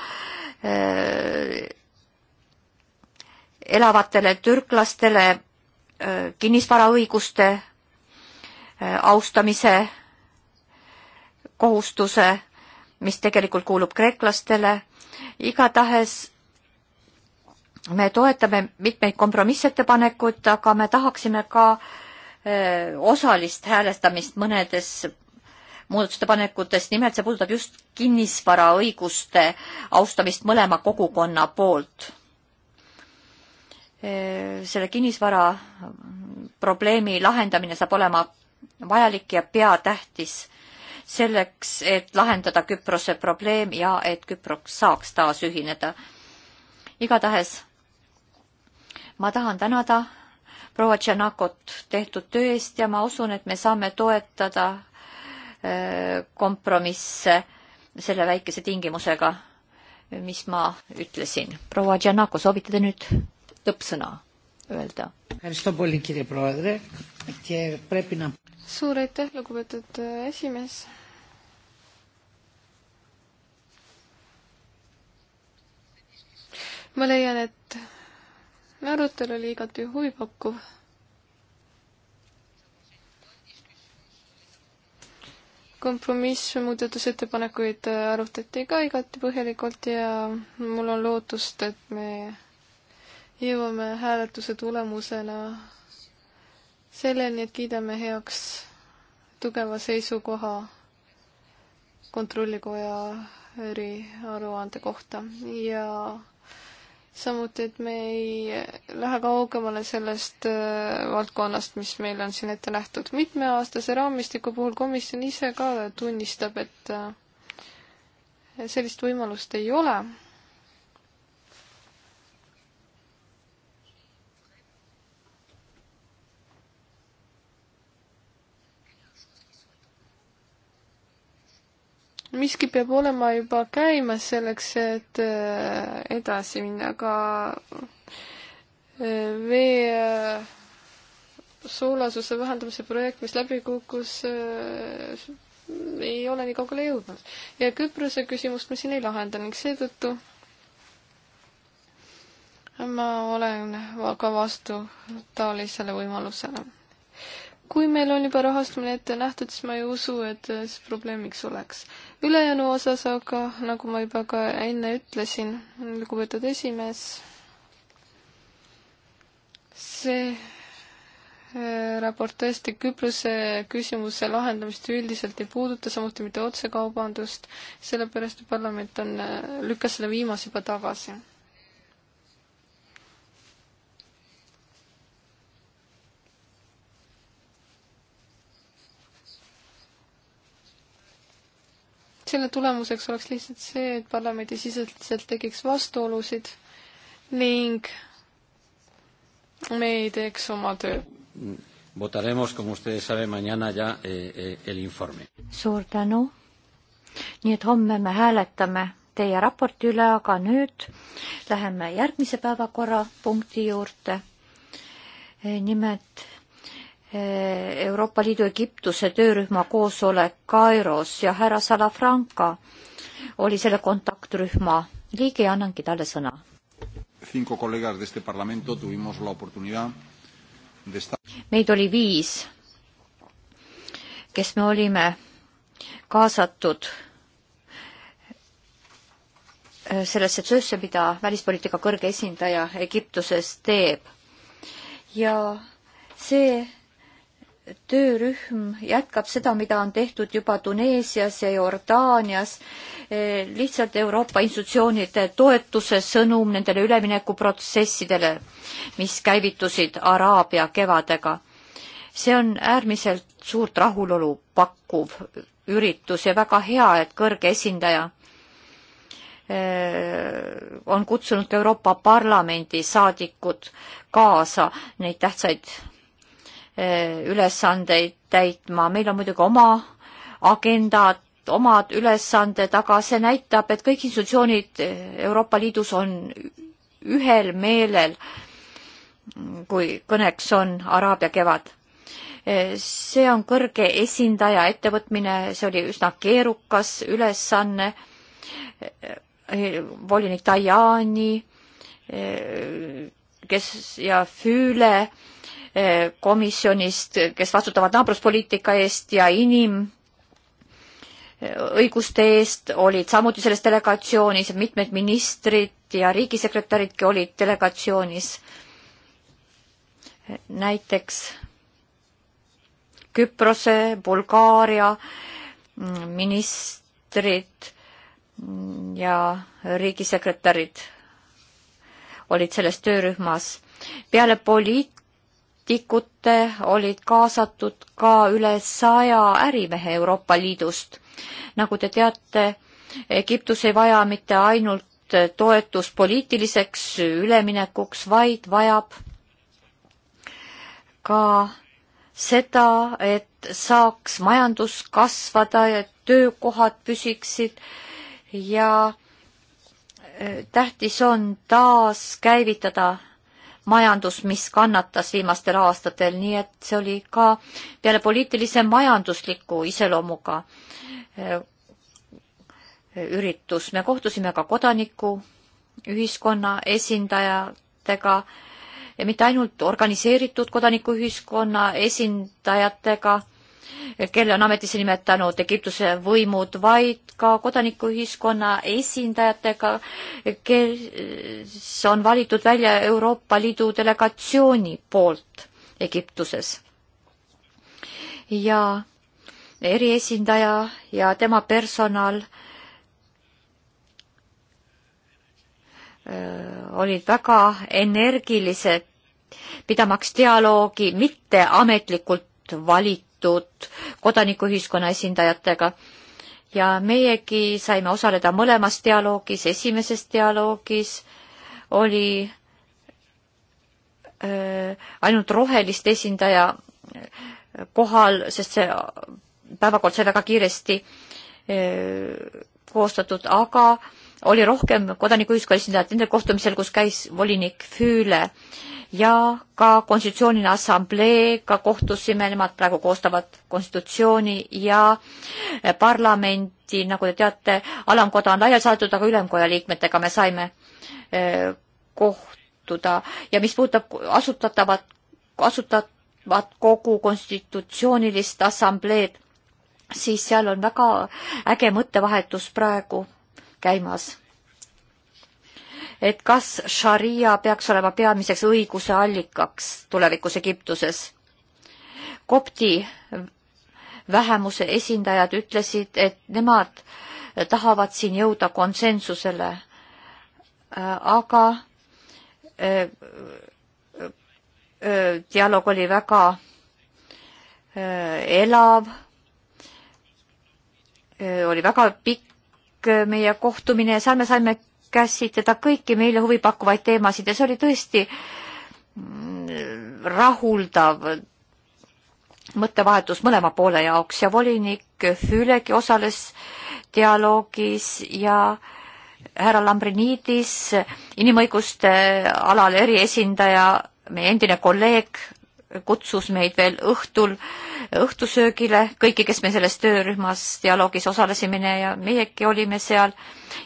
elavatele türklastele kinnisvaraõiguste austamise kohustuse, mis tegelikult kuulub kreeklastele. igatahes me toetame mitmeid kompromissettepanekuid, aga me tahaksime ka osalist häälestamist mõnedes muudatusettepanekutes, nimelt see puudutab just kinnisvaraõiguste austamist mõlema kogukonna poolt. selle kinnisvara probleemi lahendamine saab olema vajalik ja peatähtis selleks, et lahendada Küprose probleem ja et Küpros saaks taas ühineda. igatahes ma tahan tänada proua Tšenakot tehtud töö eest ja ma usun, et me saame toetada äh, kompromisse selle väikese tingimusega, mis ma ütlesin. proua Tšenako, soovite te nüüd lõppsõna öelda? suur aitäh, lugupeetud äh, esimees. ma leian, et arutelu oli igati huvipakkuv. kompromiss muudatusettepanekuid äh, arutati ka igati põhjalikult ja mul on lootust, et me jõuame hääletuse tulemusena selleni, et kiidame heaks tugeva seisukoha kontrollikoja eriaruande kohta ja samuti, et me ei lähe kaugemale sellest äh, valdkonnast, mis meil on siin ette nähtud. mitmeaastase raamistiku puhul komisjon ise ka tunnistab, et äh, sellist võimalust ei ole miski peab olema juba käimas selleks, et äh, edasi minna, aga äh, vee äh, soolasuse vähendamise projekt, mis läbi kukkus, ei ole nii kaugele jõudnud. ja Küprose küsimust me siin ei lahenda ning seetõttu ma olen väga vastu taolisele võimalusele kui meil on juba rahastamine ette nähtud, siis ma ei usu, et see probleemiks oleks. ülejäänu osas aga, nagu ma juba ka enne ütlesin, lugupeetud esimees, see äh, raport tõesti Küprose küsimuse lahendamist üldiselt ei puuduta, samuti mitte otsekaubandust, sellepärast parlament on, äh, lükkas selle viimase juba tagasi selle tulemuseks oleks lihtsalt see, et parlamendisiseselt tekiks vastuolusid ning me ei teeks oma tööd. Votaremos, como ustedes saben, mañana ya eh, eh, el informe. suur tänu. nii et homme me hääletame teie raporti üle, aga nüüd läheme järgmise päevakorrapunkti juurde. Eh, nimelt Eh, Euroopa Liidu Egiptuse töörühma koosolek Kairos ja härra Salafranca oli selle kontaktrühma liige ja annangi talle sõna. meid oli viis, kes me olime kaasatud eh, sellesse töösse, mida välispoliitika kõrge esindaja Egiptuses teeb. ja see töörühm jätkab seda, mida on tehtud juba Tuneesias ja Jordaanias, e, lihtsalt Euroopa institutsioonide toetuse sõnum nendele üleminekuprotsessidele, mis käivitusid Araabia kevadega. see on äärmiselt suurt rahulolu pakkuv üritus ja väga hea, et kõrge esindaja e, on kutsunud ka Euroopa Parlamendi saadikud kaasa neid tähtsaid Eh, ülesandeid täitma, meil on muidugi oma agendad, omad ülesanded, aga see näitab, et kõik institutsioonid Euroopa Liidus on ühel meelel, kui kõneks on Araabia kevad. Eh, see on kõrge esindaja ettevõtmine, see oli üsna keerukas ülesanne, eh, volinik Tajani, kes ja Füüle komisjonist, kes vastutavad naabruspoliitika eest ja inim- õiguste eest olid samuti selles delegatsioonis, mitmed ministrid ja riigisekretäridki olid delegatsioonis. näiteks Küprose, Bulgaaria ministrid ja riigisekretärid olid selles töörühmas. peale poliit-, poliitikute olid kaasatud ka üle saja ärimehe Euroopa Liidust. nagu te teate, Egiptus ei vaja mitte ainult toetus poliitiliseks üleminekuks, vaid vajab ka seda, et saaks majandus kasvada ja töökohad püsiksid ja eh, tähtis on taaskäivitada majandus, mis kannatas viimastel aastatel, nii et see oli ka peale poliitilise majandusliku iseloomuga eh, üritus. me kohtusime ka kodanikuühiskonna esindajatega ja mitte ainult organiseeritud kodanikuühiskonna esindajatega, kelle on ametisse nimetanud Egiptuse võimud, vaid ka kodanikuühiskonna esindajatega, kes on valitud välja Euroopa Liidu delegatsiooni poolt Egiptuses. ja eriesindaja ja tema personal äh, olid väga energilised, pidamaks dialoogi mitteametlikult valitud tehtud kodanikuühiskonna esindajatega ja meiegi saime osaleda mõlemas dialoogis, esimeses dialoogis oli äh, ainult roheliste esindaja kohal, sest see päevakord sai väga kiiresti äh, koostatud, aga oli rohkem kodanikuühiskonna esindajat nendel kohtumisel, kus käis volinik Füüle äh, ja ka konstitutsiooniline assambleega kohtusime, nemad praegu koostavad konstitutsiooni ja eh, parlamenti, nagu te teate, alamkoda on laiali saadetud, aga ülemkoja liikmetega me saime eh, kohtuda ja mis puudutab asutatavat, asutatavat kogu konstitutsioonilist assambleed, siis seal on väga äge mõttevahetus praegu käimas et kas šaria peaks olema peamiseks õiguse allikaks tulevikus Egiptuses. kopti vähemuse esindajad ütlesid, et nemad tahavad siin jõuda konsensusele, aga e, e, dialoog oli väga e, elav, oli väga pikk meie kohtumine ja seal me saime käsitleda kõiki meile huvi pakkuvaid teemasid ja see oli tõesti mm, rahuldav mõttevahetus mõlema poole jaoks ja volinik Füülegi osales dialoogis ja härra Lambrinidis, inimõiguste alal eriesindaja, meie endine kolleeg kutsus meid veel õhtul õhtusöögile, kõiki, kes me selles töörühmas dialoogis osalesime ja meiegi olime seal.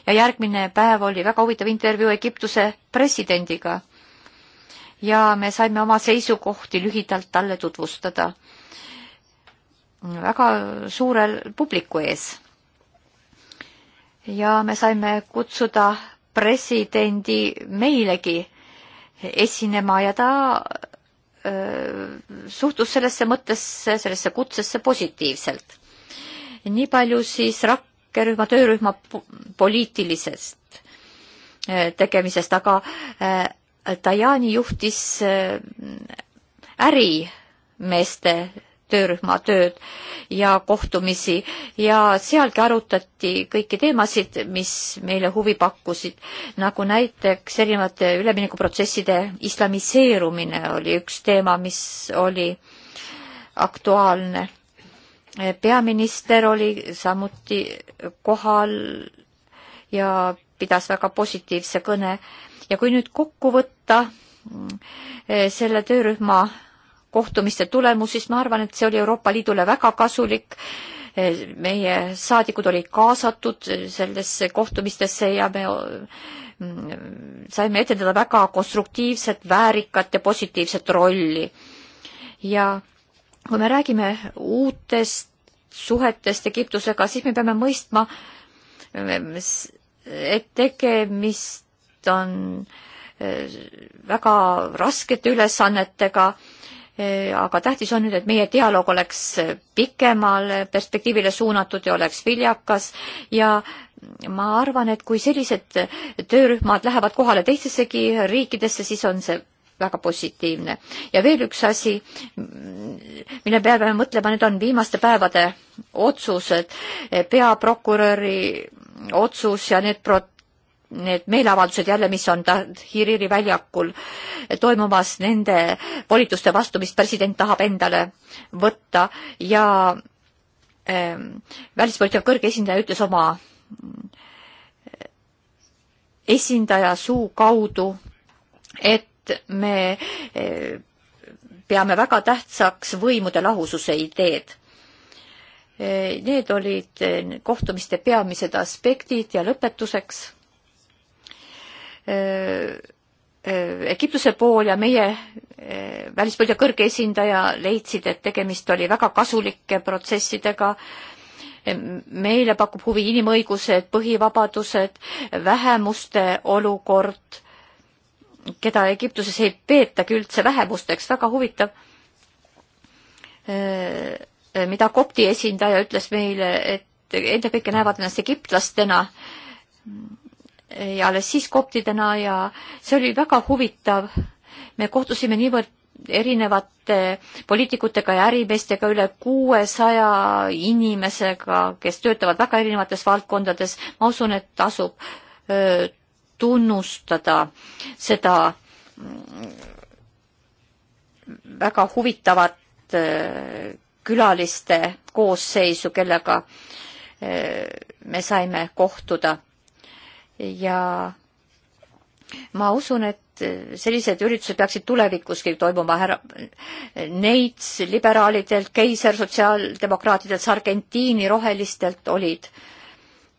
ja järgmine päev oli väga huvitav intervjuu Egiptuse presidendiga. ja me saime oma seisukohti lühidalt talle tutvustada väga suurel publiku ees. ja me saime kutsuda presidendi meilegi esinema ja ta suhtus sellesse mõttesse, sellesse kutsesse positiivselt. nii palju siis rakkerühma, töörühma poliitilisest tegemisest, aga Tajani juhtis ärimeeste töörühma tööd ja kohtumisi ja sealgi arutati kõiki teemasid, mis meile huvi pakkusid, nagu näiteks erinevate üleminekuprotsesside islamiseerumine oli üks teema, mis oli aktuaalne. peaminister oli samuti kohal ja pidas väga positiivse kõne ja kui nüüd kokku võtta mm, selle töörühma kohtumiste tulemus, siis ma arvan, et see oli Euroopa Liidule väga kasulik. meie saadikud olid kaasatud sellesse kohtumistesse ja me mm, saime etendada väga konstruktiivset, väärikat ja positiivset rolli. ja kui me räägime uutest suhetest Egiptusega, siis me peame mõistma, et tegemist on eh, väga raskete ülesannetega Äh, aga tähtis on nüüd, et meie dialoog oleks pikemale perspektiivile suunatud ja oleks viljakas ja ma arvan, et kui sellised töörühmad lähevad kohale teistessegi riikidesse, siis on see väga positiivne. ja veel üks asi, mille peale peame mõtlema, need on viimaste päevade otsused, peaprokuröri otsus ja need prot-, need meeleavaldused jälle, mis on Tahiriri väljakul toimumas nende volituste vastu, mis president tahab endale võtta ja ähm, välispoliitika kõrge esindaja ütles oma äh, esindaja suu kaudu, et me äh, peame väga tähtsaks võimude lahususe ideed äh, Need olid äh, kohtumiste peamised aspektid ja lõpetuseks Äh, äh, Egiptuse pool ja meie äh, välispoliitika kõrge esindaja leidsid, et tegemist oli väga kasulike protsessidega. meile pakub huvi inimõigused, põhivabadused, vähemuste olukord, keda Egiptuses ei peetagi üldse vähemusteks, väga huvitav. mida kopti esindaja ütles meile, et ennekõike näevad ennast egiptlastena ja alles siis koptidena ja see oli väga huvitav. me kohtusime niivõrd erinevate poliitikutega ja ärimeestega, üle kuuesaja inimesega, kes töötavad väga erinevates valdkondades. ma usun, et tasub tunnustada seda mm, väga huvitavat külaliste koosseisu, kellega me saime kohtuda ja ma usun, et sellised üritused peaksid tulevikuski toimuma härra Neits liberaalidelt, Keiser sotsiaaldemokraatidelt, Sargentini rohelistelt olid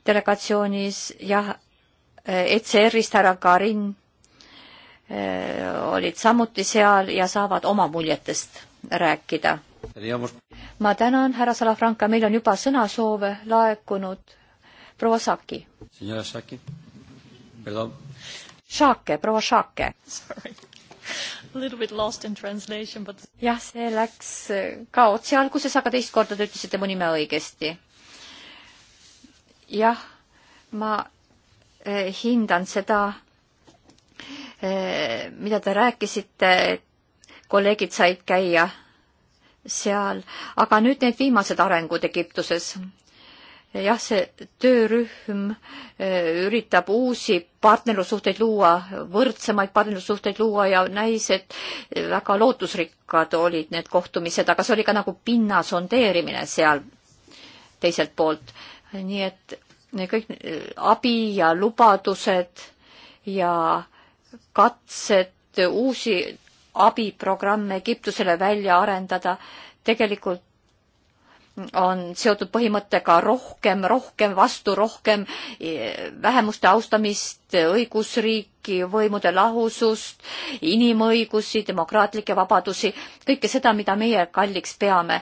delegatsioonis ja ECR-ist härra Karin eh, olid samuti seal ja saavad oma muljetest rääkida. ma tänan, härra Salafranca, meil on juba sõnasoove laekunud. proua Saki perdón. Šake, proua Šake. But... jah, see läks äh, ka otse alguses, aga teist korda te ütlesite mu nime õigesti. jah, ma eh, hindan seda eh,, mida te rääkisite, kolleegid said käia seal, aga nüüd need viimased arengud Egiptuses jah, see töörühm eh, üritab uusi partnerlussuhteid luua, võrdsemaid partnerlussuhteid luua ja näis, et väga lootusrikkad olid need kohtumised, aga see oli ka nagu pinna sondeerimine seal teiselt poolt. nii et kõik abi ja lubadused ja katsed uusi abiprogramme Egiptusele välja arendada tegelikult on seotud põhimõttega rohkem, rohkem, vastu rohkem e, vähemuste austamist, õigusriiki, võimude lahusust, inimõigusi, demokraatlikke vabadusi, kõike seda, mida meie kalliks peame.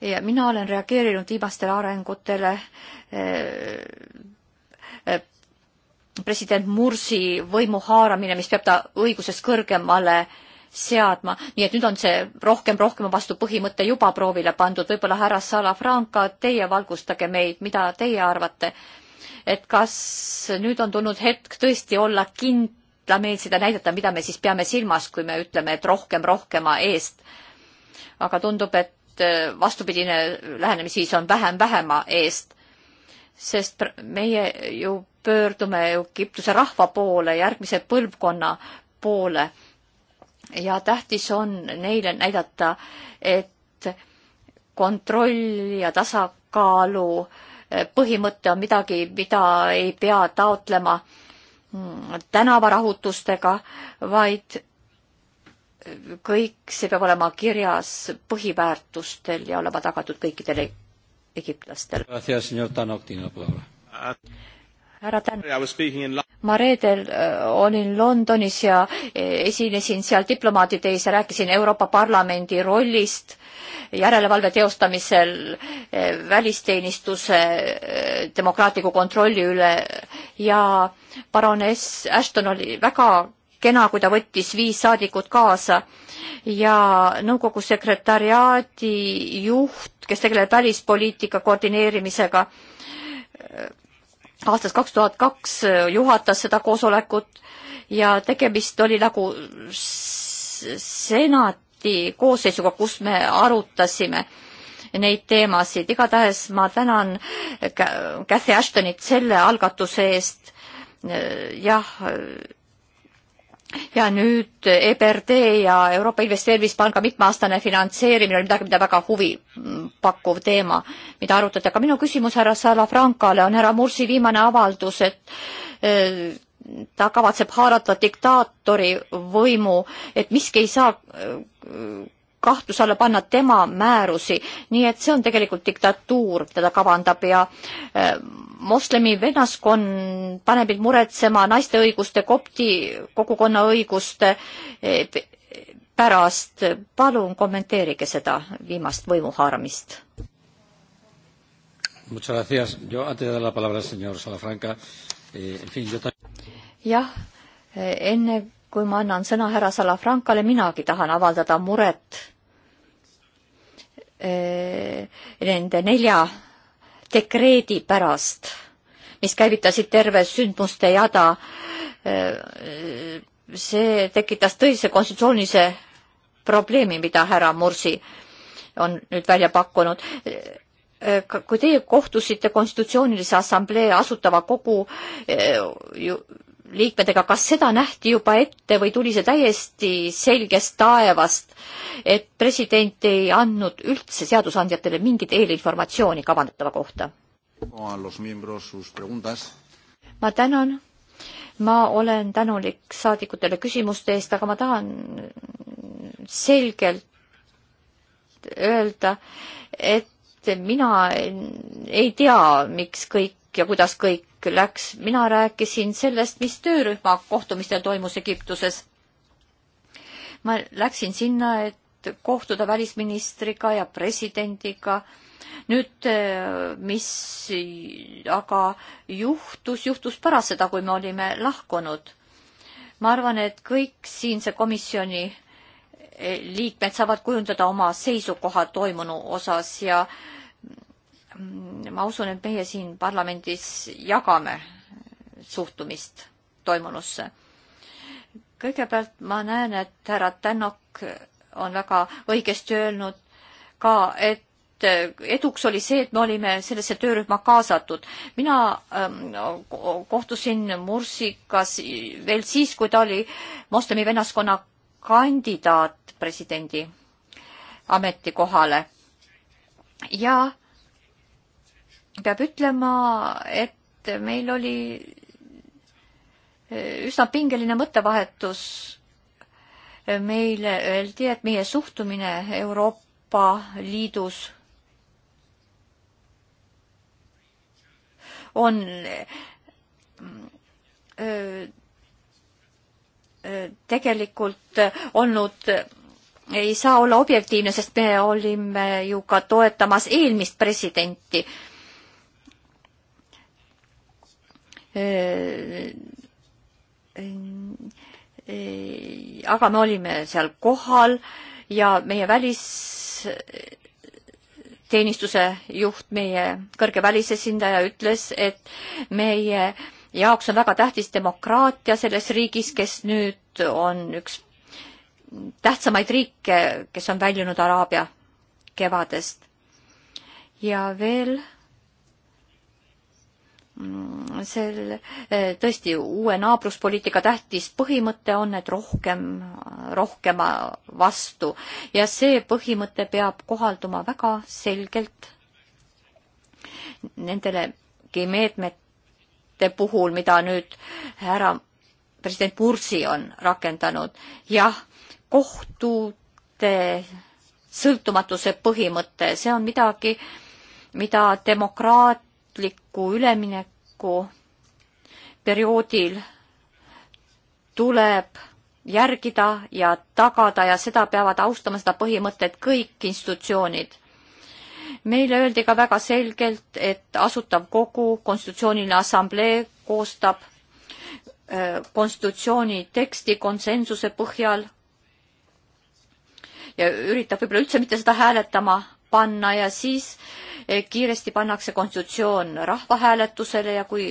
ja mina olen reageerinud viimastele arengutele e, e, president Mursi võimu haaramine, mis peab ta õigusest kõrgemale äh, seadma, nii et nüüd on see rohkem rohkema vastu põhimõte juba proovile pandud, võib-olla härra Salafranca, teie valgustage meid, mida teie arvate, et kas nüüd on tulnud hetk tõesti olla kindlameelsed ja näidata, mida me siis peame silmas, kui me ütleme, et rohkem rohkema eest. aga tundub, et äh, vastupidine lähenemisviis on vähem vähema eest, sest meie ju pöördume Egiptuse rahva poole, järgmise põlvkonna poole ja tähtis on neile näidata, et kontroll ja tasakaalu eh, põhimõte on midagi, mida ei pea taotlema mm, tänavarahutustega, vaid eh, kõik see peab olema kirjas põhiväärtustel ja olema tagatud kõikidele egiptlastele härra Tän-. ma reedel äh, olin Londonis ja e, esinesin seal diplomaatide ees ja rääkisin Euroopa Parlamendi rollist järelevalve teostamisel e, välisteenistuse e, demokraatliku kontrolli üle ja baroness Ashton oli väga kena, kui ta võttis viis saadikut kaasa ja nõukogu sekretariaadi juht, kes tegeleb välispoliitika koordineerimisega, aastast kaks tuhat kaks äh, juhatas seda koosolekut ja tegemist oli nagu senati koosseisuga, kus me arutasime neid teemasid. igatahes ma tänan Cathy Ashtonit selle algatuse eest. Äh, jah, ja nüüd EBRD ja Euroopa Investeerimispanga mitmeaastane finantseerimine on midagi, mida väga huvi mm, pakkuv teema, mida arutada. aga minu küsimus härra Salafrankale on härra Mursi viimane avaldus, et eh, ta kavatseb haarata diktaatori võimu, et miski ei saa eh, kahtluse alla panna tema määrusi, nii et see on tegelikult diktatuur, mida ta kavandab ja eh, moslemi vennaskond paneb mind muretsema naiste õiguste, kopti kogukonna õiguste eh, pärast. palun kommenteerige seda viimast võimuhaaramist. Eh, jah, eh, enne kui ma annan sõna härra Salafrankale, minagi tahan avaldada muret nende nelja dekreedi pärast, mis käivitasid terve sündmuste jada. see tekitas tõsise konstitutsioonilise probleemi, mida härra Mursi on nüüd välja pakkunud. kui teie kohtusite Konstitutsioonilise Assamblee asutava kogu eh, liikmetega, kas seda nähti juba ette või tuli see täiesti selgest taevast, et president ei andnud üldse seadusandjatele mingit eelinformatsiooni kavandatava kohta? ma tänan, ma olen tänulik saadikutele küsimuste eest, aga ma tahan selgelt öelda, et mina ei tea, miks kõik ja kuidas kõik läks. mina rääkisin sellest, mis töörühma kohtumistel toimus Egiptuses. ma läksin sinna, et kohtuda välisministriga ja presidendiga. nüüd, äh, mis aga juhtus, juhtus pärast seda, kui me olime lahkunud. ma arvan, et kõik siinse komisjoni äh, liikmed saavad kujundada oma seisukoha toimunu osas ja äh, ma usun, et meie siin parlamendis jagame suhtumist toimunusse. kõigepealt ma näen, et härra Tännok on väga õigesti öelnud ka, et eduks oli see, et me olime sellesse töörühma kaasatud. mina ähm, kohtusin Mursikas veel siis, kui ta oli moslemi vennaskonna kandidaat presidendi ametikohale ja äh, peab ütlema, et meil oli eh, üsna pingeline mõttevahetus. meile öeldi, et meie suhtumine Euroopa Liidus on eh, eh, tegelikult olnud ei saa olla objektiivne, sest me olime ju ka toetamas eelmist presidenti äh, Äh, äh, äh, aga me olime seal kohal ja meie välisteenistuse juht, meie kõrge välisesindaja ütles, et meie jaoks on väga tähtis demokraatia selles riigis, kes nüüd on üks tähtsamaid riike, kes on väljunud Araabia kevadest. ja veel Mm, sel eh, tõesti uue naabruspoliitika tähtis põhimõte on, et rohkem, rohkema äh, vastu ja see põhimõte peab kohalduma väga selgelt nendelegi meetmete puhul, mida nüüd härra president Mursi on rakendanud. jah, kohtute sõltumatuse põhimõte, see on midagi, mida demokraat mõistliku ülemineku perioodil tuleb järgida ja tagada ja seda peavad austama, seda põhimõtet kõik institutsioonid. meile öeldi ka väga selgelt, et Asutav Kogu, Konstitutsiooniline Assamblee koostab äh, konstitutsiooni teksti konsensuse põhjal ja üritab võib-olla üldse mitte seda hääletama panna ja siis äh, Eh, kiiresti pannakse konstitutsioon rahvahääletusele ja kui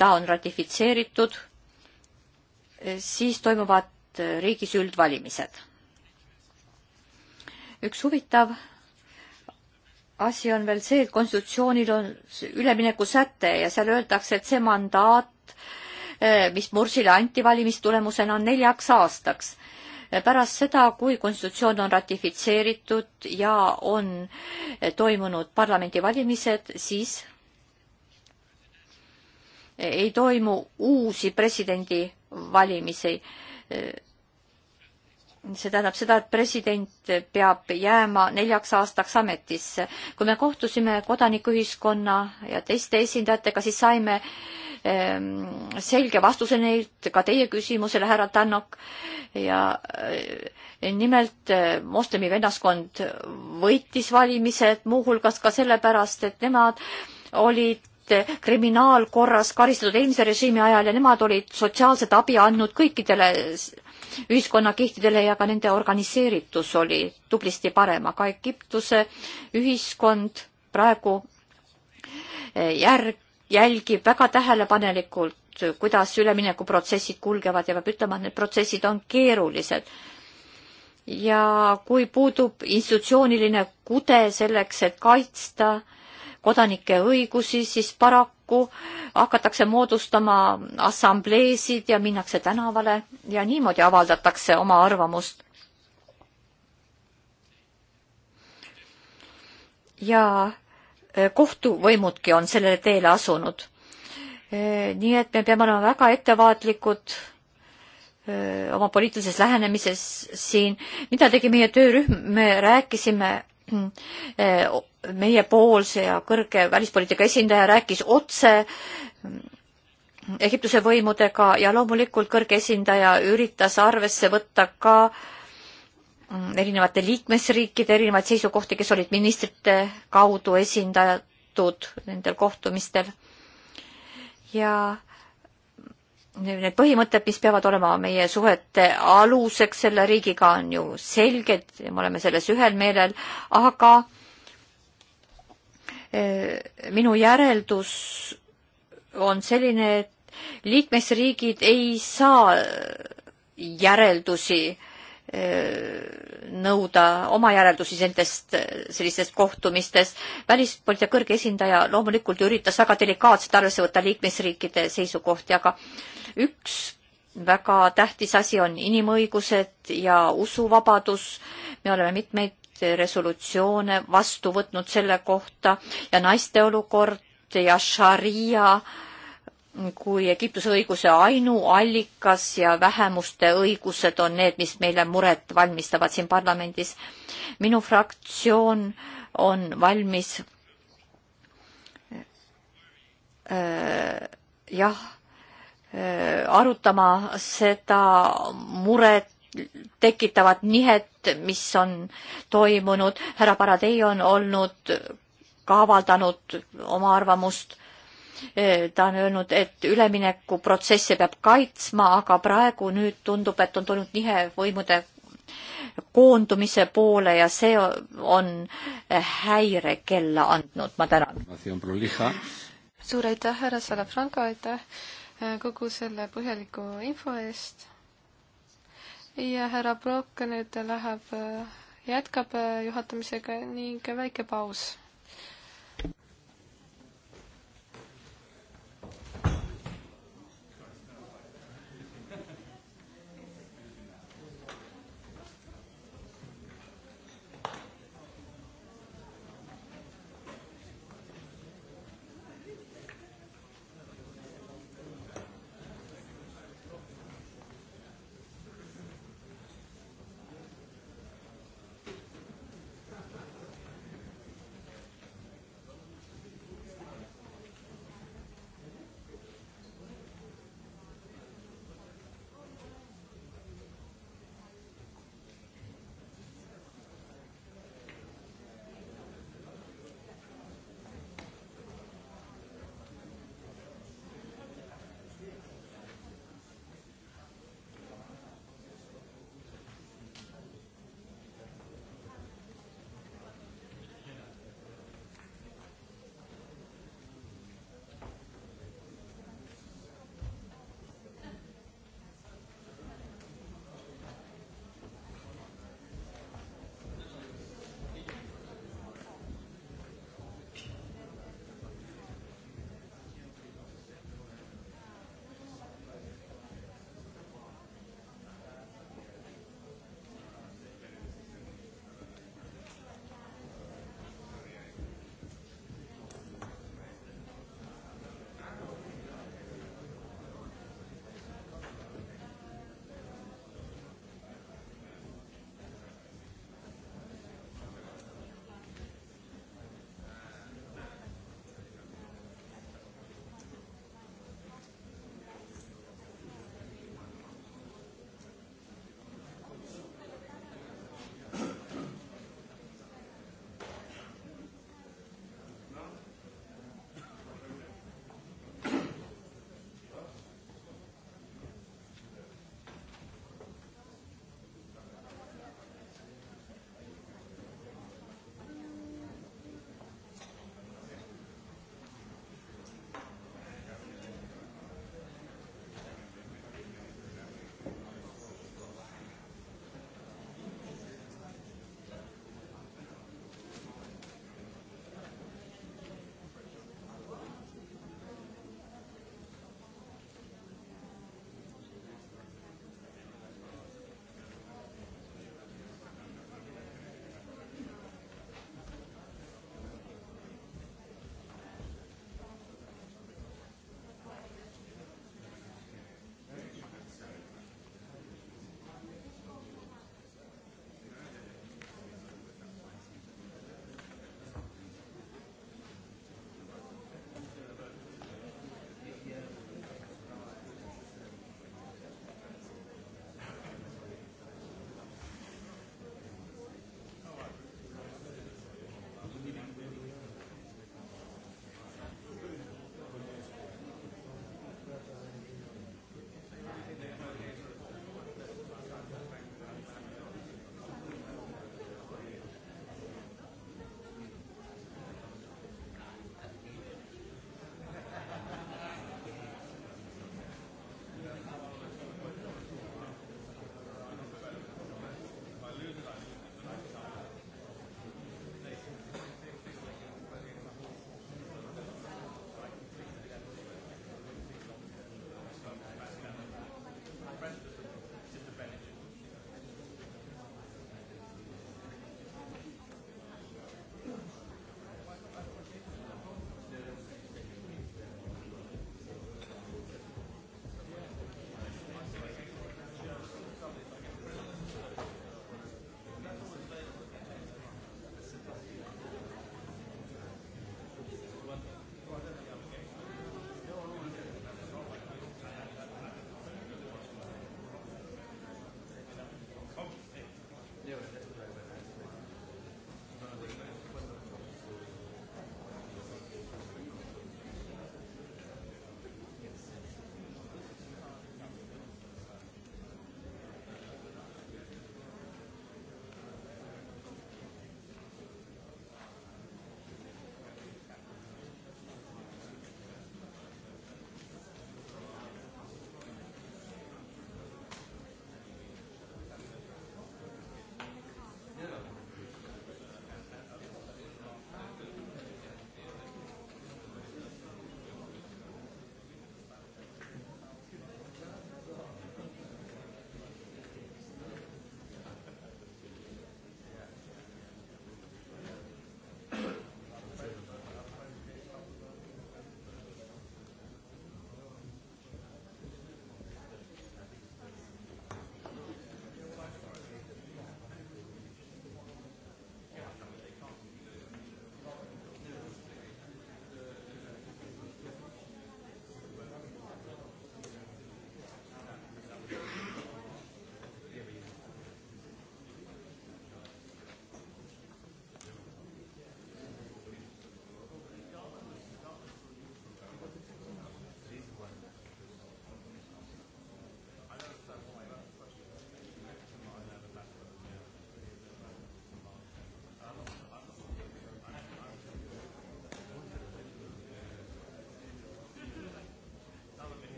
ta on ratifitseeritud, eh, siis toimuvad eh, riigis üldvalimised. üks huvitav asi on veel see, et konstitutsioonil on üleminekusäte ja seal öeldakse, et see mandaat, mis Mursile anti valimistulemusena, on neljaks aastaks pärast seda, kui konstitutsioon on ratifitseeritud ja on toimunud parlamendivalimised, siis ei toimu uusi presidendivalimisi see tähendab seda, et president peab jääma neljaks aastaks ametisse. kui me kohtusime kodanikuühiskonna ja teiste esindajatega, siis saime ehm, selge vastuse neilt ka teie küsimusele, härra Tannok. ja eh, nimelt eh, moslemi vennaskond võitis valimised muuhulgas ka sellepärast, et nemad olid eh, kriminaalkorras karistatud eelmise režiimi ajal ja nemad olid sotsiaalset abi andnud kõikidele ühiskonnakihtidele ja ka nende organiseeritus oli tublisti parem, aga Egiptuse ühiskond praegu eh, järg, jälgib väga tähelepanelikult, kuidas üleminekuprotsessid kulgevad ja peab ütlema, et need protsessid on keerulised ja kui puudub institutsiooniline kude selleks, et kaitsta kodanike õigusi, siis paraku hakatakse moodustama assambleesid ja minnakse tänavale ja niimoodi avaldatakse oma arvamust. ja e, kohtuvõimudki on sellele teele asunud. E, nii et me peame olema väga ettevaatlikud e, oma poliitilises lähenemises siin, mida tegi meie töörühm, me rääkisime Eh, meiepoolse ja kõrge välispoliitika esindaja rääkis otse mm, Egiptuse võimudega ja loomulikult kõrge esindaja üritas arvesse võtta ka mm, erinevate liikmesriikide erinevaid seisukohti, kes olid ministrite kaudu esindatud nendel kohtumistel. ja need põhimõtted, mis peavad olema meie suhete aluseks selle riigiga, on ju selged ja me oleme selles ühel meelel, aga eh, minu järeldus on selline, et liikmesriigid ei saa järeldusi eh, nõuda oma järeldusi nendest sellistest kohtumistest. välispoliitika kõrge esindaja loomulikult üritas väga delikaatselt arvesse võtta liikmesriikide seisukohti, aga äh, üks väga tähtis asi on inimõigused ja usuvabadus. me oleme mitmeid resolutsioone vastu võtnud selle kohta ja naiste olukord ja šaria kui Egiptuse õiguse ainuallikas ja vähemuste õigused on need, mis meile muret valmistavad siin parlamendis. minu fraktsioon on valmis äh, jah Äh, arutama seda muret tekitavat nihet, mis on toimunud. härra Paradei on olnud ka avaldanud oma arvamust. Äh, ta on öelnud, et üleminekuprotsesse peab kaitsma, aga praegu nüüd tundub, et on tulnud nihe võimude koondumise poole ja see on häirekella andnud. ma tänan. suur aitäh, härra Salafranco, aitäh Äh, kogu selle põhjaliku info eest. ja härra Brock nüüd läheb, äh, jätkab äh, juhatamisega ning väike paus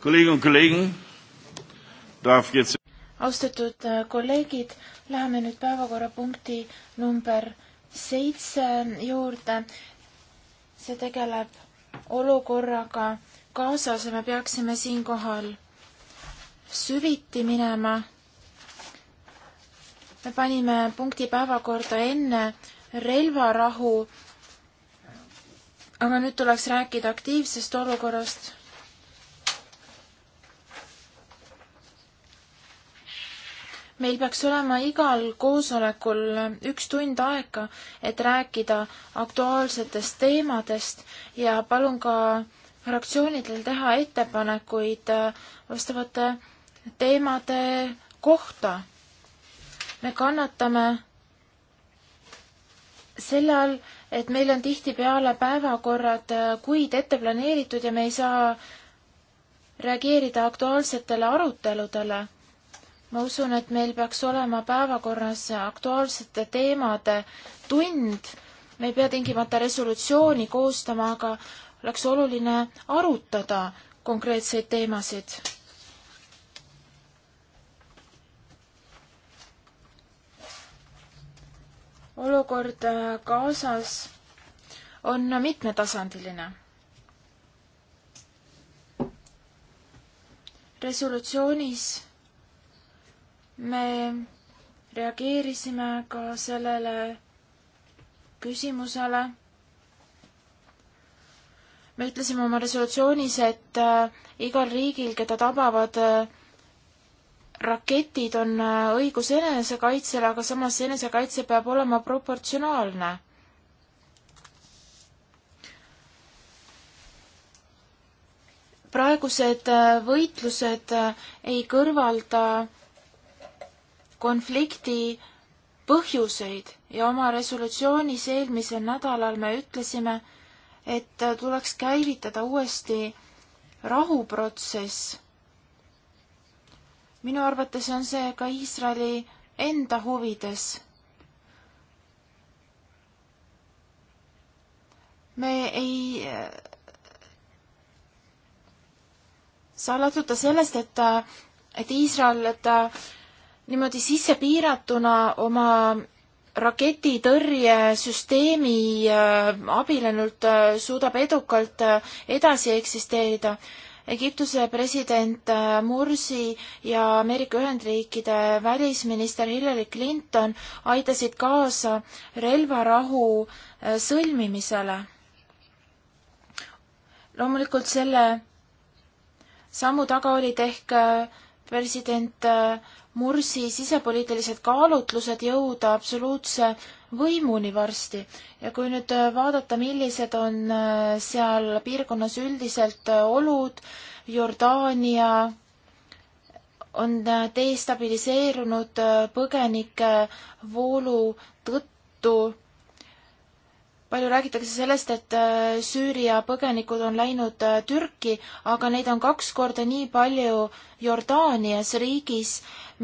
Kolleeginnen und Kollegen, darf jetzt austatud äh, kolleegid, läheme nüüd päevakorrapunkti number seitse juurde. see tegeleb olukorraga Gazas ja me peaksime siinkohal süviti minema. me panime punkti päevakorda enne relvarahu, aga nüüd tuleks rääkida aktiivsest olukorrast meil peaks olema igal koosolekul üks tund aega, et rääkida aktuaalsetest teemadest ja palun ka fraktsioonidel teha ettepanekuid äh, vastavate teemade kohta. me kannatame selle all, et meil on tihtipeale päevakorrad äh, kuid ette planeeritud ja me ei saa reageerida aktuaalsetele aruteludele ma usun, et meil peaks olema päevakorras aktuaalsete teemade tund. me ei pea tingimata resolutsiooni koostama, aga oleks oluline arutada konkreetseid teemasid. olukord äh, Gazas on mitmetasandiline resolutsioonis me reageerisime ka sellele küsimusele. me ütlesime oma resolutsioonis, et äh, igal riigil, keda tabavad äh, raketid, on äh, õigus enesekaitsele, aga samas enesekaitse peab olema proportsionaalne praegused võitlused ei kõrvalda konflikti põhjuseid ja oma resolutsioonis eelmisel nädalal me ütlesime, et tuleks käivitada uuesti rahuprotsess. minu arvates on see ka Iisraeli enda huvides. me ei äh, saa lähtuda sellest, et, äh, et Iisrael, et äh, niimoodi sisse piiratuna oma raketitõrjesüsteemi äh, abil ainult äh, suudab edukalt äh, edasi eksisteerida. Egiptuse president Mursi ja Ameerika Ühendriikide välisminister Hillary Clinton aitasid kaasa relvarahu sõlmimisele. loomulikult selle sammu taga olid ehk president Mursi sisepoliitilised kaalutlused jõuda absoluutse võimuni varsti ja kui nüüd äh, vaadata, millised on äh, seal piirkonnas üldiselt äh, olud, Jordaania on destabiliseerunud põgenike voolu tõttu palju räägitakse sellest, et äh, Süüria põgenikud on läinud äh, Türki, aga neid on kaks korda nii palju Jordaanias riigis,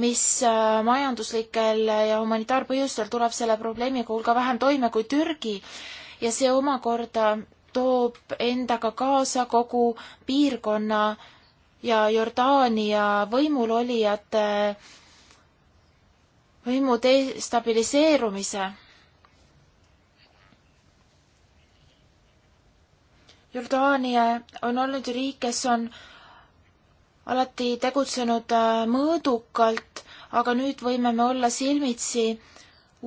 mis äh, majanduslikel ja humanitaarpõhjustel tuleb selle probleemiga hulga vähem toime kui Türgi. ja see omakorda toob endaga kaasa kogu piirkonna ja Jordaania võimulolijate võimu destabiliseerumise Jordaania on olnud riik, kes on alati tegutsenud äh, mõõdukalt, aga nüüd võime me olla silmitsi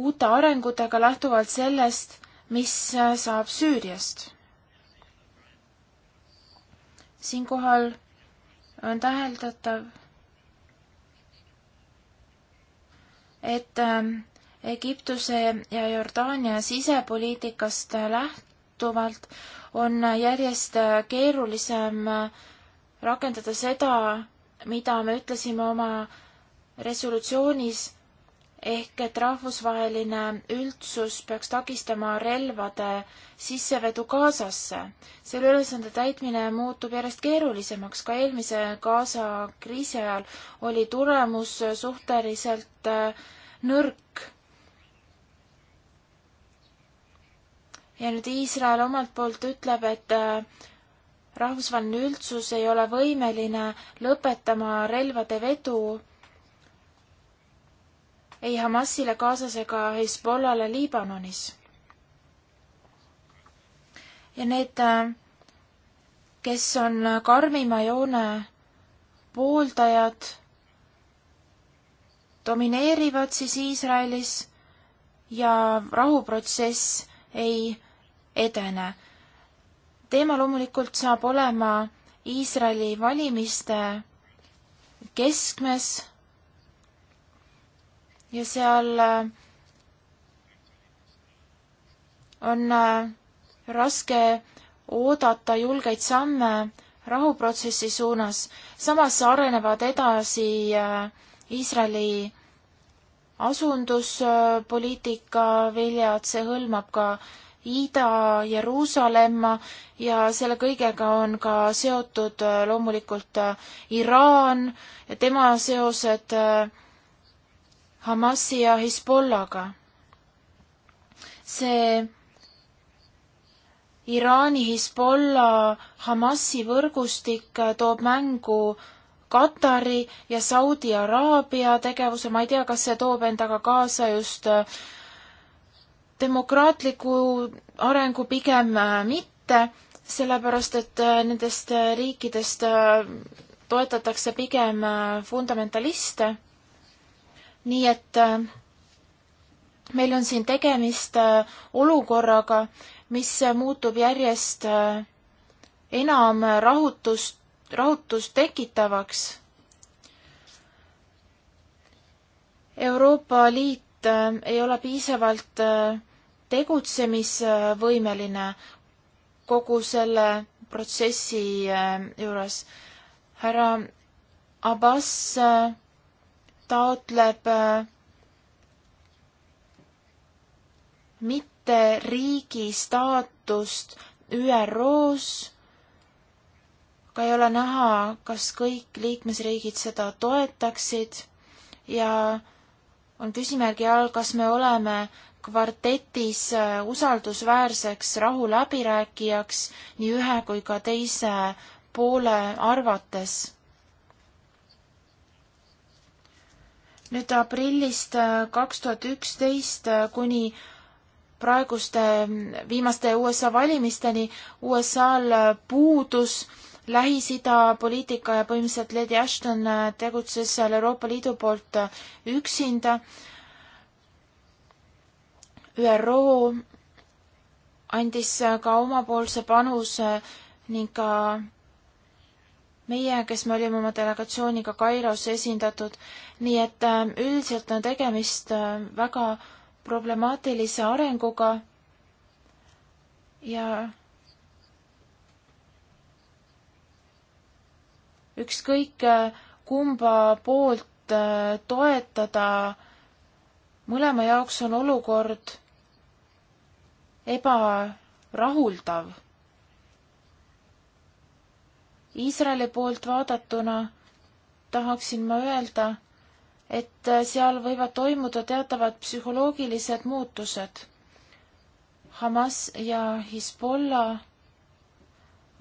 uute arengutega lähtuvalt sellest, mis äh, saab Süüriast. siinkohal on täheldatav, et ähm, Egiptuse ja Jordaania sisepoliitikast äh, lähtuvalt on järjest keerulisem rakendada seda, mida me ütlesime oma resolutsioonis, ehk et rahvusvaheline üldsus peaks takistama relvade sissevedu Gazasse. selle ülesande täitmine muutub järjest keerulisemaks, ka eelmise Gaza kriisi ajal oli tulemus suhteliselt äh, nõrk ja nüüd Iisrael omalt poolt ütleb, et äh, rahvusvaheline üldsus ei ole võimeline lõpetama relvade vedu ei Hamasile kaasas ega Hezbollale Liibanonis. ja need, äh, kes on karmima joone pooldajad, domineerivad siis Iisraelis ja rahuprotsess ei edene. teema loomulikult saab olema Iisraeli valimiste keskmes ja seal äh, on äh, raske oodata julgeid samme rahuprotsessi suunas. samas arenevad edasi äh, Iisraeli asunduspoliitika viljad, see hõlmab ka Ida-Jeruusalemma ja selle kõigega on ka seotud äh, loomulikult äh, Iraan ja tema seosed äh, Hamasi ja Hezbollaga. see Iraani Hezbollah Hamasi võrgustik toob mängu Katari ja Saudi Araabia tegevuse, ma ei tea, kas see toob endaga kaasa just demokraatliku arengu pigem äh, mitte, sellepärast et äh, nendest äh, riikidest toetatakse pigem fundamentaliste. nii et meil on siin tegemist olukorraga, mis muutub järjest enam rahutust, rahutust tekitavaks. Euroopa Liit et äh, ei ole piisavalt äh, tegutsemisvõimeline kogu selle protsessi äh, juures. härra Abbas taotleb mitte riigi staatust ÜRO-s, aga ei ole näha, kas kõik liikmesriigid seda toetaksid ja on küsimärgi all, kas me oleme kvartetis äh, usaldusväärseks rahuläbirääkijaks nii ühe kui ka teise poole arvates. nüüd aprillist äh, kaks tuhat üksteist äh, kuni praeguste mm, viimaste USA valimisteni USA-l puudus Lähis-Ida poliitika ja põhimõtteliselt Lady Ashton äh, tegutses seal Euroopa Liidu poolt äh, üksinda. ÜRO andis äh, ka omapoolse panuse ning ka meie, kes me olime oma delegatsiooniga Kairos esindatud, nii et üldiselt on tegemist väga problemaatilise arenguga ja ükskõik äh, kumba poolt äh, toetada, mõlema jaoks on olukord ebarahuldav. Iisraeli poolt vaadatuna tahaksin ma öelda, et äh, seal võivad toimuda teatavad psühholoogilised muutused. Hamas ja Hezbollah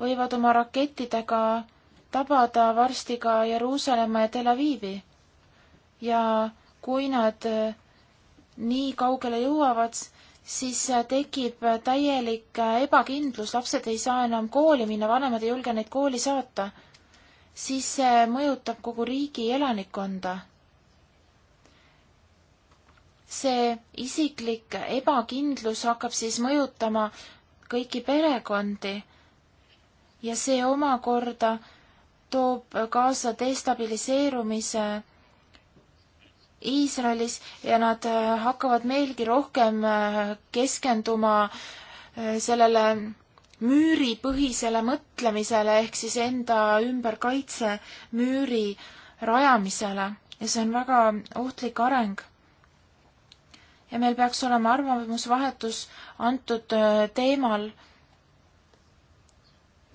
võivad oma rakettidega tabada varsti ka Jeruusalemma ja Tel Avivi. ja kui nad äh, nii kaugele jõuavad, siis äh, tekib äh, täielik ebakindlus, lapsed ei saa enam kooli minna, vanemad ei julge neid kooli saata. siis see mõjutab kogu riigi elanikkonda. see isiklik ebakindlus hakkab siis mõjutama kõiki perekondi ja see omakorda toob kaasa destabiliseerumise Iisraelis ja nad äh, hakkavad meilgi rohkem äh, keskenduma äh, sellele müüripõhisele mõtlemisele ehk siis enda ümberkaitse müüri rajamisele ja see on väga ohtlik areng. ja meil peaks olema arvamusvahetus antud teemal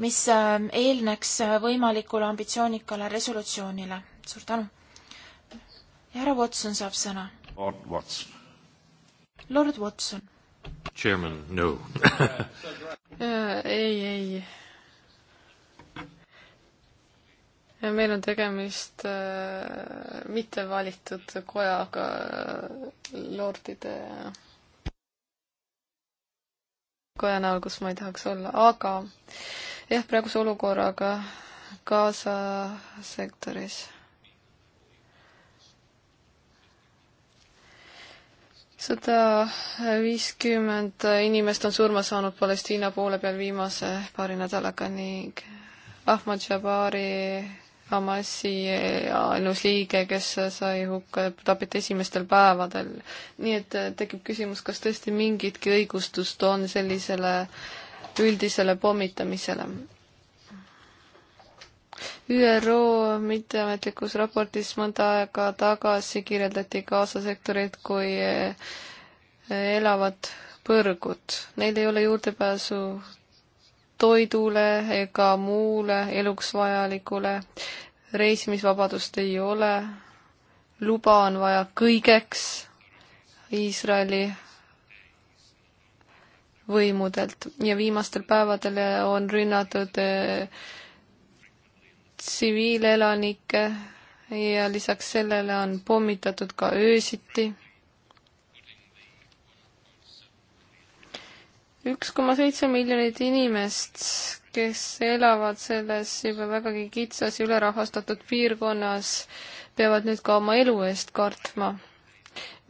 mis ähm, eelneks äh, võimalikule ambitsioonikale resolutsioonile. suur tänu! ja härra Watson saab sõna. Lord Watson. Lord Watson. Chairman, no äh, ei, ei. meil on tegemist äh, mitte valitud kojaga äh, lordide koja näol, kus ma ei tahaks olla, aga äh, jah, praeguse olukorraga Gaza sektoris. sada viiskümmend inimest on surma saanud Palestiina poole peal viimase paari nädalaga ning Ahmad Jabari Hamasi ainus liige, kes sai hukka, tapeti esimestel päevadel. nii et tekib küsimus, kas tõesti mingitki õigustust on sellisele üldisele pommitamisele. ÜRO mitteametlikus raportis mõnda aega tagasi kirjeldati Gaza sektorit kui eh, elavat põrgut. Neil ei ole juurdepääsu toidule ega muule eluks vajalikule, reisimisvabadust ei ole, luba on vaja kõigeks, Iisraeli võimudelt ja viimastel päevadel on rünnatud eh, tsiviilelanikke ja lisaks sellele on pommitatud ka öösiti. üks koma seitse miljonit inimest, kes elavad selles juba vägagi kitsas ja ülerahvastatud piirkonnas, peavad nüüd ka oma elu eest kartma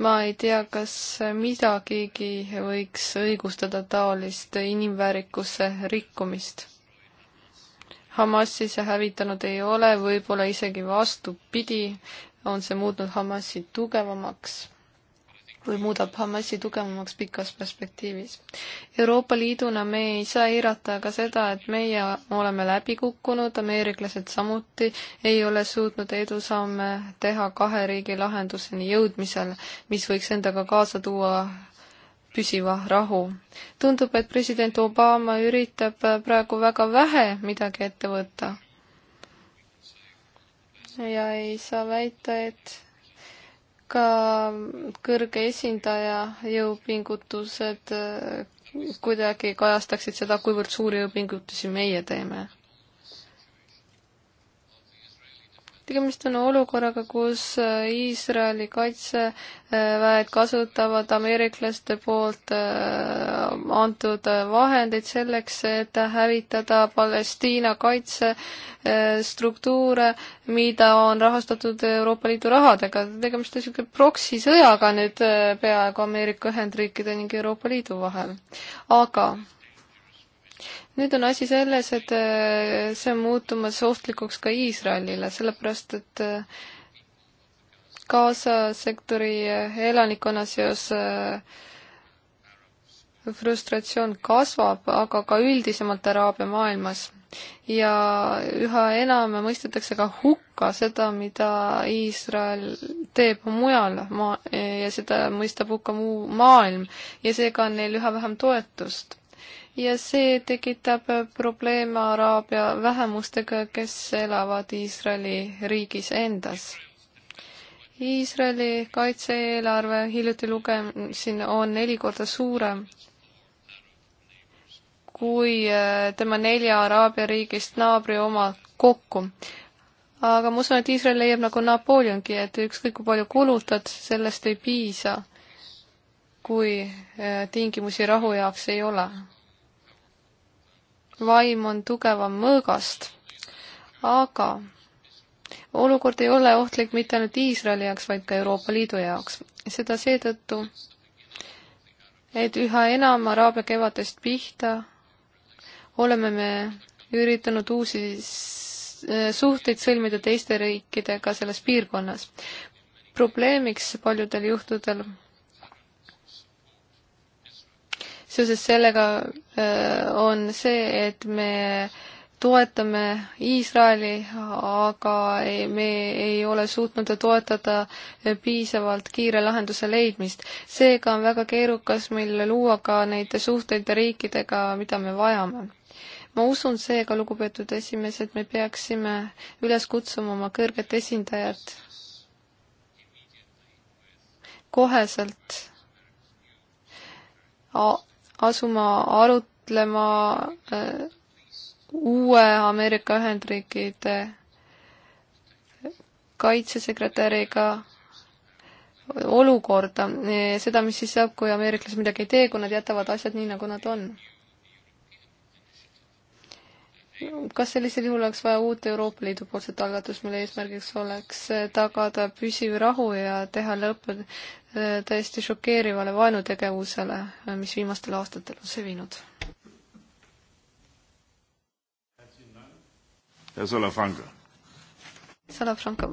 ma ei tea, kas midagigi võiks õigustada taolist inimväärikuse rikkumist. Hamasi see hävitanud ei ole, võib-olla isegi vastupidi, on see muutnud Hamasi tugevamaks või muudab Hamasi tugevamaks pikas perspektiivis. Euroopa Liiduna me ei saa eirata ka seda, et meie oleme läbi kukkunud, ameeriklased samuti ei ole suutnud edusamme teha kahe riigi lahenduseni jõudmisel, mis võiks endaga kaasa tuua püsiva rahu. tundub, et president Obama üritab praegu väga vähe midagi ette võtta. ja ei saa väita, et ka kõrge esindaja jõupingutused eh, kuidagi kajastaksid seda, kuivõrd suuri jõupingutusi meie teeme tegemist on olukorraga, kus äh, Iisraeli kaitseväed kasutavad ameeriklaste poolt äh, antud äh, vahendeid selleks, et hävitada Palestiina kaitsestruktuure, mida on rahastatud Euroopa Liidu rahadega. tegemist on niisugune proksisõjaga nüüd peaaegu Ameerika Ühendriikide ning Euroopa Liidu vahel. aga nüüd on asi selles, et äh, see on muutumas ohtlikuks ka Iisraelile, sellepärast et äh, Gaza sektori äh, elanikkonna seos frustratsioon kasvab, aga ka üldisemalt Araabia maailmas. ja üha enam mõistetakse ka hukka seda, mida Iisrael teeb mujal maa- ja seda mõistab hukka muu maailm ja seega on neil üha vähem toetust ja see tekitab äh, probleeme araabia vähemustega, kes elavad Iisraeli riigis endas. Iisraeli kaitse-eelarve, hiljuti lugesin, on neli korda suurem kui äh, tema nelja araabia riigist naabri oma kokku. aga ma usun, et Iisrael leiab nagu Napoleongi, et ükskõik kui palju kulutad, sellest ei piisa, kui äh, tingimusi rahu jaoks ei ole vaim on tugevam mõõgast. aga olukord ei ole ohtlik mitte ainult Iisraeli jaoks, vaid ka Euroopa Liidu jaoks. seda seetõttu, et üha enam Araabia kevadest pihta oleme me üritanud uusi äh, suhteid sõlmida teiste riikidega selles piirkonnas. probleemiks paljudel juhtudel seoses sellega äh, on see, et me toetame Iisraeli, aga ei, me ei ole suutnud toetada piisavalt kiire lahenduse leidmist. seega on väga keerukas meil luua ka neid suhteid riikidega, mida me vajame. ma usun seega, lugupeetud esimees, et me peaksime üles kutsuma oma kõrget esindajat koheselt asuma arutlema äh, uue Ameerika Ühendriikide kaitsesekretäriga olukorda, seda, mis siis saab, kui ameeriklased midagi ei tee, kui nad jätavad asjad nii, nagu nad on kas sellisel juhul oleks vaja uut Euroopa Liidu poolset algatust, mille eesmärgiks oleks äh, tagada püsiv rahu ja teha lõpp äh, täiesti šokeerivale vaenutegevusele, äh, mis viimastel aastatel on sevinud? Salafranca. Salafranca.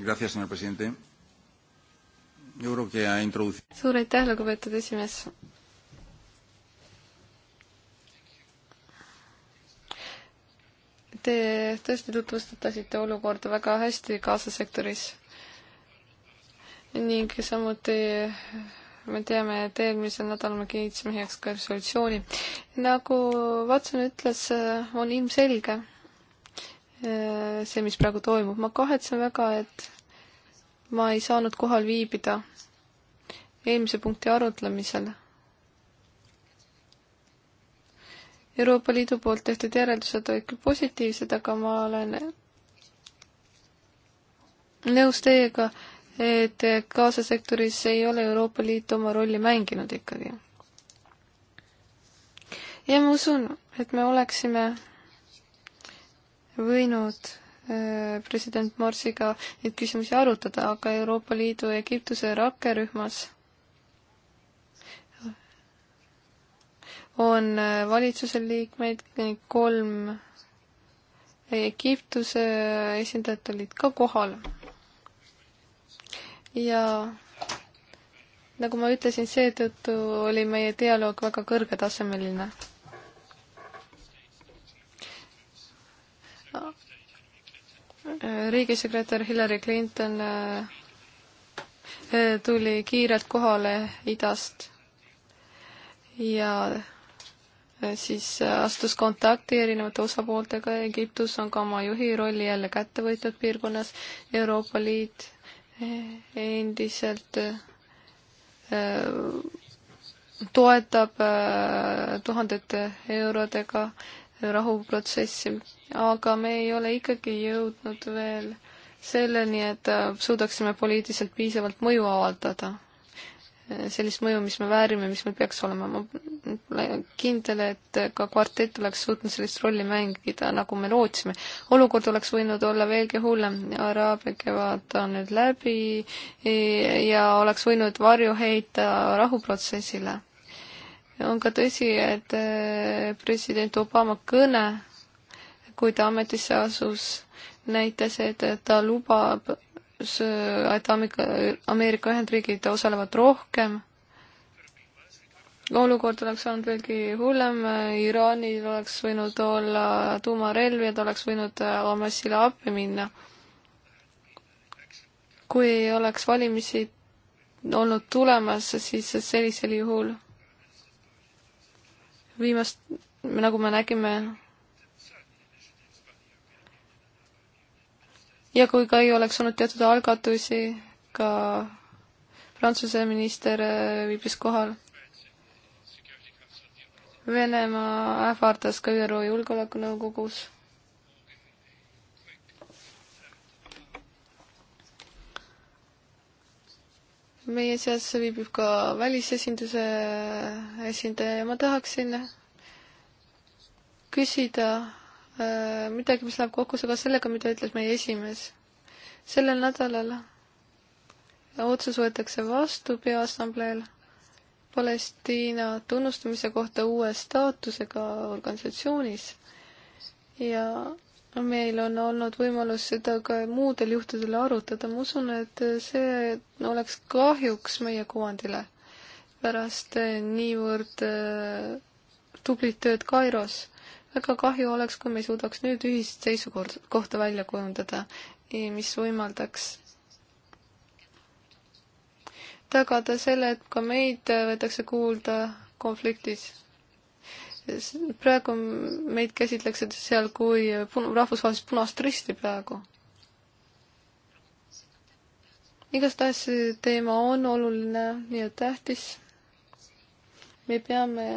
Gracias, señor presidente. Yo creo que ha introducido. suur aitäh, lugupeetud esimees Te tõesti tutvustatasite olukorda väga hästi kaasasektoris. ning samuti me teame, et eelmisel nädalal me kiitsime heaks ka resolutsiooni. nagu Watson ütles, on ilmselge eh, see, mis praegu toimub. ma kahetsen väga, et ma ei saanud kohal viibida eelmise punkti arutlemisel Euroopa Liidu poolt tehtud järeldused olid küll positiivsed, aga ma olen nõus teiega, et kaasasektoris ei ole Euroopa Liit oma rolli mänginud ikkagi. ja ma usun, et me oleksime võinud äh, president Morsiga neid küsimusi arutada, aga Euroopa Liidu Egiptuse rakkerühmas on äh, valitsuse liikmeid, kolm Egiptuse esindajat olid ka kohal. ja nagu ma ütlesin, seetõttu oli meie dialoog väga kõrgetasemeline. riigisekretär Hillary Clinton äh, äh, tuli kiirelt kohale idast ja Äh, siis äh, astus kontakti erinevate osapooltega, Egiptus on ka oma juhi rolli jälle kätte võitnud piirkonnas, Euroopa Liit äh, endiselt toetab tuhandete eurodega rahuprotsessi, aga me ei ole ikkagi jõudnud veel selleni, et suudaksime poliitiliselt piisavalt mõju avaldada Äh, sellist mõju, mis me väärime, mis meil peaks olema. ma olen kindel, et ka kvartett oleks suutnud sellist rolli mängida, nagu me lootsime. olukord oleks võinud olla veelgi hullem. Araabia kevad on nüüd läbi e, ja oleks võinud varju heita rahuprotsessile. on ka tõsi, et äh, president Obama kõne, kui ta ametisse asus, näitas, et ta lubab et Ameerika Ühendriigid osalevad rohkem. olukord oleks olnud veelgi hullem, Iraanil oleks võinud olla tuumarelvi ja ta oleks võinud äh, Hamassile appi minna. kui ei oleks valimisi olnud tulemas, siis sellisel juhul viimast, nagu me nägime ja kui ka ei oleks olnud teatud algatusi, ka Prantsuse minister äh, viibis kohal. Venemaa ähvardas ka ÜRO Julgeolekunõukogus. meie seas viibib ka välisesinduse äh, esindaja ja ma tahaksin küsida Äh, midagi, mis läheb kokku ka sellega, mida ütles meie esimees. sellel nädalal otsus võetakse vastu Peaassambleel Palestiina tunnustamise kohta uue staatusega organisatsioonis ja meil on olnud võimalus seda ka muudel juhtudel arutada, ma usun, et see oleks kahjuks meie kuvandile pärast niivõrd äh, tublit tööd Kairos väga kahju oleks, kui me ei suudaks nüüd ühist seisukohta välja kujundada, eh, mis võimaldaks tagada selle, et ka meid võetakse kuulda konfliktis. praegu meid käsitleks seal kui pun-, rahvusvahelist punast risti praegu. igastahes see teema on oluline ja tähtis. me peame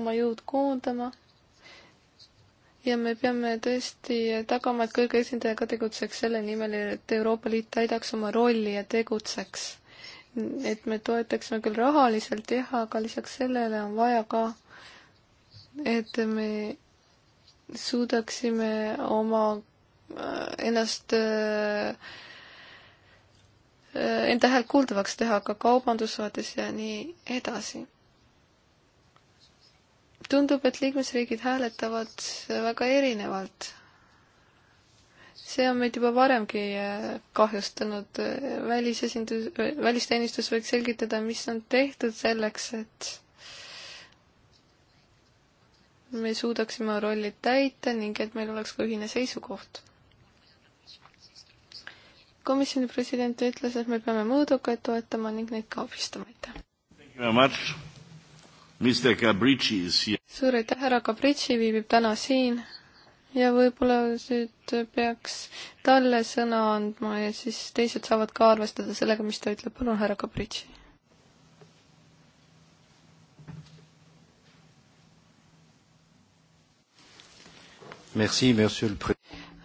oma jõud koondama ja me peame tõesti tagama, et kõrge esindaja ka tegutseks selle nimel, et Euroopa Liit täidaks oma rolli ja tegutseks. et me toetaksime küll rahaliselt jah, aga lisaks sellele on vaja ka, et me suudaksime oma äh, ennast äh, äh, enda häält kuuldavaks teha ka kaubandusvaates ja nii edasi tundub, et liikmesriigid hääletavad väga erinevalt. see on meid juba varemgi äh, kahjustanud, välisesindus, välisteenistus võiks selgitada, mis on tehtud selleks, et me suudaksime rollid täita ning et meil oleks ka ühine seisukoht. komisjoni president ütles, et me peame mõõdukaid toetama ning neid ka abistama, aitäh! suur aitäh, härra Kabritši viibib täna siin ja võib-olla nüüd peaks talle sõna andma ja siis teised saavad ka arvestada sellega, mis ta ütleb. palun, härra Kabritši.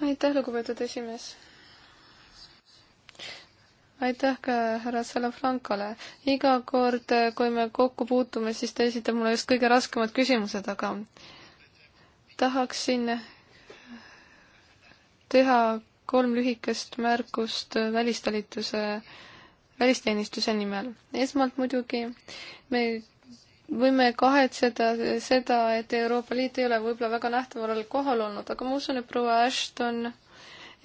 aitäh, lugupeetud esimees aitäh ka härra Salafrancole. iga kord, eh, kui me kokku puutume, siis ta esitab mulle just kõige raskemad küsimused, aga tahaksin teha kolm lühikest märkust välistalituse, välisteenistuse nimel. esmalt muidugi me võime kahetseda seda, et Euroopa Liit ei ole võib-olla väga nähtaval kohal olnud, aga ma usun, et proua Ashton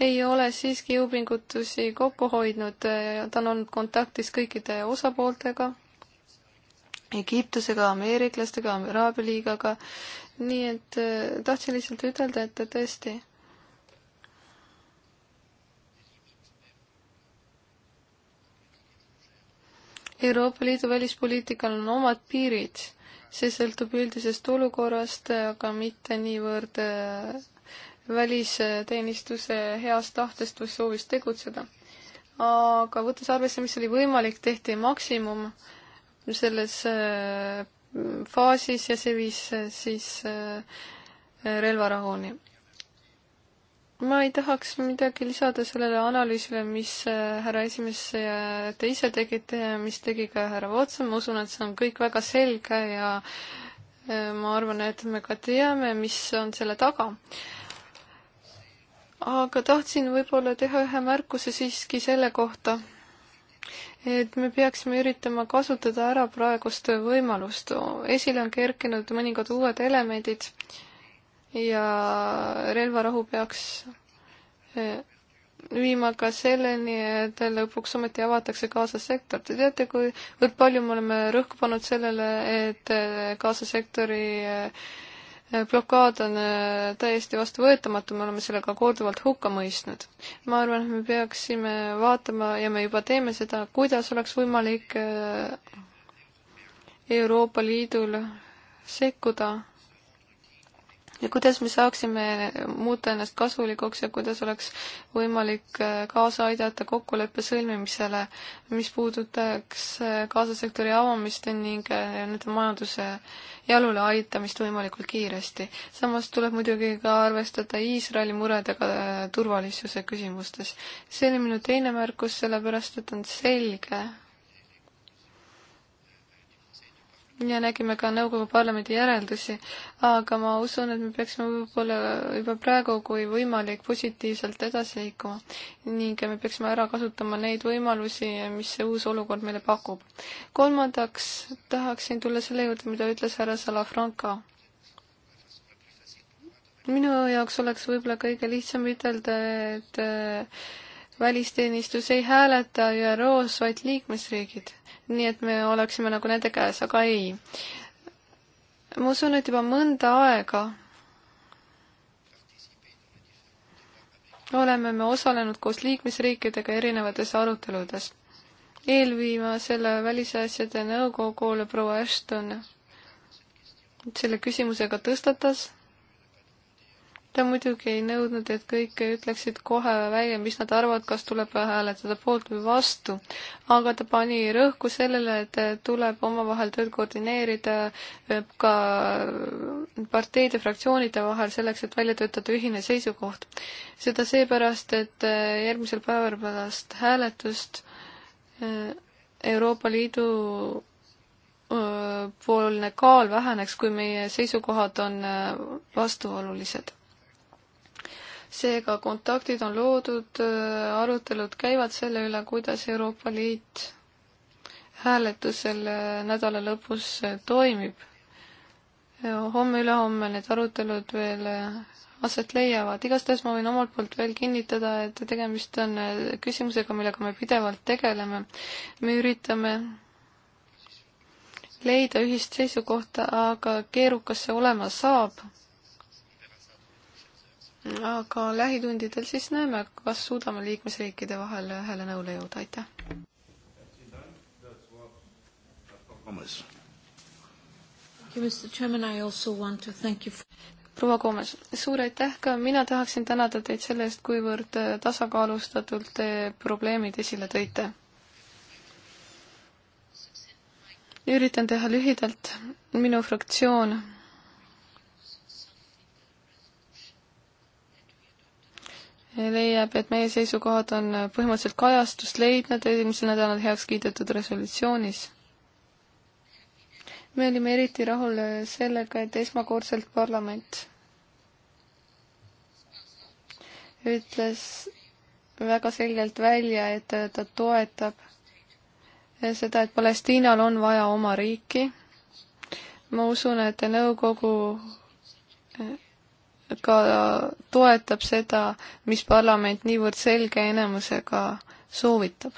ei ole siiski jõupingutusi kokku hoidnud, ta on olnud kontaktis kõikide osapooltega, Egiptusega, ameeriklastega, Araabia liigaga, nii et äh, tahtsin lihtsalt ütelda, et tõesti Euroopa Liidu välispoliitikal on omad piirid, see sõltub üldisest olukorrast, aga mitte niivõrd äh, välisteenistuse heast tahtest või soovist tegutseda. aga võttes arvesse, mis oli võimalik, tehti maksimum selles äh, faasis ja see viis äh, siis äh, relvarahuni. ma ei tahaks midagi lisada sellele analüüsile, mis härra esimees ja te ise tegite ja mis tegi ka härra Vootsam, ma usun, et see on kõik väga selge ja ma arvan, et me ka teame, mis on selle taga aga tahtsin võib-olla teha ühe märkuse siiski selle kohta, et me peaksime üritama kasutada ära praegust võimalust. esile on kerkinud mõningad uued elemendid ja relvarahu peaks eh, viima ka selleni, et lõpuks ometi avatakse Gaza sektor. Te teate, kuivõrd palju me oleme rõhku pannud sellele, et eh, Gaza sektori äh, blokaad on äh, täiesti vastuvõetamatu, me oleme selle ka korduvalt hukka mõistnud. ma arvan, et me peaksime vaatama ja me juba teeme seda, kuidas oleks võimalik äh, Euroopa Liidul sekkuda ja kuidas me saaksime muuta ennast kasulikuks ja kuidas oleks võimalik äh, kaasa aidata kokkuleppe sõlmimisele, mis puudutaks äh, kaasasektori avamist ning äh, nende majanduse jalule aitamist võimalikult kiiresti. samas tuleb muidugi ka arvestada Iisraeli muredega turvalisuse küsimustes. see oli minu teine märkus, sellepärast et on selge, ja nägime ka nõukogu parlamendi järeldusi, aga ma usun, et me peaksime võib-olla juba praegu, kui võimalik, positiivselt edasi liikuma ning me peaksime ära kasutama neid võimalusi, mis see uus olukord meile pakub. kolmandaks tahaksin tulla selle juurde, mida ütles härra Salafranca. minu jaoks oleks võib-olla kõige lihtsam ütelda, et välisteenistus ei hääleta ÜRO-s, vaid liikmesriigid. nii et me oleksime nagu nende käes, aga ei. ma usun, et juba mõnda aega oleme me osalenud koos liikmesriikidega erinevates aruteludes. eelviimasele Välisasjade Nõukogule proua Ashton selle küsimusega tõstatas ta muidugi ei nõudnud, et kõik ütleksid kohe välja, mis nad arvavad, kas tuleb hääletada poolt või vastu. aga ta pani rõhku sellele, et tuleb omavahel tööd koordineerida eh, ka parteide, fraktsioonide vahel selleks, et välja töötada ühine seisukoht. seda seepärast, et eh, järgmisel päeval pärast hääletust eh, Euroopa Liidu poolne kaal väheneks, kui meie seisukohad on vastuolulised seega kontaktid on loodud, äh, arutelud käivad selle üle, kuidas Euroopa Liit hääletusel äh, nädala lõpus äh, toimib. homme-ülehomme need arutelud veel aset leiavad, igastahes ma võin omalt poolt veel kinnitada, et tegemist on küsimusega, millega me pidevalt tegeleme. me üritame leida ühist seisukohta, aga keerukas see olema saab aga lähitundidel siis näeme, kas suudame liikmesriikide vahel ühele nõule jõuda, aitäh. proua Koomes, suur aitäh ka, mina tahaksin tänada teid selle eest, kuivõrd tasakaalustatult te probleemid esile tõite. üritan teha lühidalt, minu fraktsioon leiab, et meie seisukohad on põhimõtteliselt kajastust leidnud eelmisel nädalal heaks kiidetud resolutsioonis. me olime eriti rahul sellega, et esmakordselt parlament ütles väga selgelt välja, et ta toetab seda, et Palestiinal on vaja oma riiki. ma usun, et nõukogu ka toetab seda, mis parlament niivõrd selge enamusega soovitab.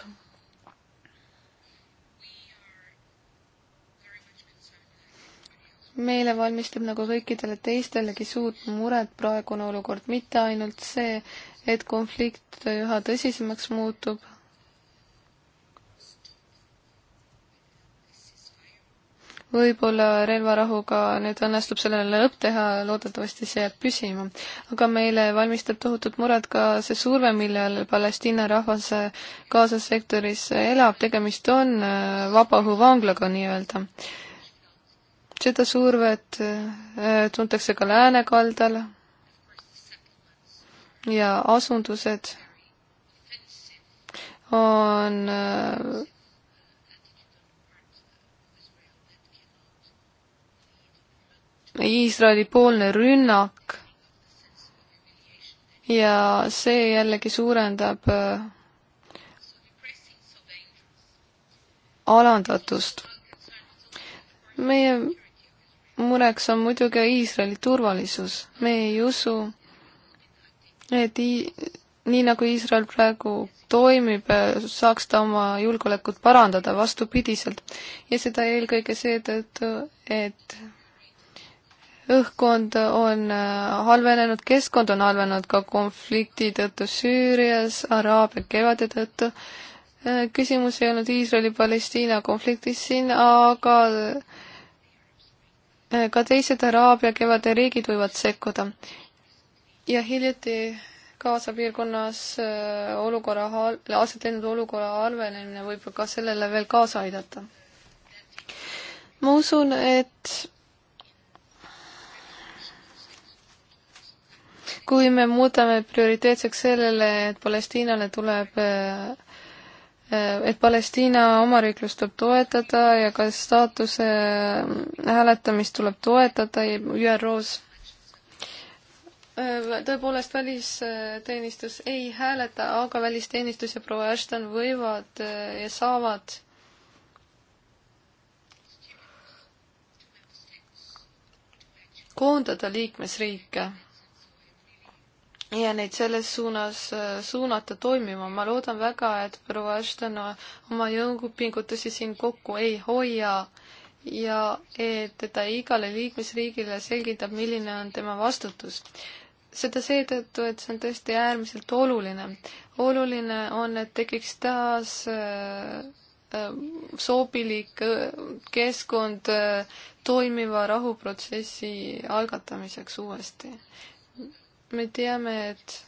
meile valmistab nagu kõikidele teistelegi suurt muret praegune olukord, mitte ainult see, et konflikt üha tõsisemaks muutub, võib-olla relvarahuga nüüd õnnestub sellele lõpp teha, loodetavasti see jääb püsima. aga meile valmistab tohutut muret ka see surve, millel Palestiina rahvas äh, Gaza sektoris äh, elab, tegemist on äh, vabaõhuvanglaga nii-öelda. seda survet tuntakse ka lääne kaldal ja asundused on Iisraeli-poolne rünnak ja see jällegi suurendab äh, alandatust. meie mureks on muidugi Iisraeli turvalisus, me ei usu, et i-, nii nagu Iisrael praegu toimib, äh, saaks ta oma julgeolekut parandada vastupidiselt ja seda eelkõige seetõttu, et, et õhkkond on äh, halvenenud, keskkond on halvenenud ka konflikti tõttu Süürias, Araabia kevade tõttu. Äh, küsimus ei olnud Iisraeli-Palestiina konfliktis siin, aga äh, ka teised Araabia kevade riigid võivad sekkuda. ja hiljuti Gaza piirkonnas olukorra hal-, aset leidnud olukorra halvenemine võib ka sellele veel kaasa aidata. ma usun, et kui me muudame prioriteetseks sellele, et Palestiinale tuleb äh, et Palestiina omariiklust tuleb toetada ja ka staatuse äh, hääletamist tuleb toetada ÜRO-s. Äh, tõepoolest, välisteenistus ei hääleta, aga välisteenistus ja proua Ashton võivad ja saavad koondada liikmesriike ja neid selles suunas suunata toimima. ma loodan väga, et proua Ashton oma jõupingutusi siin kokku ei hoia ja et ta igale liikmesriigile selgitab, milline on tema vastutus. seda seetõttu, et see on tõesti äärmiselt oluline. oluline on, et tekiks taas äh, sobilik äh, keskkond äh, toimiva rahuprotsessi algatamiseks uuesti me teame, et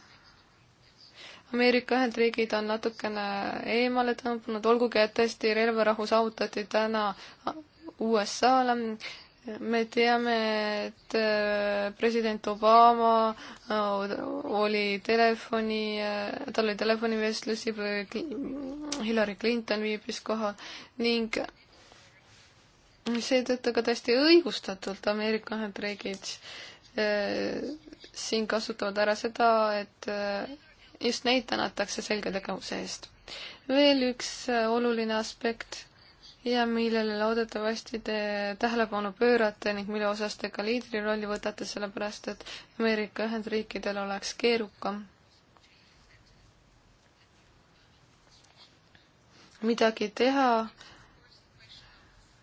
Ameerika Ühendriigid on natukene eemale tõmbunud, olgugi et tõesti relvarahu saavutati täna USA-le. me teame, et äh, president Obama äh, oli telefoni, äh, tal oli telefonivestlusi, Hillary Clinton viibis kohal ning seetõttu ka täiesti õigustatult Ameerika Ühendriigid siin kasutavad ära seda, et äh, just neid tänatakse selge tegevuse eest. veel üks äh, oluline aspekt ja millele loodetavasti te tähelepanu pöörate ning mille osas te ka liidri rolli võtate, sellepärast et Ameerika Ühendriikidel oleks keerukam midagi teha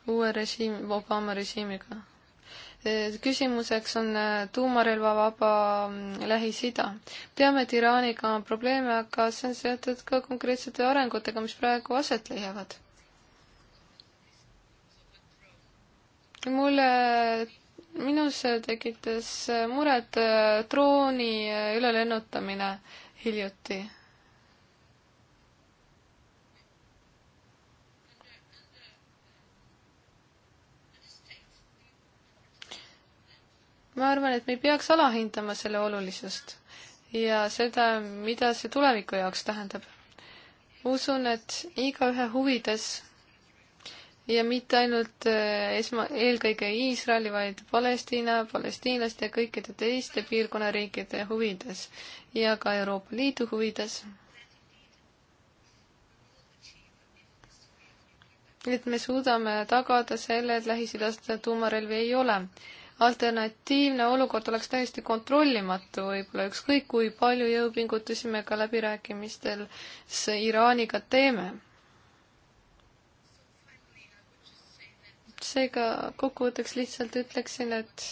uue režiimi, Obama režiimiga küsimuseks on äh, tuumarelvavaba mm, Lähis-Ida. teame, et Iraaniga on probleeme, aga see on seotud ka konkreetsete arengutega, mis praegu aset leiavad. mulle, minus tekitas äh, muret äh, drooni ülelennutamine hiljuti ma arvan, et me ei peaks alahindama selle olulisust ja seda, mida see tuleviku jaoks tähendab. usun, et igaühe huvides ja mitte ainult eh, esma, eelkõige Iisraeli, vaid Palestiina, palestiinlaste ja kõikide teiste piirkonna riikide huvides ja ka Euroopa Liidu huvides. et me suudame tagada selle, et Lähis-Idas tuumarelvi ei ole alternatiivne olukord oleks täiesti kontrollimatu võib-olla, ükskõik kui palju jõupingutusi me ka läbirääkimistel Iraaniga teeme. seega kokkuvõtteks lihtsalt ütleksin, et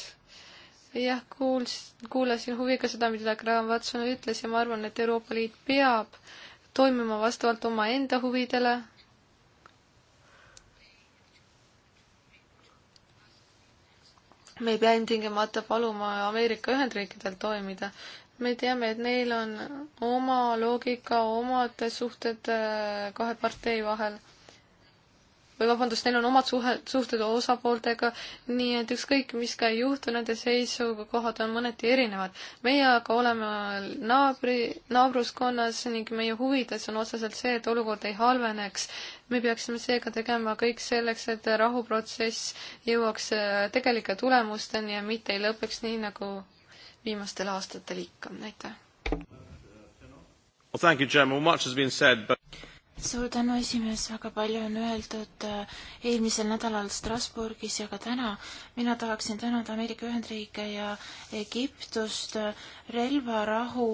jah, kuuls-, kuulasin huviga seda, mida Graham Watson ütles ja ma arvan, et Euroopa Liit peab toimima vastavalt omaenda huvidele me ei pea ilmtingimata paluma Ameerika Ühendriikidel toimida. me teame, et neil on oma loogika, omad suhted äh, kahe partei vahel. või vabandust, neil on omad suhe, suhted osapooltega, nii et ükskõik, mis ka ei juhtu, nende seisukohad on mõneti erinevad. meie aga oleme naabri, naabruskonnas ning meie huvides on otseselt see, et olukord ei halveneks me peaksime seega tegema kõik selleks, et rahuprotsess jõuaks äh, tegelike tulemusteni ja mitte ei lõpeks nii, nagu viimastel aastatel ikka, aitäh. suur tänu, esimees, väga palju on öeldud äh, eelmisel nädalal Strasbourgis ja ka täna. mina tahaksin tänada Ameerika Ühendriike ja Egiptust äh, relvarahu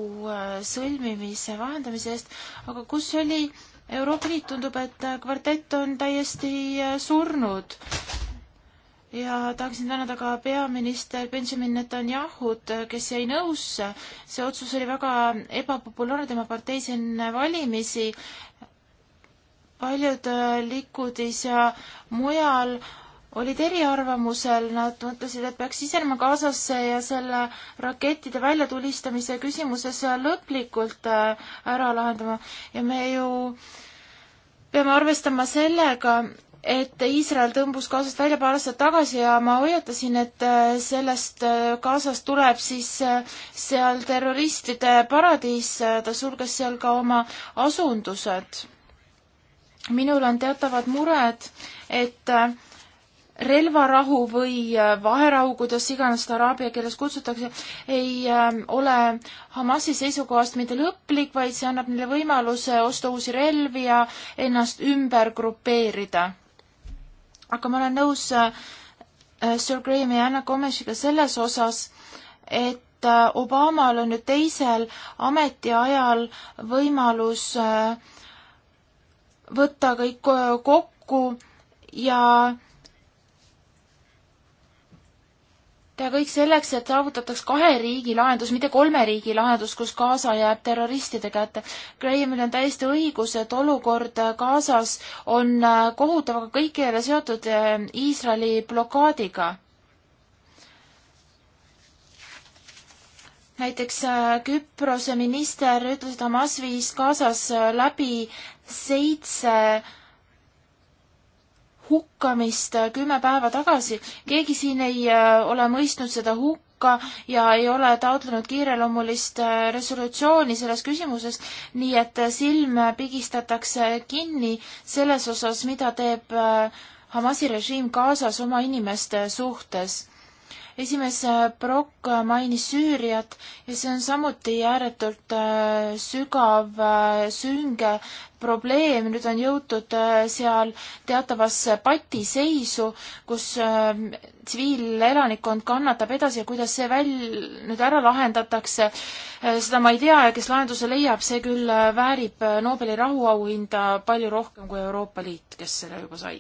sõlmimise vahendamise eest, aga kus oli äh, Euroopa Liit tundub, et kvartett on täiesti äh, surnud ja tahaksin tänada ka peaminister Benjamin Netanyahut, äh, kes jäi nõusse. see otsus oli väga ebapopulaarne tema parteis enne valimisi. paljud äh, Likudis ja mujal olid eriarvamusel, nad mõtlesid, et peaks sisenema Gazasse ja selle rakettide väljatulistamise küsimuses lõplikult äh, ära lahendama ja me ju peame arvestama sellega, et Iisrael tõmbus Gazast välja paar aastat tagasi ja ma hoiatasin, et äh, sellest Gazast äh, tuleb siis seal terroristide paradiis, ta sulges seal ka oma asundused. minul on teatavad mured, et äh, relvarahu või äh, vaherahu, kuidas iganes seda araabia keeles kutsutakse, ei ähm, ole Hamasi seisukohast mitte lõplik, vaid see annab neile võimaluse osta uusi relvi ja ennast ümber grupeerida. aga ma olen nõus äh, äh, Sir Graham ja Anna Gomesiga selles osas, et Obamal on nüüd teisel ametiajal võimalus võtta kõik kokku ja teha kõik selleks, et saavutataks kahe riigi lahendus, mitte kolme riigi lahendus, kus Gaza jääb terroristide kätte. Grahamil on täiesti õigus, et olukord Gazas on äh, kohutav, aga kõik ei ole seotud äh, Iisraeli blokaadiga. näiteks äh, Küprose minister ütles, et Hamas viis Gazas läbi seitse hukkamist äh, kümme päeva tagasi. keegi siin ei äh, ole mõistnud seda hukka ja ei ole taotlenud kiireloomulist äh, resolutsiooni selles küsimuses, nii et silm pigistatakse kinni selles osas, mida teeb Hamasi režiim Gazas oma inimeste suhtes esimees äh, Brock äh, mainis Süüriat ja see on samuti ääretult äh, sügav sünge probleem, nüüd on jõutud seal teatavasse patiseisu, kus tsiviilelanikkond kannatab edasi ja kuidas see väl-, nüüd ära lahendatakse, seda ma ei tea ja kes lahenduse leiab, see küll väärib Nobeli rahuauhinda palju rohkem kui Euroopa Liit, kes selle juba sai.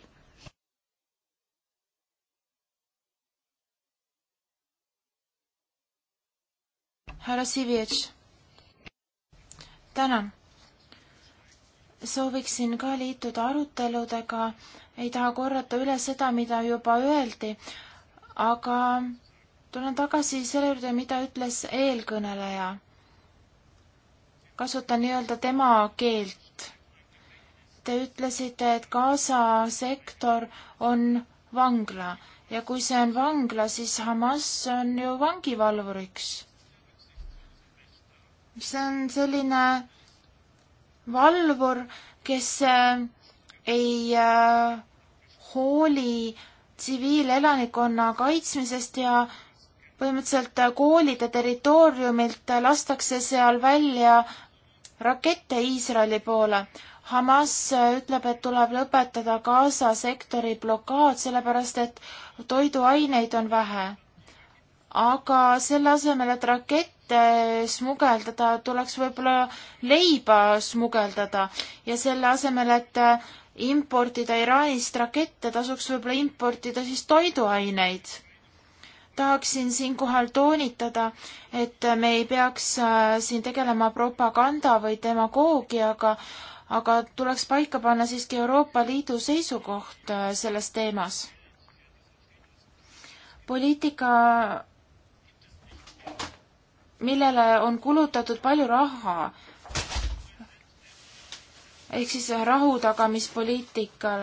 härra Sivjetš. tänan. sooviksin ka liituda aruteludega, ei taha korrata üle seda, mida juba öeldi, aga tulen tagasi selle juurde, mida ütles eelkõneleja. kasutan nii-öelda tema keelt. Te ütlesite, et Gaza sektor on vangla ja kui see on vangla, siis Hamas on ju vangivalvuriks see on selline valvur, kes äh, ei äh, hooli tsiviilelanikkonna kaitsmisest ja põhimõtteliselt äh, koolide territooriumilt lastakse seal välja rakette Iisraeli poole. Hamas ütleb, et tuleb lõpetada Gaza sektori blokaad, sellepärast et toiduaineid on vähe aga selle asemel, et rakette smugeldada, tuleks võib-olla leiba smugeldada ja selle asemel, et importida Iraanist rakette, tasuks võib-olla importida siis toiduaineid. tahaksin siinkohal toonitada, et me ei peaks äh, siin tegelema propaganda või demagoogiaga, aga tuleks paika panna siiski Euroopa Liidu seisukoht äh, selles teemas. poliitika millele on kulutatud palju raha ehk siis rahutagamispoliitikal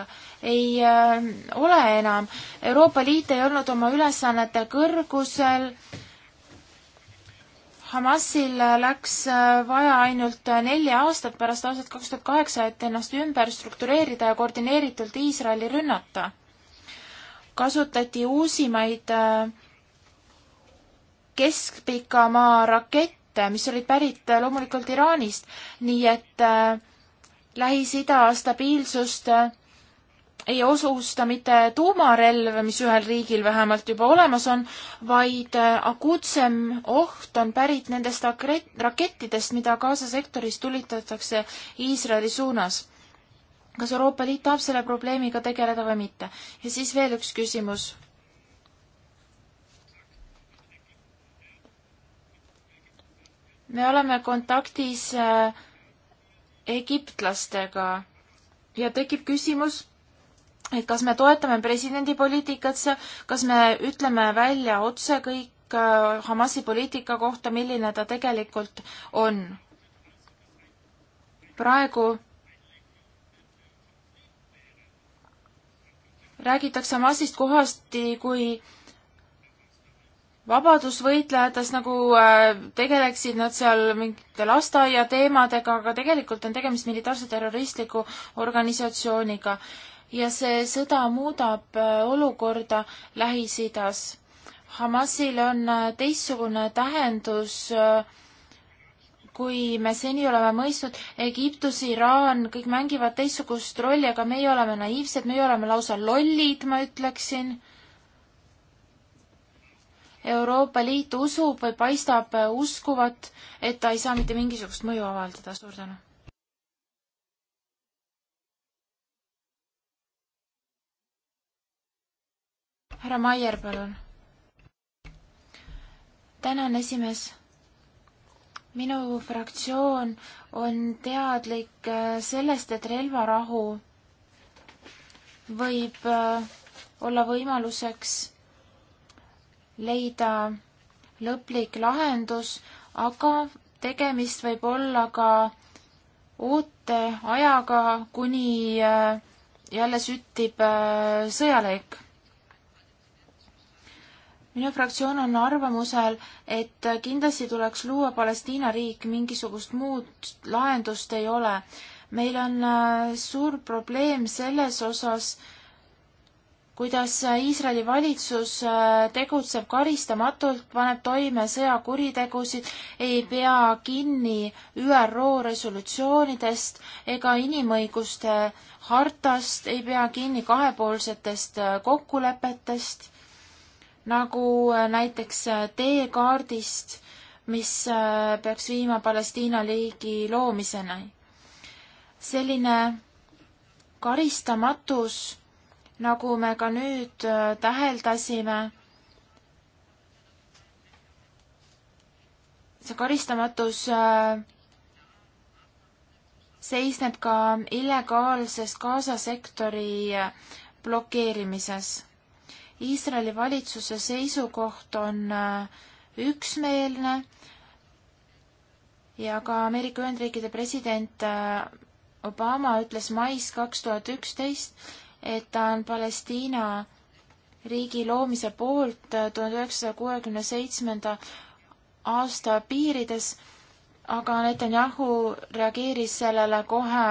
ei äh, ole enam. Euroopa Liit ei olnud oma ülesannete kõrgusel. Hamasil läks äh, vaja ainult nelja aastat pärast aastat kaks tuhat kaheksa, et ennast ümber struktureerida ja koordineeritult Iisraeli rünnata. kasutati uusimaid äh, keskpika maa rakette, mis olid pärit äh, loomulikult Iraanist, nii et äh, Lähis-Ida stabiilsust äh, ei osusta mitte tuumarelv, mis ühel riigil vähemalt juba olemas on, vaid akuutsem oht on pärit nendest rakettidest, mida Gaza sektoris tulitatakse Iisraeli suunas. kas Euroopa Liit tahab selle probleemiga tegeleda või mitte? ja siis veel üks küsimus. me oleme kontaktis äh, egiptlastega ja tekib küsimus, et kas me toetame presidendi poliitikat seal, kas me ütleme välja otse kõik äh, Hamasi poliitika kohta, milline ta tegelikult on. praegu räägitakse Hamasist kohasti kui vabadusvõitlejatest, nagu äh, tegeleksid nad seal mingite lasteaia teemadega, aga tegelikult on tegemist militaarse terroristliku organisatsiooniga. ja see sõda muudab äh, olukorda Lähis-Idas. Hamasil on äh, teistsugune tähendus, kui me seni oleme mõistnud, Egiptus, Iraan, kõik mängivad teistsugust rolli, aga meie oleme naiivsed, meie oleme lausa lollid, ma ütleksin Euroopa Liit usub või paistab uskuvat, et ta ei saa mitte mingisugust mõju avaldada. suur tänu! härra Maier, palun! tänan, esimees! minu fraktsioon on teadlik äh, sellest, et relvarahu võib äh, olla võimaluseks leida lõplik lahendus, aga tegemist võib olla ka ooteajaga, kuni äh, jälle süttib äh, sõjaleek. minu fraktsioon on arvamusel, et kindlasti tuleks luua Palestiina riik, mingisugust muud lahendust ei ole. meil on äh, suur probleem selles osas, kuidas Iisraeli valitsus äh, tegutseb karistamatult, paneb toime sõjakuritegusid, ei pea kinni ÜRO resolutsioonidest ega inimõiguste hartast, ei pea kinni kahepoolsetest äh, kokkulepetest, nagu äh, näiteks teekaardist, mis peaks viima Palestiina riigi loomiseni. selline karistamatus nagu me ka nüüd äh, täheldasime, see karistamatus äh, seisneb ka illegaalses Gaza sektori äh, blokeerimises. Iisraeli valitsuse seisukoht on üksmeelne ja ka Ameerika Ühendriikide president Obama ütles mais kaks tuhat üksteist, et ta on Palestiina riigi loomise poolt tuhande üheksasaja kuuekümne seitsmenda aasta piirides, aga Netanyahu reageeris sellele kohe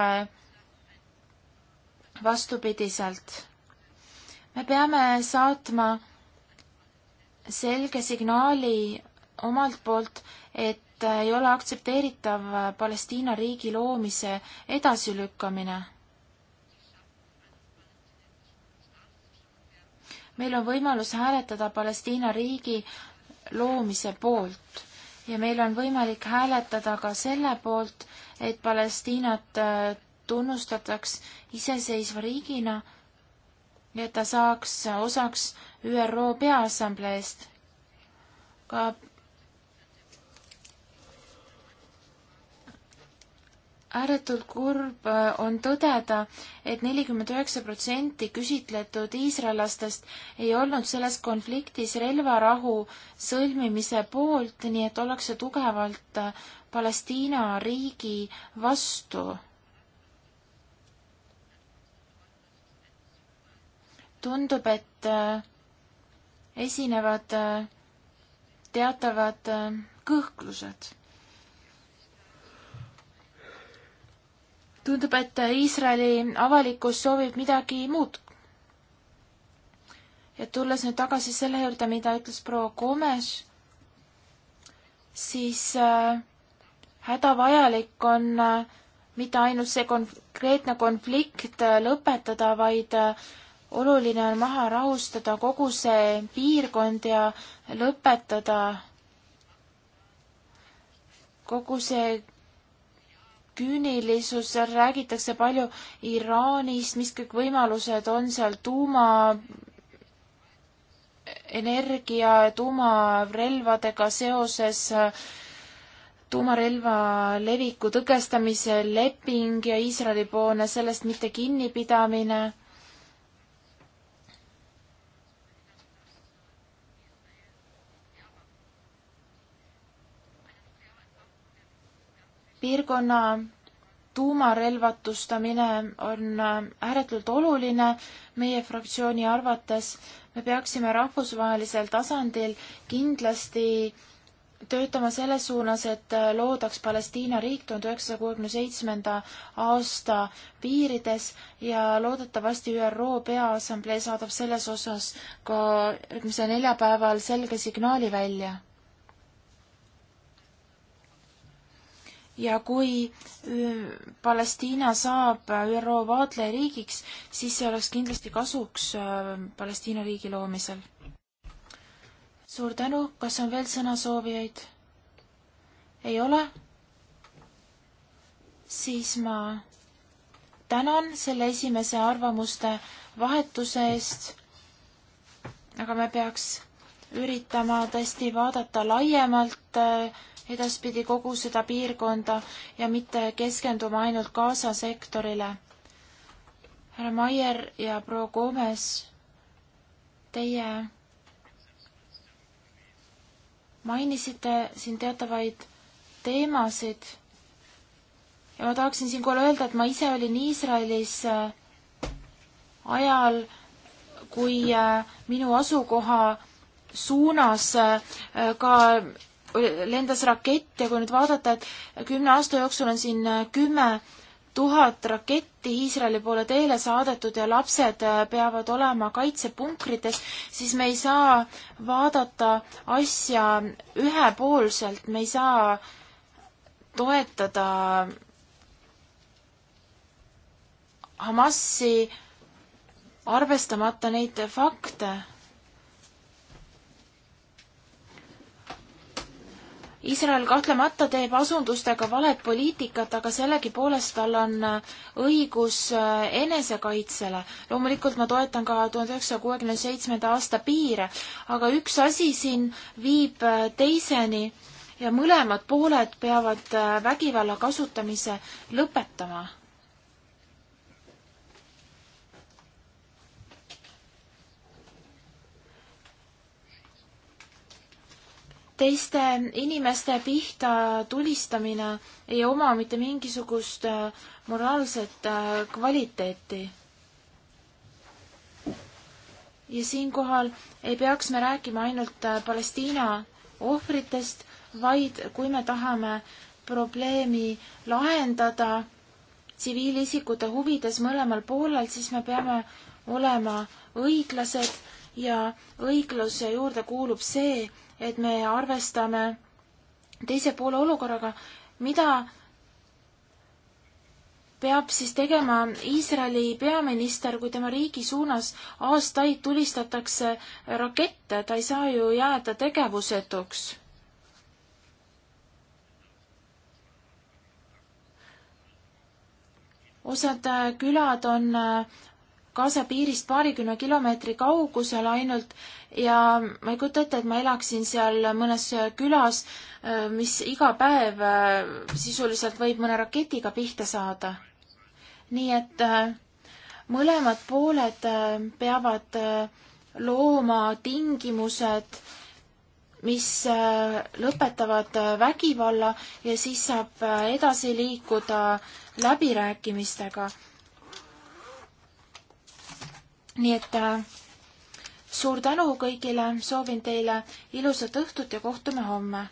vastupidiselt. me peame saatma selge signaali omalt poolt, et ei ole aktsepteeritav Palestiina riigi loomise edasilükkamine meil on võimalus hääletada Palestiina riigi loomise poolt ja meil on võimalik hääletada ka selle poolt, et Palestiinat äh, tunnustataks iseseisva riigina ja et ta saaks osaks ÜRO Peaassambleest. ka ääretult kurb äh, on tõdeda et, et nelikümmend üheksa protsenti küsitletud iisraellastest ei olnud selles konfliktis relvarahu sõlmimise poolt, nii et ollakse tugevalt äh, Palestiina riigi vastu. tundub, et äh, esinevad teatavad kõhklused tundub, et Iisraeli avalikkus soovib midagi muud. ja tulles nüüd tagasi selle juurde, mida ütles proua Gomes, siis äh, hädavajalik on äh, mitte ainult see konkreetne konflikt äh, lõpetada, vaid äh, oluline on maha rahustada kogu see piirkond ja lõpetada kogu see küünilisus, seal räägitakse palju Iraanist, mis kõik võimalused on seal tuuma energia, tuumarelvadega seoses tuumarelva leviku tõkestamise leping ja Iisraeli poolne sellest mitte kinnipidamine piirkonna tuumarelvatustamine on äh, ääretult oluline meie fraktsiooni arvates. me peaksime rahvusvahelisel tasandil kindlasti töötama selles suunas, et äh, loodaks Palestiina riik tuhande üheksasaja kuuekümne seitsmenda aasta piirides ja loodetavasti ÜRO Peaassamblee saadab selles osas ka järgmisel neljapäeval selge signaali välja ja kui Palestiina saab ÜRO vaatlejariigiks, siis see oleks kindlasti kasuks Palestiina riigi loomisel. suur tänu, kas on veel sõnasoovijaid? ei ole? siis ma tänan selle esimese arvamuste vahetuse eest, aga me peaks üritama tõesti vaadata laiemalt äh, edaspidi kogu seda piirkonda ja mitte keskenduma ainult Gaza sektorile. härra Maier ja proua Gomes, teie mainisite siin teatavaid teemasid ja ma tahaksin siinkohal öelda, et ma ise olin Iisraelis äh, ajal, kui äh, minu asukoha suunas äh, ka lendas rakett ja kui nüüd vaadata, et kümne aasta jooksul on siin äh, kümme tuhat raketti Iisraeli poole teele saadetud ja lapsed äh, peavad olema kaitsepunkrites, siis me ei saa vaadata asja ühepoolselt, me ei saa toetada Hamasi arvestamata neid fakte Iisrael kahtlemata teeb asundustega valet poliitikat, aga sellegipoolest tal on äh, õigus äh, enesekaitsele. loomulikult ma toetan ka tuhande üheksasaja kuuekümne seitsmenda aasta piire, aga üks asi siin viib äh, teiseni ja mõlemad pooled peavad vägivalla kasutamise lõpetama teiste inimeste pihta tulistamine ei oma mitte mingisugust äh, moraalset äh, kvaliteeti. ja siinkohal ei peaks me rääkima ainult äh, Palestiina ohvritest, vaid kui me tahame probleemi lahendada tsiviilisikute huvides mõlemal poolel, siis me peame olema õiglased ja õigluse juurde kuulub see, et me arvestame teise poole olukorraga, mida peab siis tegema Iisraeli peaminister, kui tema riigi suunas aastaid tulistatakse rakette, ta ei saa ju jääda tegevusetuks. osad külad on Gaza piirist paarikümne kilomeetri kaugusel ainult ja ma ei kujuta ette, et ma elaksin seal mõnes külas, mis iga päev äh, sisuliselt võib mõne raketiga pihta saada. nii et äh, mõlemad pooled äh, peavad looma tingimused, mis lõpetavad vägivalla ja siis saab edasi liikuda läbirääkimistega nii et äh, suur tänu kõigile, soovin teile ilusat õhtut ja kohtume homme!